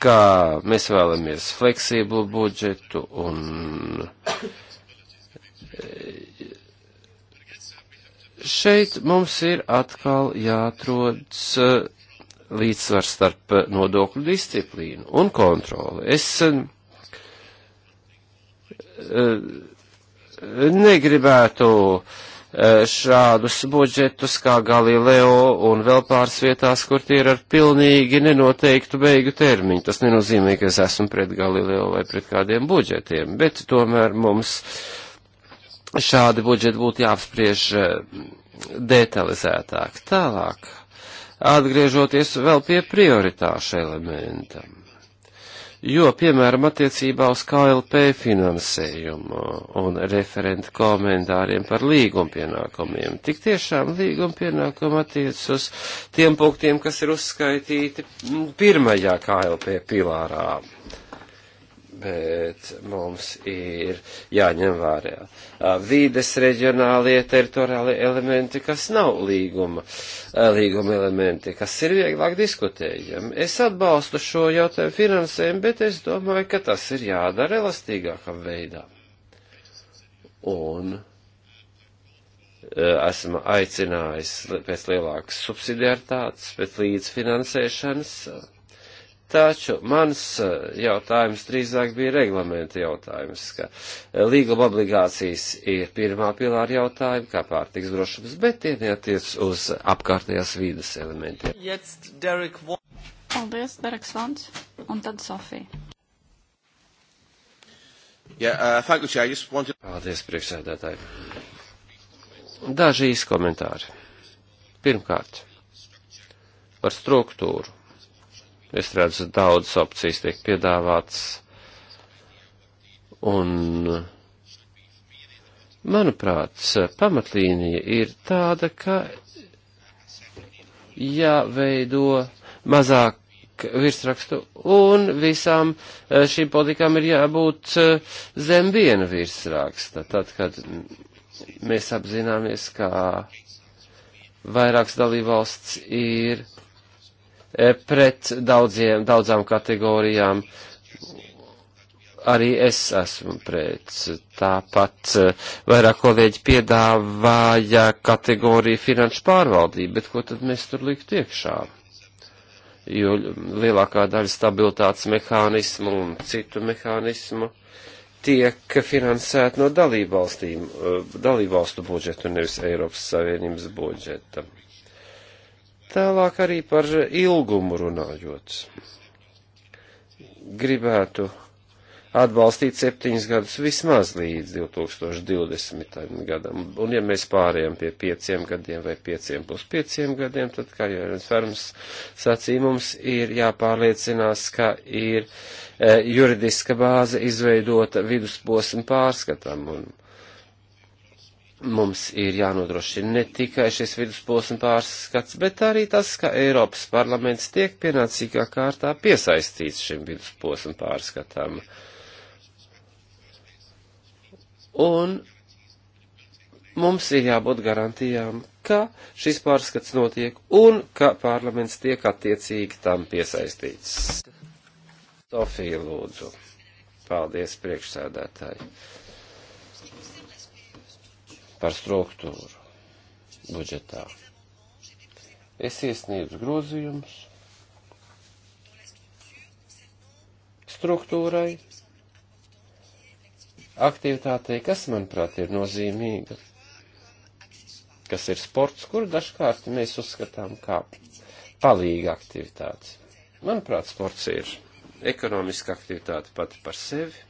ka mēs vēlamies fleksiblu budžetu un Šeit mums ir atkal jāatrod eh, līdzsvars starp eh, nodokļu disciplīnu un kontroli. Es eh, negribētu šādus budžetus kā Galileo un vēl pāris vietās, kur tie ir ar pilnīgi nenoteiktu beigu termiņu. Tas nenozīmē, ka es esmu pret Galileo vai pret kādiem budžetiem, bet tomēr mums uh, šādi budžeti būtu jāapspriež eh, detalizētāk. Tālāk, atgriežoties vēl pie prioritāšu elementam. Jo, piemēram, attiecībā uz KLP finansējumu un referenta komentāriem par līgumpienākumiem, tik tiešām līgumpienākumi attiec uz tiem punktiem, kas ir uzskaitīti pirmajā KLP pilārā bet mums ir jāņem vērā vīdes reģionālie teritoriālie elementi, kas nav līguma, līguma elementi, kas ir vieglāk diskutējami. Es atbalstu šo jautājumu finansējumu, bet es domāju, ka tas ir jādara elastīgākam veidā. Un esmu aicinājis pēc lielākas subsidiartātes, pēc līdzfinansēšanas Taču mans eh, jautājums drīzāk bija reglamenta jautājums, ka eh, līguma obligācijas ir pirmā pilāra jautājuma, kā pārtiks drošums, bet tie neatiec uz apkārtējās vīdas elementiem. Paldies, Dereks Vans, un tad Sofija. Yeah, uh, you, wanted... Paldies, priekšsēdētāji. Daži īsi komentāri. Pirmkārt, par struktūru Es redzu, daudzas opcijas tiek piedāvātas. Un, manuprāt, pamatlīnija ir tāda, ka jāveido mazāk virsrakstu, un visām eh, šīm politikām ir jābūt eh, zem viena virsraksta. Tad, kad mēs apzināmies, ka vairākas dalībvalsts ir E, pret daudziem, daudzām kategorijām. Arī es esmu pret. Tāpat e, vairāk kolēģi piedāvāja kategoriju finanšu pārvaldību, bet ko tad mēs tur likt iekšā? Jo lielākā daļa stabilitātes mehānismu un citu mehānismu tiek finansēta no dalībvalstīm, e, dalībvalstu budžetu, nevis Eiropas Savienības budžeta. Tālāk arī par ilgumu runājot. Gribētu atbalstīt septiņus gadus vismaz līdz 2020. gadam. Un ja mēs pārējām pie pieciem gadiem vai pieciem plus pieciem gadiem, tad, kā jau Jērens Ferms sacīja, mums ir jāpārliecinās, ka ir e, juridiska bāze izveidota vidusposma pārskatam. Un Mums ir jānodrošina ne tikai šis vidusposma pārskats, bet arī tas, ka Eiropas parlaments tiek pienācīgā kārtā piesaistīts šim vidusposma pārskatam. Un mums ir jābūt garantijām, ka šis pārskats notiek un ka parlaments tiek attiecīgi tam piesaistīts. Sofija lūdzu. Paldies priekšsēdētāji par struktūru budžetā. Es iesniedzu grozījumus struktūrai, aktivitātei, kas, manuprāt, ir nozīmīga, kas ir sports, kur dažkārt mēs uzskatām kā palīga aktivitāte. Manuprāt, sports ir ekonomiska aktivitāte pati par sevi.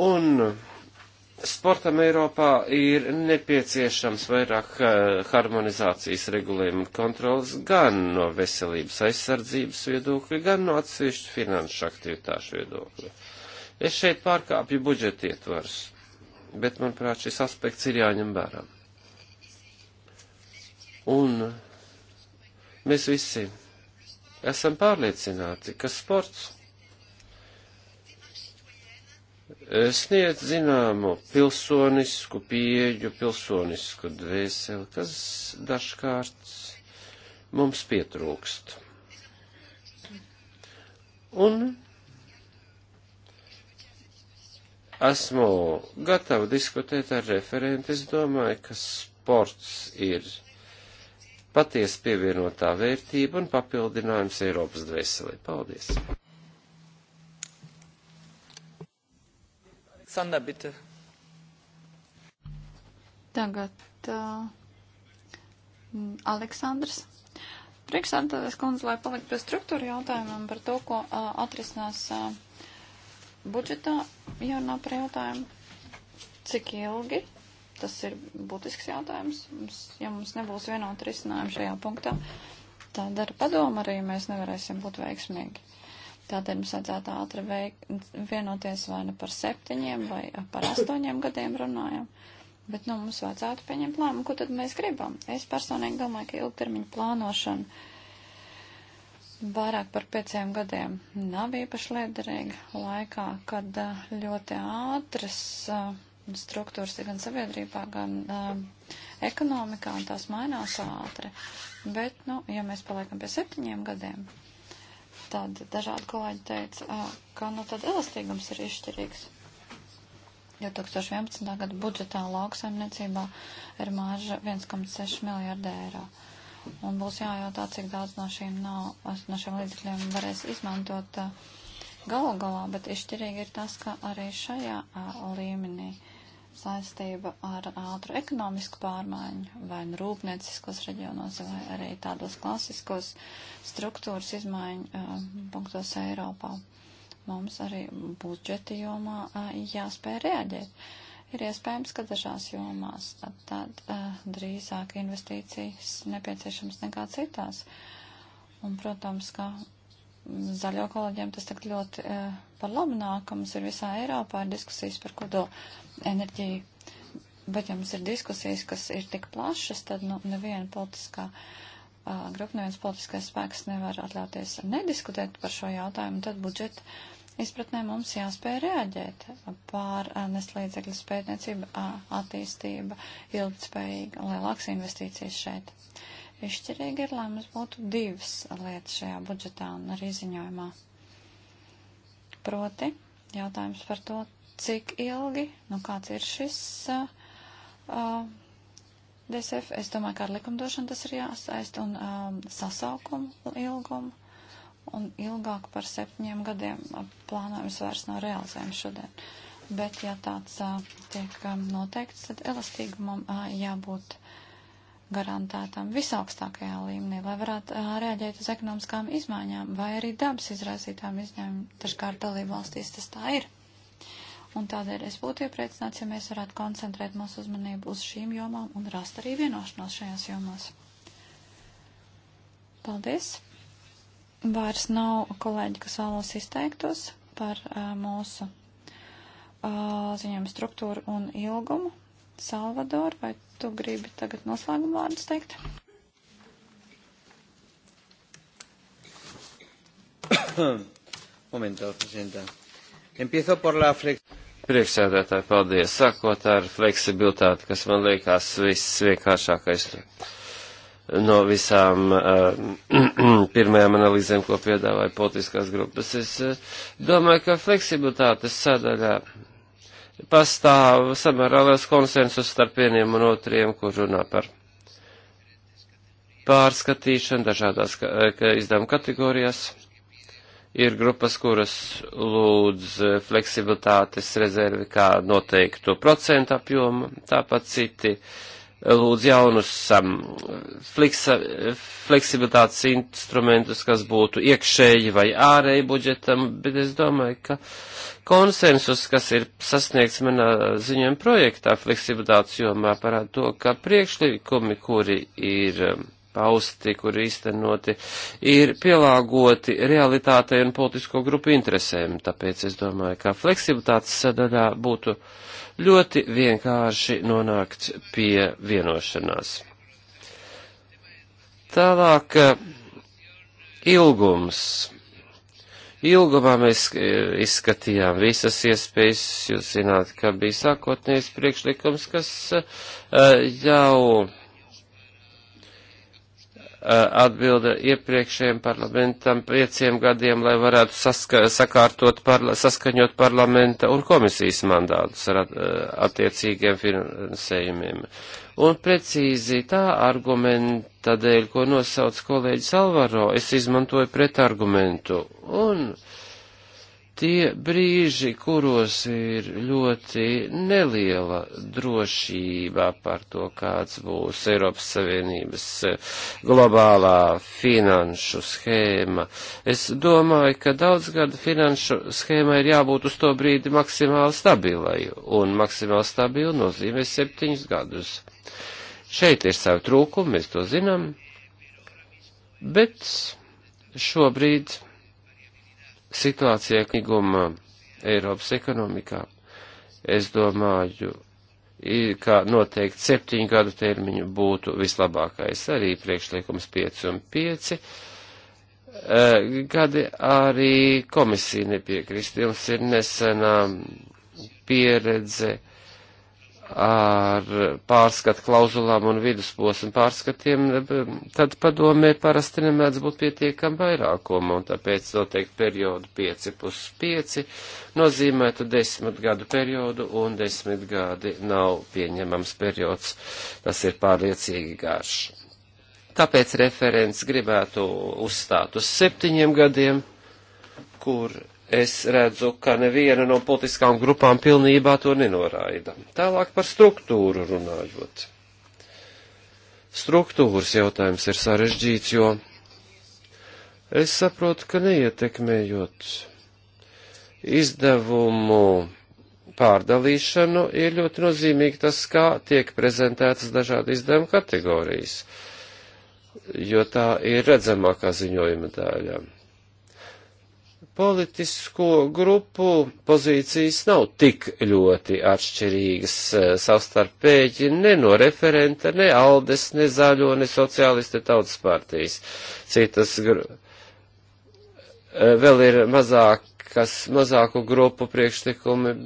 Un Sportam Eiropā ir nepieciešams vairāk eh, harmonizācijas regulējuma un kontrolas gan no veselības aizsardzības viedokļa, gan no atsevišķu finanšu aktivitāšu viedokļa. Es šeit pārkāpju budžeta ietvars, bet, manuprāt, šis aspekts ir jāņem vērā. Un mēs visi esam pārliecināti, ka sports sniedz zināmu pilsonisku pieeju, pilsonisku dvēseli, kas dažkārt mums pietrūkst. Un esmu gatava diskutēt ar referenti. Es domāju, ka sports ir paties pievienotā vērtība un papildinājums Eiropas dvēselē. Paldies! Sander, bitte. Tagad uh, Aleksandrs. Priekšsādātājs kundze, lai palikt pie struktūra jautājumiem par to, ko uh, atrisinās uh, budžetā, jārunā par jautājumu, cik ilgi tas ir būtisks jautājums. Mums, ja mums nebūs vienota risinājuma šajā punktā, tad ar padomu arī mēs nevarēsim būt veiksmīgi. Tātad mums vajadzētu ātri veik, vienoties vai nu par septiņiem vai par astoņiem gadiem runājam. Bet, nu, mums vajadzētu pieņemt lēmumu, ko tad mēs gribam. Es personīgi domāju, ka ilgtermiņa plānošana vairāk par pieciem gadiem nav īpaši liederīga laikā, kad ļoti ātras struktūras ir gan sabiedrībā, gan ekonomikā, un tās mainās ātri. Bet, nu, ja mēs paliekam pie septiņiem gadiem, tad dažādi kolēģi teica, ka nu tad elastīgums ir izšķirīgs. 2011. gada budžetā lauksaimniecībā ir mārža 1,6 miljārda eiro. Un būs jājautā, cik daudz no šiem, nav, no šiem līdzekļiem varēs izmantot galu galā, bet izšķirīgi ir tas, ka arī šajā līmenī uh, saistība ar ātru ekonomisku pārmaiņu, vai nu rūpnieciskos reģionos, vai arī tādos klasiskos struktūras izmaiņu uh, punktos Eiropā. Mums arī budžeti jomā uh, jāspēj reaģēt. Ir iespējams, ka dažās jomās tad uh, drīzāk investīcijas nepieciešams nekā citās. Un, protams, ka zaļo kolēģiem tas tagad ļoti uh, par labu nāk, ka mums ir visā Eiropā ir diskusijas par kodola enerģiju. Bet ja mums ir diskusijas, kas ir tik plašas, tad nu, neviena politiskā uh, grupa, neviens politiskais spēks nevar atļauties nediskutēt par šo jautājumu. Tad budžeta izpratnē mums jāspēj reaģēt pār uh, neslīdzekļu spētniecību, uh, attīstība, ilgtspējīga, lielāks investīcijas šeit. Uh, Izšķirīgi ir, lai mums būtu divas lietas šajā budžetā un arī ziņojumā. Proti, jautājums par to, cik ilgi, nu kāds ir šis uh, uh, DSF, es domāju, kā ar likumdošanu tas ir jāsaist un um, sasaukumu ilgumu. Un ilgāk par septiņiem gadiem plānojums vairs nav realizējams šodien. Bet, ja tāds uh, tiek um, noteikts, tad elastīgumam uh, jābūt garantētam visaugstākajā līmenī, lai varētu uh, reaģēt uz ekonomiskām izmaiņām vai arī dabas izraisītām izņēmumiem. Dažkārt dalību valstīs tas tā ir. Un tādēļ es būtu iepriecināts, ja mēs varētu koncentrēt mūsu uzmanību uz šīm jomām un rast arī vienošanos šajās jomās. Paldies! Vairs nav kolēģi, kas vēlos izteiktos par uh, mūsu uh, ziņām struktūru un ilgumu. Salvador, vai tu gribi tagad noslēguma vārdus teikt? [COUGHS] Momento, presidenta. Empiezo por la flexibilidad. Priekšsēdētāji, paldies. Sākot ar fleksibilitāti, kas man liekas viss vienkāršākais no visām uh, [COUGHS] pirmajām analīzēm, ko piedāvāja politiskās grupas. Es uh, domāju, ka fleksibilitātes sadaļā pastāv samērā liels konsensus starp vieniem un otriem, kur runā par pārskatīšanu dažādās izdevuma kategorijās. Ir grupas, kuras lūdz fleksibilitātes rezervi kā noteiktu procentu apjomu, tāpat citi uh, lūdz jaunus um, fliksa, fleksibilitātes instrumentus, kas būtu iekšēji vai ārēji budžetam, bet es domāju, ka konsensus, kas ir sasniegts manā ziņojuma projektā fleksibilitātes jomā, parāda to, ka priekšlikumi, kuri ir um, pausti, kuri īstenoti, ir pielāgoti realitātei un politisko grupu interesēm. Tāpēc es domāju, ka fleksibilitātes sadaļā būtu uh, ļoti vienkārši nonākt pie vienošanās. Tālāk eh, ilgums. Ilgumā mēs eh, izskatījām visas iespējas, jūs zināt, ka bija sākotnējs priekšlikums, kas eh, jau Eh, atbilda iepriekšējiem parlamentam pieciem gadiem, lai varētu saska, sakārtot, parla, saskaņot parlamenta un komisijas mandātus ar at, eh, attiecīgiem finansējumiem. Un precīzi tā argumenta dēļ, ko nosauc kolēģis Alvaro, es izmantoju pretargumentu. Un uh, tie brīži, kuros ir ļoti neliela drošība par to, kāds būs Eiropas Savienības eh, globālā finanšu schēma. Es domāju, ka daudz gada finanšu schēma ir jābūt uz to brīdi maksimāli stabilai, un maksimāli stabili nozīmē septiņus gadus. Šeit ir savi trūkumi, mēs to zinām, bet šobrīd situācijā kniguma Eiropas ekonomikā, es domāju, kā noteikti septiņu gadu termiņu būtu vislabākais arī priekšliekums 5 un 5. E, gadi arī komisija nepiekrist. Jums ir nesenā pieredze ar pārskatu klauzulām un vidusposmu pārskatiem, tad padomē parasti nemēdz būt pietiekam vairākuma, un tāpēc noteikti periodu 5 plus 5 nozīmētu desmit gadu periodu, un desmit gadi nav pieņemams periods, tas ir pārliecīgi garš. Tāpēc referents gribētu uzstāt uz septiņiem gadiem, kur es redzu, ka neviena no politiskām grupām pilnībā to nenoraida. Tālāk par struktūru runājot. Struktūras jautājums ir sarežģīts, jo es saprotu, ka neietekmējot izdevumu pārdalīšanu, ir ļoti nozīmīgi tas, kā tiek prezentētas dažādi izdevuma kategorijas, jo tā ir redzamākā ziņojuma daļām politisko grupu pozīcijas nav tik ļoti atšķirīgas eh, savstarpēji, ne no referenta, ne Aldes, ne Zaļo, ne Sociālisti tautas partijas. Citas gru... Eh, vēl ir mazākas, mazāku grupu priekšlikumi,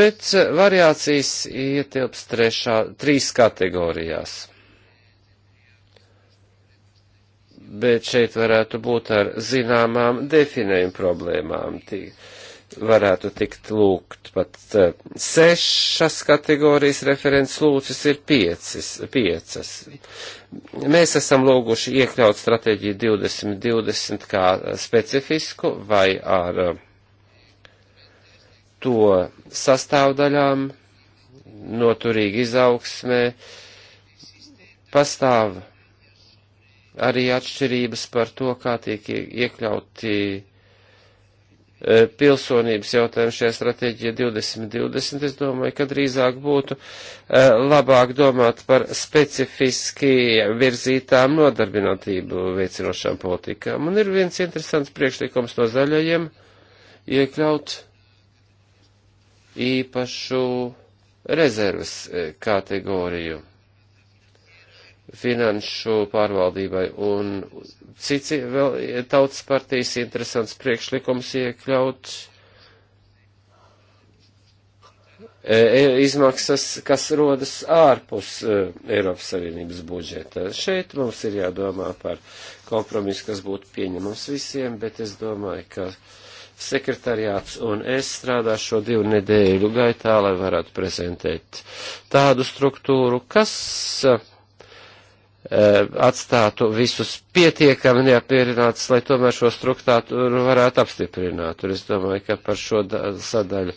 bet variācijas ietilps trešā, trīs kategorijās. bet šeit varētu būt ar zināmām definējumu problēmām. Tī varētu tikt lūgt pat eh, sešas kategorijas referents lūcis ir piecis, piecas. Mēs esam lūguši iekļaut stratēģiju 2020 kā specifisku vai ar eh, to sastāvdaļām noturīgi izaugsmē pastāv arī atšķirības par to, kā tiek iekļauti e, pilsonības jautājumu šajā stratēģijā 2020, es domāju, ka drīzāk būtu e, labāk domāt par specifiski virzītām nodarbinātību veicinošām politikām. Un ir viens interesants priekšlikums no zaļajiem iekļaut īpašu rezervas e, kategoriju finanšu pārvaldībai. Un cits vēl tautas partijas interesants priekšlikums iekļaut e, e, izmaksas, kas rodas ārpus e, Eiropas Savienības budžeta. Šeit mums ir jādomā par kompromisu, kas būtu pieņemams visiem, bet es domāju, ka sekretariāts un es strādāšu šo divu nedēļu gaitā, lai varētu prezentēt tādu struktūru, kas E, atstātu visus pietiekami neapmierinātus, lai tomēr šo struktūru varētu apstiprināt. Un es domāju, ka par šo sadaļu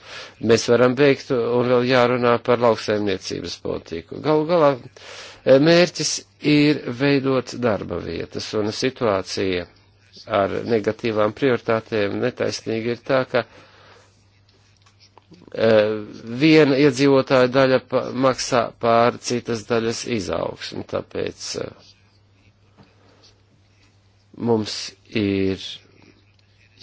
mēs varam beigt un vēl jārunā par lauksaimniecības politiku. Galu galā e, mērķis ir veidot darba vietas un situācija ar negatīvām prioritātēm netaisnīgi ir tā, ka Eh, viena iedzīvotāja daļa pa, maksā pār citas daļas izaugsmi, tāpēc eh, mums ir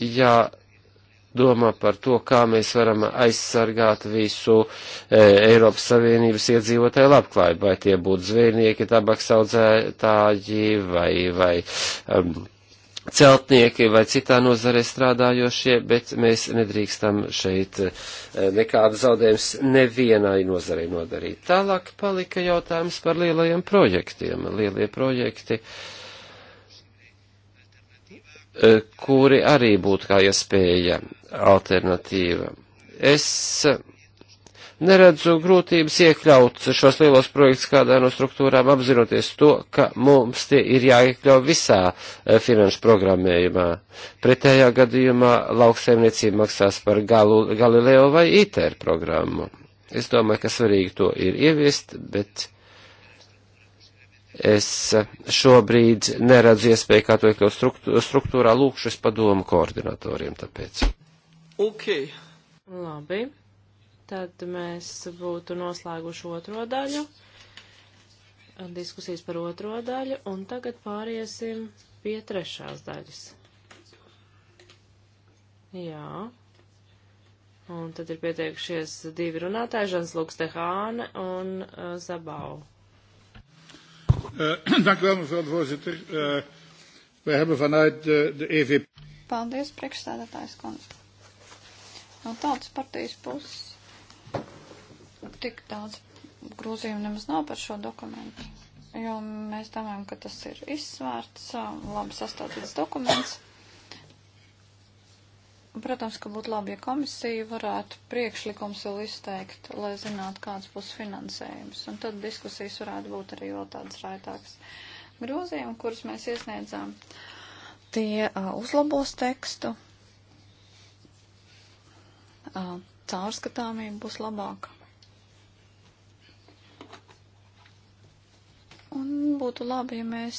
jādomā par to, kā mēs varam aizsargāt visu e, Eiropas Savienības iedzīvotāju labklājību, vai tie būtu zvejnieki, tabaks audzētāji vai, vai um, celtnieki vai citā nozarē strādājošie, bet mēs nedrīkstam šeit eh, nekādu zaudējumus nevienai nozarei nodarīt. Tālāk palika jautājums par lielajiem projektiem. Lielie projekti, eh, kuri arī būtu kā iespēja alternatīva. Es neredzu grūtības iekļaut šos lielos projektus kādā no struktūrām, apzinoties to, ka mums tie ir jāiekļau visā e, finanšu programmējumā. Pretējā gadījumā lauksaimniecība maksās par galu, Galileo vai ITER programmu. Es domāju, ka svarīgi to ir ieviest, bet es e, šobrīd neredzu iespēju, kā to iekļaut struktūrā, lūkšu es padomu koordinatoriem tāpēc. Okay. Labi tad mēs būtu noslēguši otro daļu, diskusijas par otro daļu, un tagad pāriesim pie trešās daļas. Jā. Un tad ir pieteikušies divi runātāji, Žans Lūks Tehāne un uh, Zabau. Uh, [CLEARS THROAT] dank u wel, mevrouw de voorzitter. Uh, we hebben vanuit de, de EVP. Paldies, priekšstādātājs kundze. No tautas partijas puses tik daudz grūzījumu nemaz nav par šo dokumentu, jo mēs domājam, ka tas ir izsvērts, labi sastādīts dokuments. Protams, ka būtu labi, ja komisija varētu priekšlikums vēl izteikt, lai zinātu, kāds būs finansējums. Un tad diskusijas varētu būt arī vēl tādas raitākas. Grozījumi, kurus mēs iesniedzām, tie uh, uzlabos tekstu, uh, caurskatāmība būs labāka. Un būtu labi, ja mēs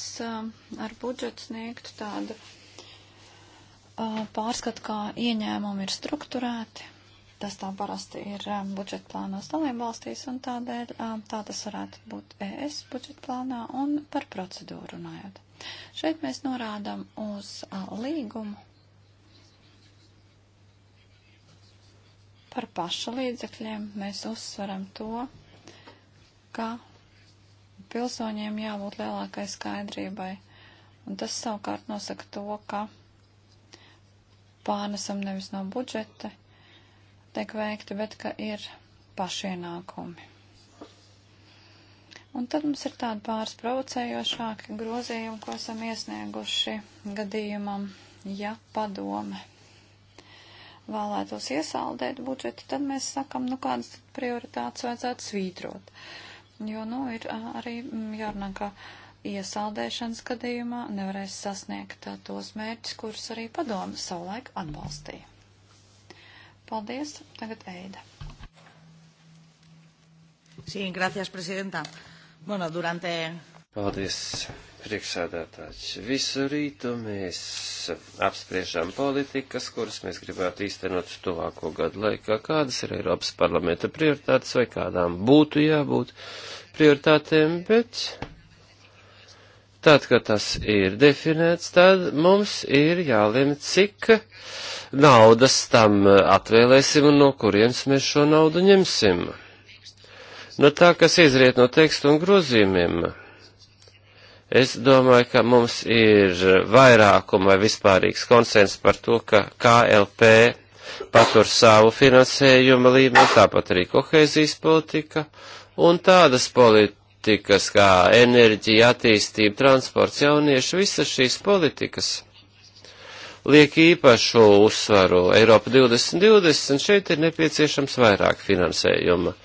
ar budžetu sniegtu tādu pārskatu, kā ieņēmumi ir strukturēti. Tas tā parasti ir budžeta plānos dalībvalstīs, un tādēļ tā tas varētu būt ES budžeta plānā un par procedūru runājot. Šeit mēs norādam uz līgumu par paša līdzekļiem. Mēs uzsveram to, ka pilsoņiem jābūt lielākai skaidrībai. Un tas savukārt nosaka to, ka pārnesam nevis no budžeta tiek veikti, bet ka ir pašienākumi. Un tad mums ir tādi pāris provocējošāki grozījumi, ko esam iesnieguši gadījumam, ja padome vēlētos iesaldēt budžeti, tad mēs sakam, nu kādas prioritātes vajadzētu svītrot. Uh, jo, nu, ir arī mm, jārunā, ka iesaldēšanas gadījumā nevarēs sasniegt tos mērķus, kurus arī padomu savulaik atbalstīja. Paldies, tagad Eida. Sí, gracias, presidenta. Bueno, durante... Paldies, priekšsēdētājs. Visu rītu mēs apspriežam politikas, kuras mēs gribētu īstenot tuvāko gadu laikā, kādas ir Eiropas parlamenta prioritātes vai kādām būtu jābūt prioritātēm, bet tad, kad tas ir definēts, tad mums ir jālem, cik naudas tam atvēlēsim un no kurienes mēs šo naudu ņemsim. No nu, tā, kas izriet no tekstu un grozījumiem Es domāju, ka mums ir vairākuma vai vispārīgs konsens par to, ka KLP patur savu finansējuma līmeni, tāpat arī kohēzijas politika un tādas politikas kā enerģija, attīstība, transports, jaunieši, visas šīs politikas liek īpašu uzsvaru Eiropa 2020, šeit ir nepieciešams vairāk finansējuma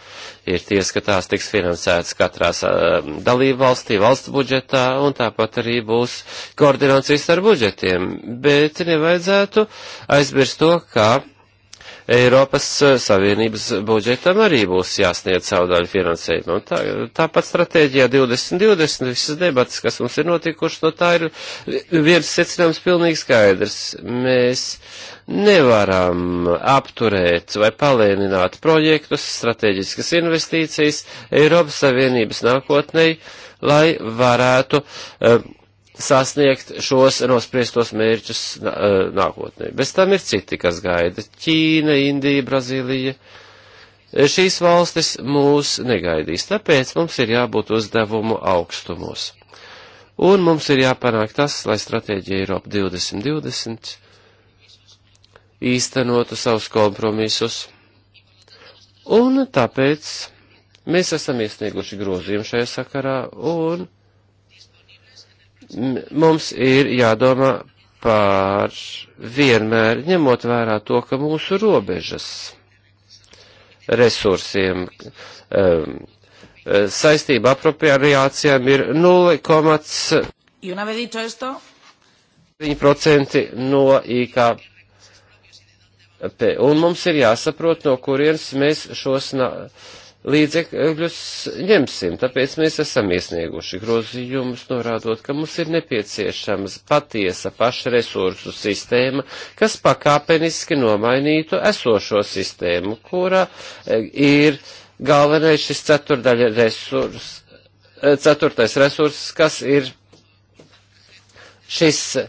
ir ties, ka tās tiks finansētas katrās um, dalību valstī, valsts budžetā, un tāpat arī būs koordinācijas ar budžetiem. Bet nevajadzētu aizmirst to, ka Eiropas uh, Savienības budžetam arī būs jāsniedz savu daļu finansējumu. Tā, tāpat stratēģijā 2020 visas debatas, kas mums ir notikušas, no tā ir viens secinājums pilnīgi skaidrs. Mēs nevaram apturēt vai palēnināt projektus, strateģiskas investīcijas Eiropas Savienības nākotnei, lai varētu uh, sasniegt šos nospriestos mērķus uh, nākotnē. Bez tam ir citi, kas gaida - Ķīna, Indija, Brazīlija. Eh, šīs valstis mūs negaidīs, tāpēc mums ir jābūt uzdevumu augstumos. Un mums ir jāpanāk tas, lai stratēģija Eiropa 2020 īstenotu savus kompromisus. Un tāpēc mēs esam iesnieguši grozījumu šajā sakarā, un mums ir jādomā par vienmēr ņemot vērā to, ka mūsu robežas resursiem um, saistība apropriācijām ir 0,9% no IKP. Te, un mums ir jāsaprot, no kurienes mēs šos na, līdzekļus ņemsim. Tāpēc mēs esam iesnieguši grozījumus, norādot, ka mums ir nepieciešams patiesa pašresursu sistēma, kas pakāpeniski nomainītu esošo sistēmu, kura e, ir galvenais šis ceturdaļa resurs, e, ceturtais resurs, kas ir šis e,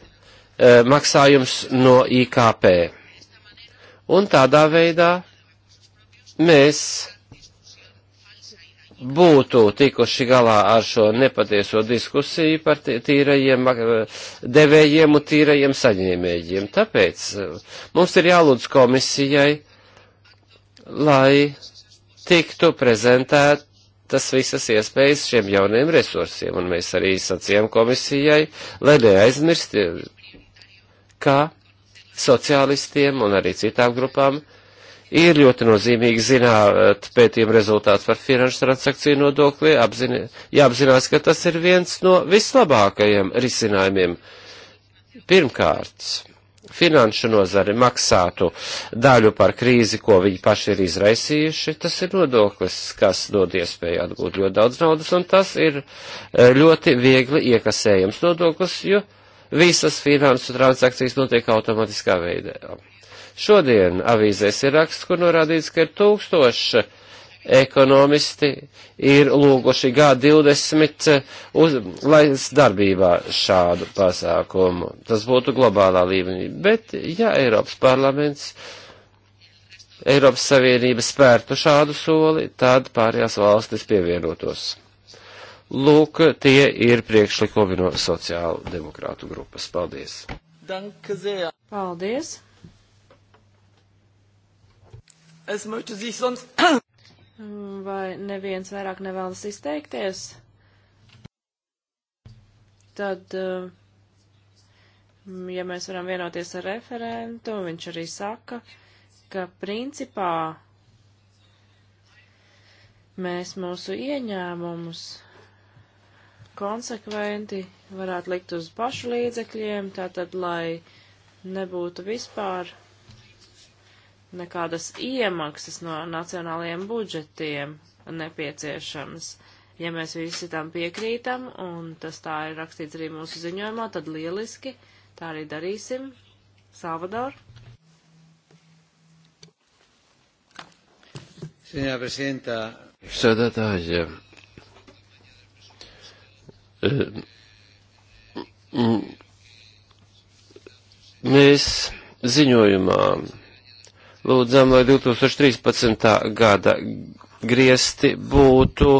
maksājums no IKP Un tādā veidā mēs būtu tikuši galā ar šo nepatieso diskusiju par tīrajiem devējiem un tīrajiem saņēmējiem. Tāpēc eh, mums ir jālūdz komisijai, lai tiktu prezentēt tas visas iespējas šiem jauniem resursiem, un mēs arī sacījām komisijai, lai neaizmirst, eh, ka sociālistiem un arī citām grupām ir ļoti nozīmīgi zināt pētījuma rezultāts par finanšu transakciju nodokli, apzini, jāapzinās, ka tas ir viens no vislabākajiem risinājumiem. Pirmkārt, finanšu nozari maksātu daļu par krīzi, ko viņi paši ir izraisījuši, tas ir nodoklis, kas dod iespēju atgūt ļoti daudz naudas, un tas ir eh, ļoti viegli iekasējams nodoklis, jo visas finansu transakcijas notiek automatiskā veidā. Šodien avīzēs ir raksts, kur norādīts, ka ir tūkstoši ekonomisti ir lūguši G20 uz, lai darbībā šādu pasākumu. Tas būtu globālā līmenī. Bet, ja Eiropas parlaments, Eiropas Savienība spērtu šādu soli, tad pārējās valstis pievienotos. Lūk, tie ir priekšlikumi no sociāla demokrātu grupas. Paldies! Paldies! Es möchte sich sonst. Vai neviens vairāk nevēlas izteikties? Tad, eh, ja mēs varam vienoties ar referentu, viņš arī saka, ka principā mēs mūsu ieņēmumus konsekventi varētu likt uz pašu līdzekļiem, tātad, lai nebūtu vispār nekādas iemaksas no nacionālajiem budžetiem nepieciešamas. Ja mēs visi tam piekrītam, un tas tā ir rakstīts arī mūsu ziņojumā, tad lieliski tā arī darīsim. Salvador. Sēdētāji, Ehm, mēs ziņojumā lūdzam, lai 2013. gada griesti būtu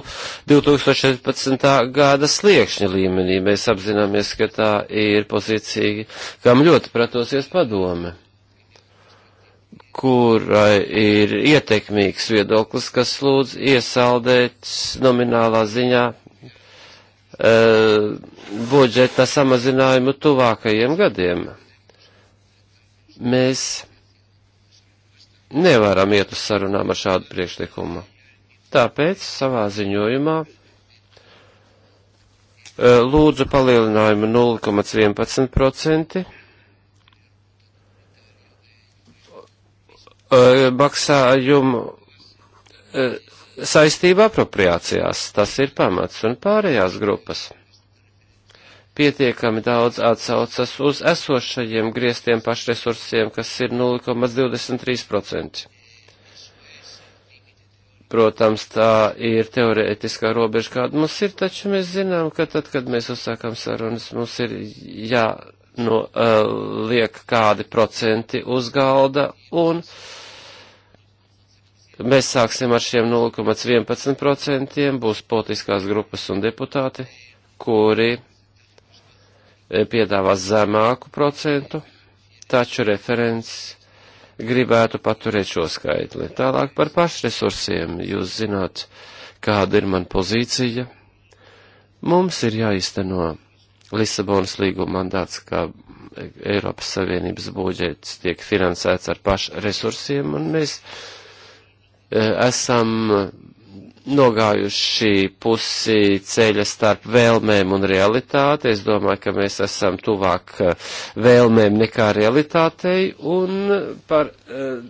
2014. gada sliekšņa līmenī. Mēs apzināmies, ka tā ir pozīcija, kam ļoti pretosies padome kurai ir ietekmīgs viedoklis, kas lūdz iesaldēt nominālā ziņā Eh, budžeta samazinājumu tuvākajiem gadiem. Mēs nevaram iet uz sarunām ar šādu priekšlikumu. Tāpēc savā ziņojumā eh, lūdzu palielinājumu 0,11%, eh, maksājumu saistība apropriācijās. Tas ir pamats un pārējās grupas. Pietiekami daudz atsaucas uz esošajiem griestiem pašresursiem, kas ir 0,23%. Protams, tā ir teorētiskā robeža, kāda mums ir, taču mēs zinām, ka tad, kad mēs uzsākam sarunas, mums ir jānoliek no, uh, kādi procenti uz galda, un Mēs sāksim ar šiem 0,11%, būs politiskās grupas un deputāti, kuri e, piedāvās zemāku procentu, taču referents gribētu paturēt šo skaitli. Tālāk par pašresursiem. Jūs zināt, kāda ir man pozīcija. Mums ir jāizteno Lisabonas līguma mandāts, kā Eiropas Savienības budžets tiek finansēts ar pašresursiem, un mēs. Mēs Eh, esam nogājuši pusi ceļa starp vēlmēm un realitāti. Es domāju, ka mēs esam tuvāk eh, vēlmēm nekā realitātei, un par eh,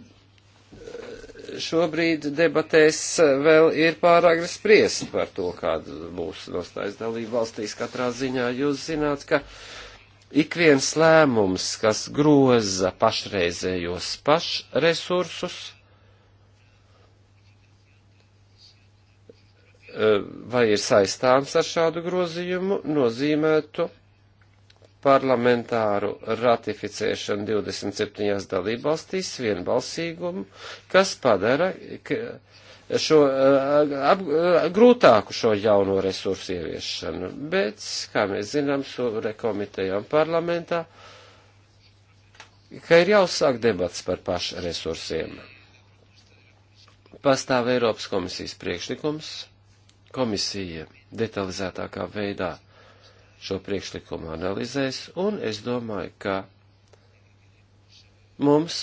šobrīd debatēs vēl ir pārāk spriest par to, kāda mūsu nostājas dalība valstīs katrā ziņā. Jūs zināt, ka ik viens lēmums, kas groza pašreizējos pašresursus, Eh, vai ir saistāms ar šādu grozījumu, nozīmētu parlamentāru ratificēšanu 27 dalībvalstīs vienbalsīgumu, kas padara šo eh, ap, eh, grūtāku šo jauno resursu ieviešanu. Bet, kā mēs zinām, sūre komiteja un parlamentā, ka ir jāuzsāk debats par pašresursiem. Pastāv Eiropas komisijas priekšlikums Komisija detalizētākā veidā šo priekšlikumu analizēs, un es domāju, ka mums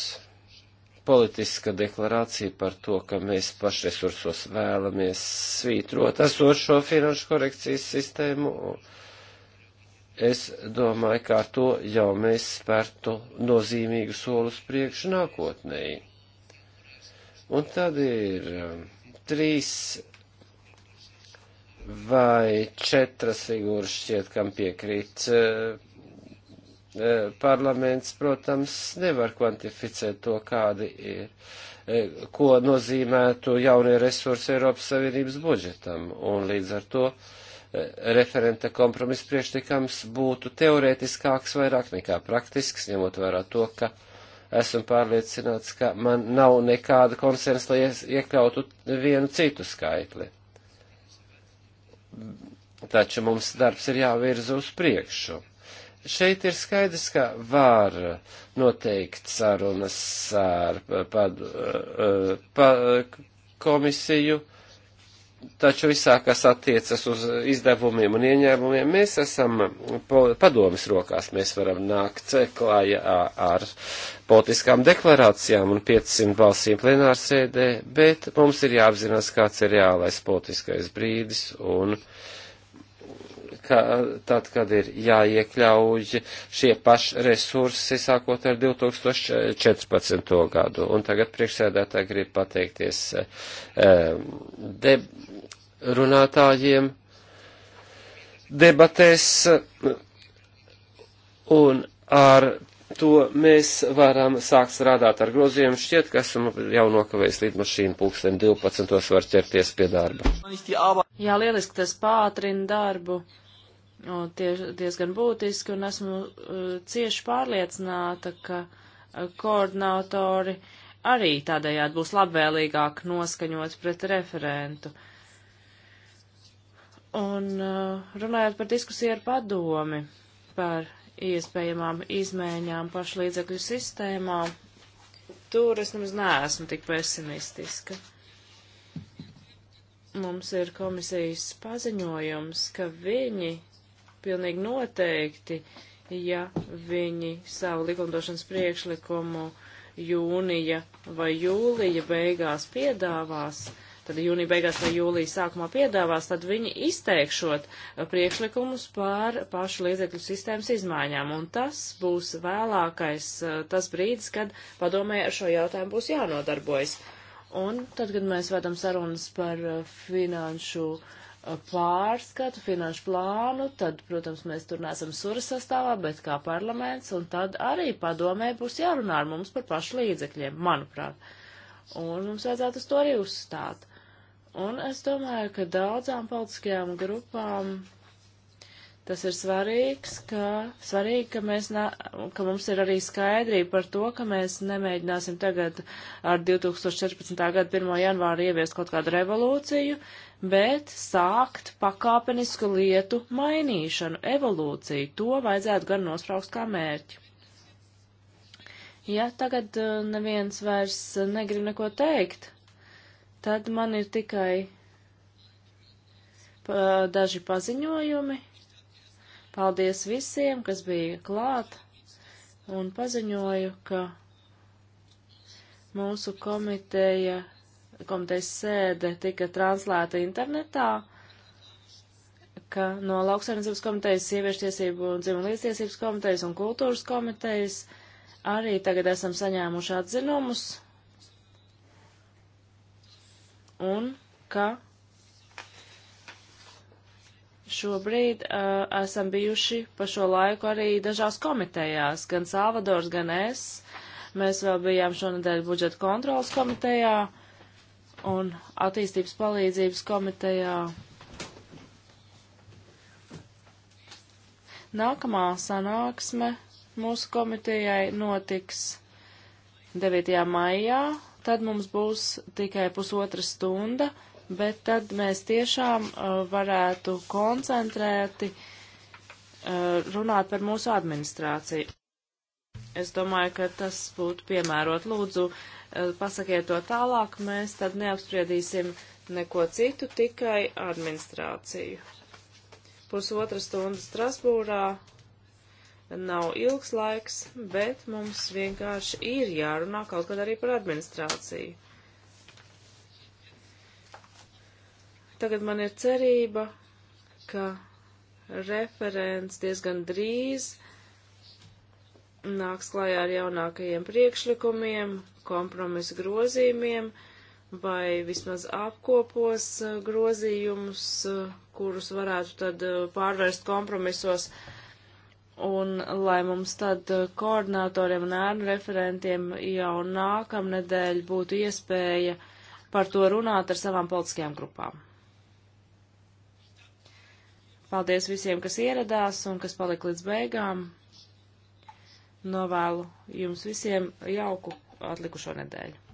politiska deklarācija par to, ka mēs pašresursos vēlamies svītrot esošo finanšu korekcijas sistēmu, es domāju, ka ar to jau mēs spērtu nozīmīgu solus priekš nākotnēji. Un tad ir um, trīs vai četras figūras šķiet, kam piekrīt eh, eh, parlaments, protams, nevar kvantificēt to, kādi ir, eh, ko nozīmētu jaunie resursi Eiropas Savienības budžetam. Un līdz ar to referenta kompromisa priekšlikums būtu teorētiskāks vairāk nekā praktisks, ņemot vērā to, ka esmu pārliecināts, ka man nav nekāda konsensa, lai iekļautu vienu citu skaitli taču mums darbs ir jāvirza uz priekšu. Šeit ir skaidrs, ka var noteikt sarunas ar pad, eh, pa, komisiju, uh, Taču visā, kas attiecas uz izdevumiem un ieņēmumiem, mēs esam padomis rokās. Mēs varam nākt klāja ar politiskām deklarācijām un 500 balsīm plenārsēdē, bet mums ir jāapzinās, kāds ir reālais politiskais brīdis un uh, ka, tad, kad ir jāiekļauj šie paši resursi, sākot ar 2014. gadu. Un tagad priekšsēdētāji grib pateikties eh, de, runātājiem debatēs, un ar to mēs varam sākt strādāt ar grozījumu. Šķiet, ka esmu jau nokavējis līdz mašīnu pulksten 12. var ķerties pie darba. Jā, lieliski tas pātrina darbu diez, diezgan būtiski, un esmu uh, cieši pārliecināta, ka uh, koordinātori arī tādējādi būs labvēlīgāk noskaņot pret referentu. Un uh, runājot par diskusiju ar padomi par iespējamām izmaiņām pašlīdzekļu sistēmā, tur es nemaz neesmu tik pesimistiska. Mums ir komisijas paziņojums, ka viņi pilnīgi noteikti, ja viņi savu likumdošanas priekšlikumu jūnija vai jūlija beigās piedāvās, tad jūnija beigās vai jūlija sākumā piedāvās, tad viņi izteikšot priekšlikumus pār pašu līdzekļu sistēmas izmaiņām. Un tas būs vēlākais eh, tas brīdis, kad padomē ar šo jautājumu būs jānodarbojas. Un tad, kad mēs vedam sarunas par eh, finanšu uh, Uh, pārskatu, finanšu plānu, tad, protams, mēs tur nesam sura sastāvā, bet kā parlaments, un tad arī padomē būs jārunā ar mums par pašu līdzekļiem, manuprāt. Un mums vajadzētu uz to arī uzstāt. Un es domāju, ka daudzām politiskajām grupām Tas ir svarīgs, ka, svarīgi, ka, mēs ne, ka mums ir arī skaidrība par to, ka mēs nemēģināsim tagad ar 2014. gada 1. janvāru ieviest kaut kādu revolūciju, bet sākt pakāpenisku lietu mainīšanu, evolūciju. To vajadzētu gan nospraust kā mērķi. Ja tagad uh, neviens vairs negrib neko teikt, tad man ir tikai uh, daži paziņojumi. Paldies visiem, kas bija klāt, un paziņoju, ka mūsu komiteja, komitejas sēde tika translēta internetā ka no lauksaimniecības komitejas, sieviešu tiesību un dzimumu līdztiesības komitejas un kultūras komitejas arī tagad esam saņēmuši atzinumus un ka Šobrīd uh, esam bijuši pa šo laiku arī dažās komitejās, gan Salvadors, gan es. Mēs vēl bijām šonadēļ budžeta kontrolas komitejā un attīstības palīdzības komitejā. Nākamā sanāksme mūsu komitejai notiks 9. maijā, tad mums būs tikai pusotra stunda bet tad mēs tiešām uh, varētu koncentrēti uh, runāt par mūsu administrāciju. Es domāju, ka tas būtu piemērot. Lūdzu, uh, pasakiet to tālāk, mēs tad neapspriedīsim neko citu, tikai administrāciju. Pusotra stunda Strasbūrā nav ilgs laiks, bet mums vienkārši ir jārunā kaut kad arī par administrāciju. Tagad man ir cerība, ka referents diezgan drīz nāks klājā ar jaunākajiem priekšlikumiem, kompromisu grozījumiem vai vismaz apkopos uh, grozījumus, uh, kurus varētu tad uh, pārvērst kompromisos. Un lai mums tad koordinatoriem un ērnu referentiem jau nākamnedēļ būtu iespēja par to runāt ar savām politiskajām grupām. Paldies visiem, kas ieradās un kas palika līdz beigām. Novēlu jums visiem jauku atlikušo nedēļu.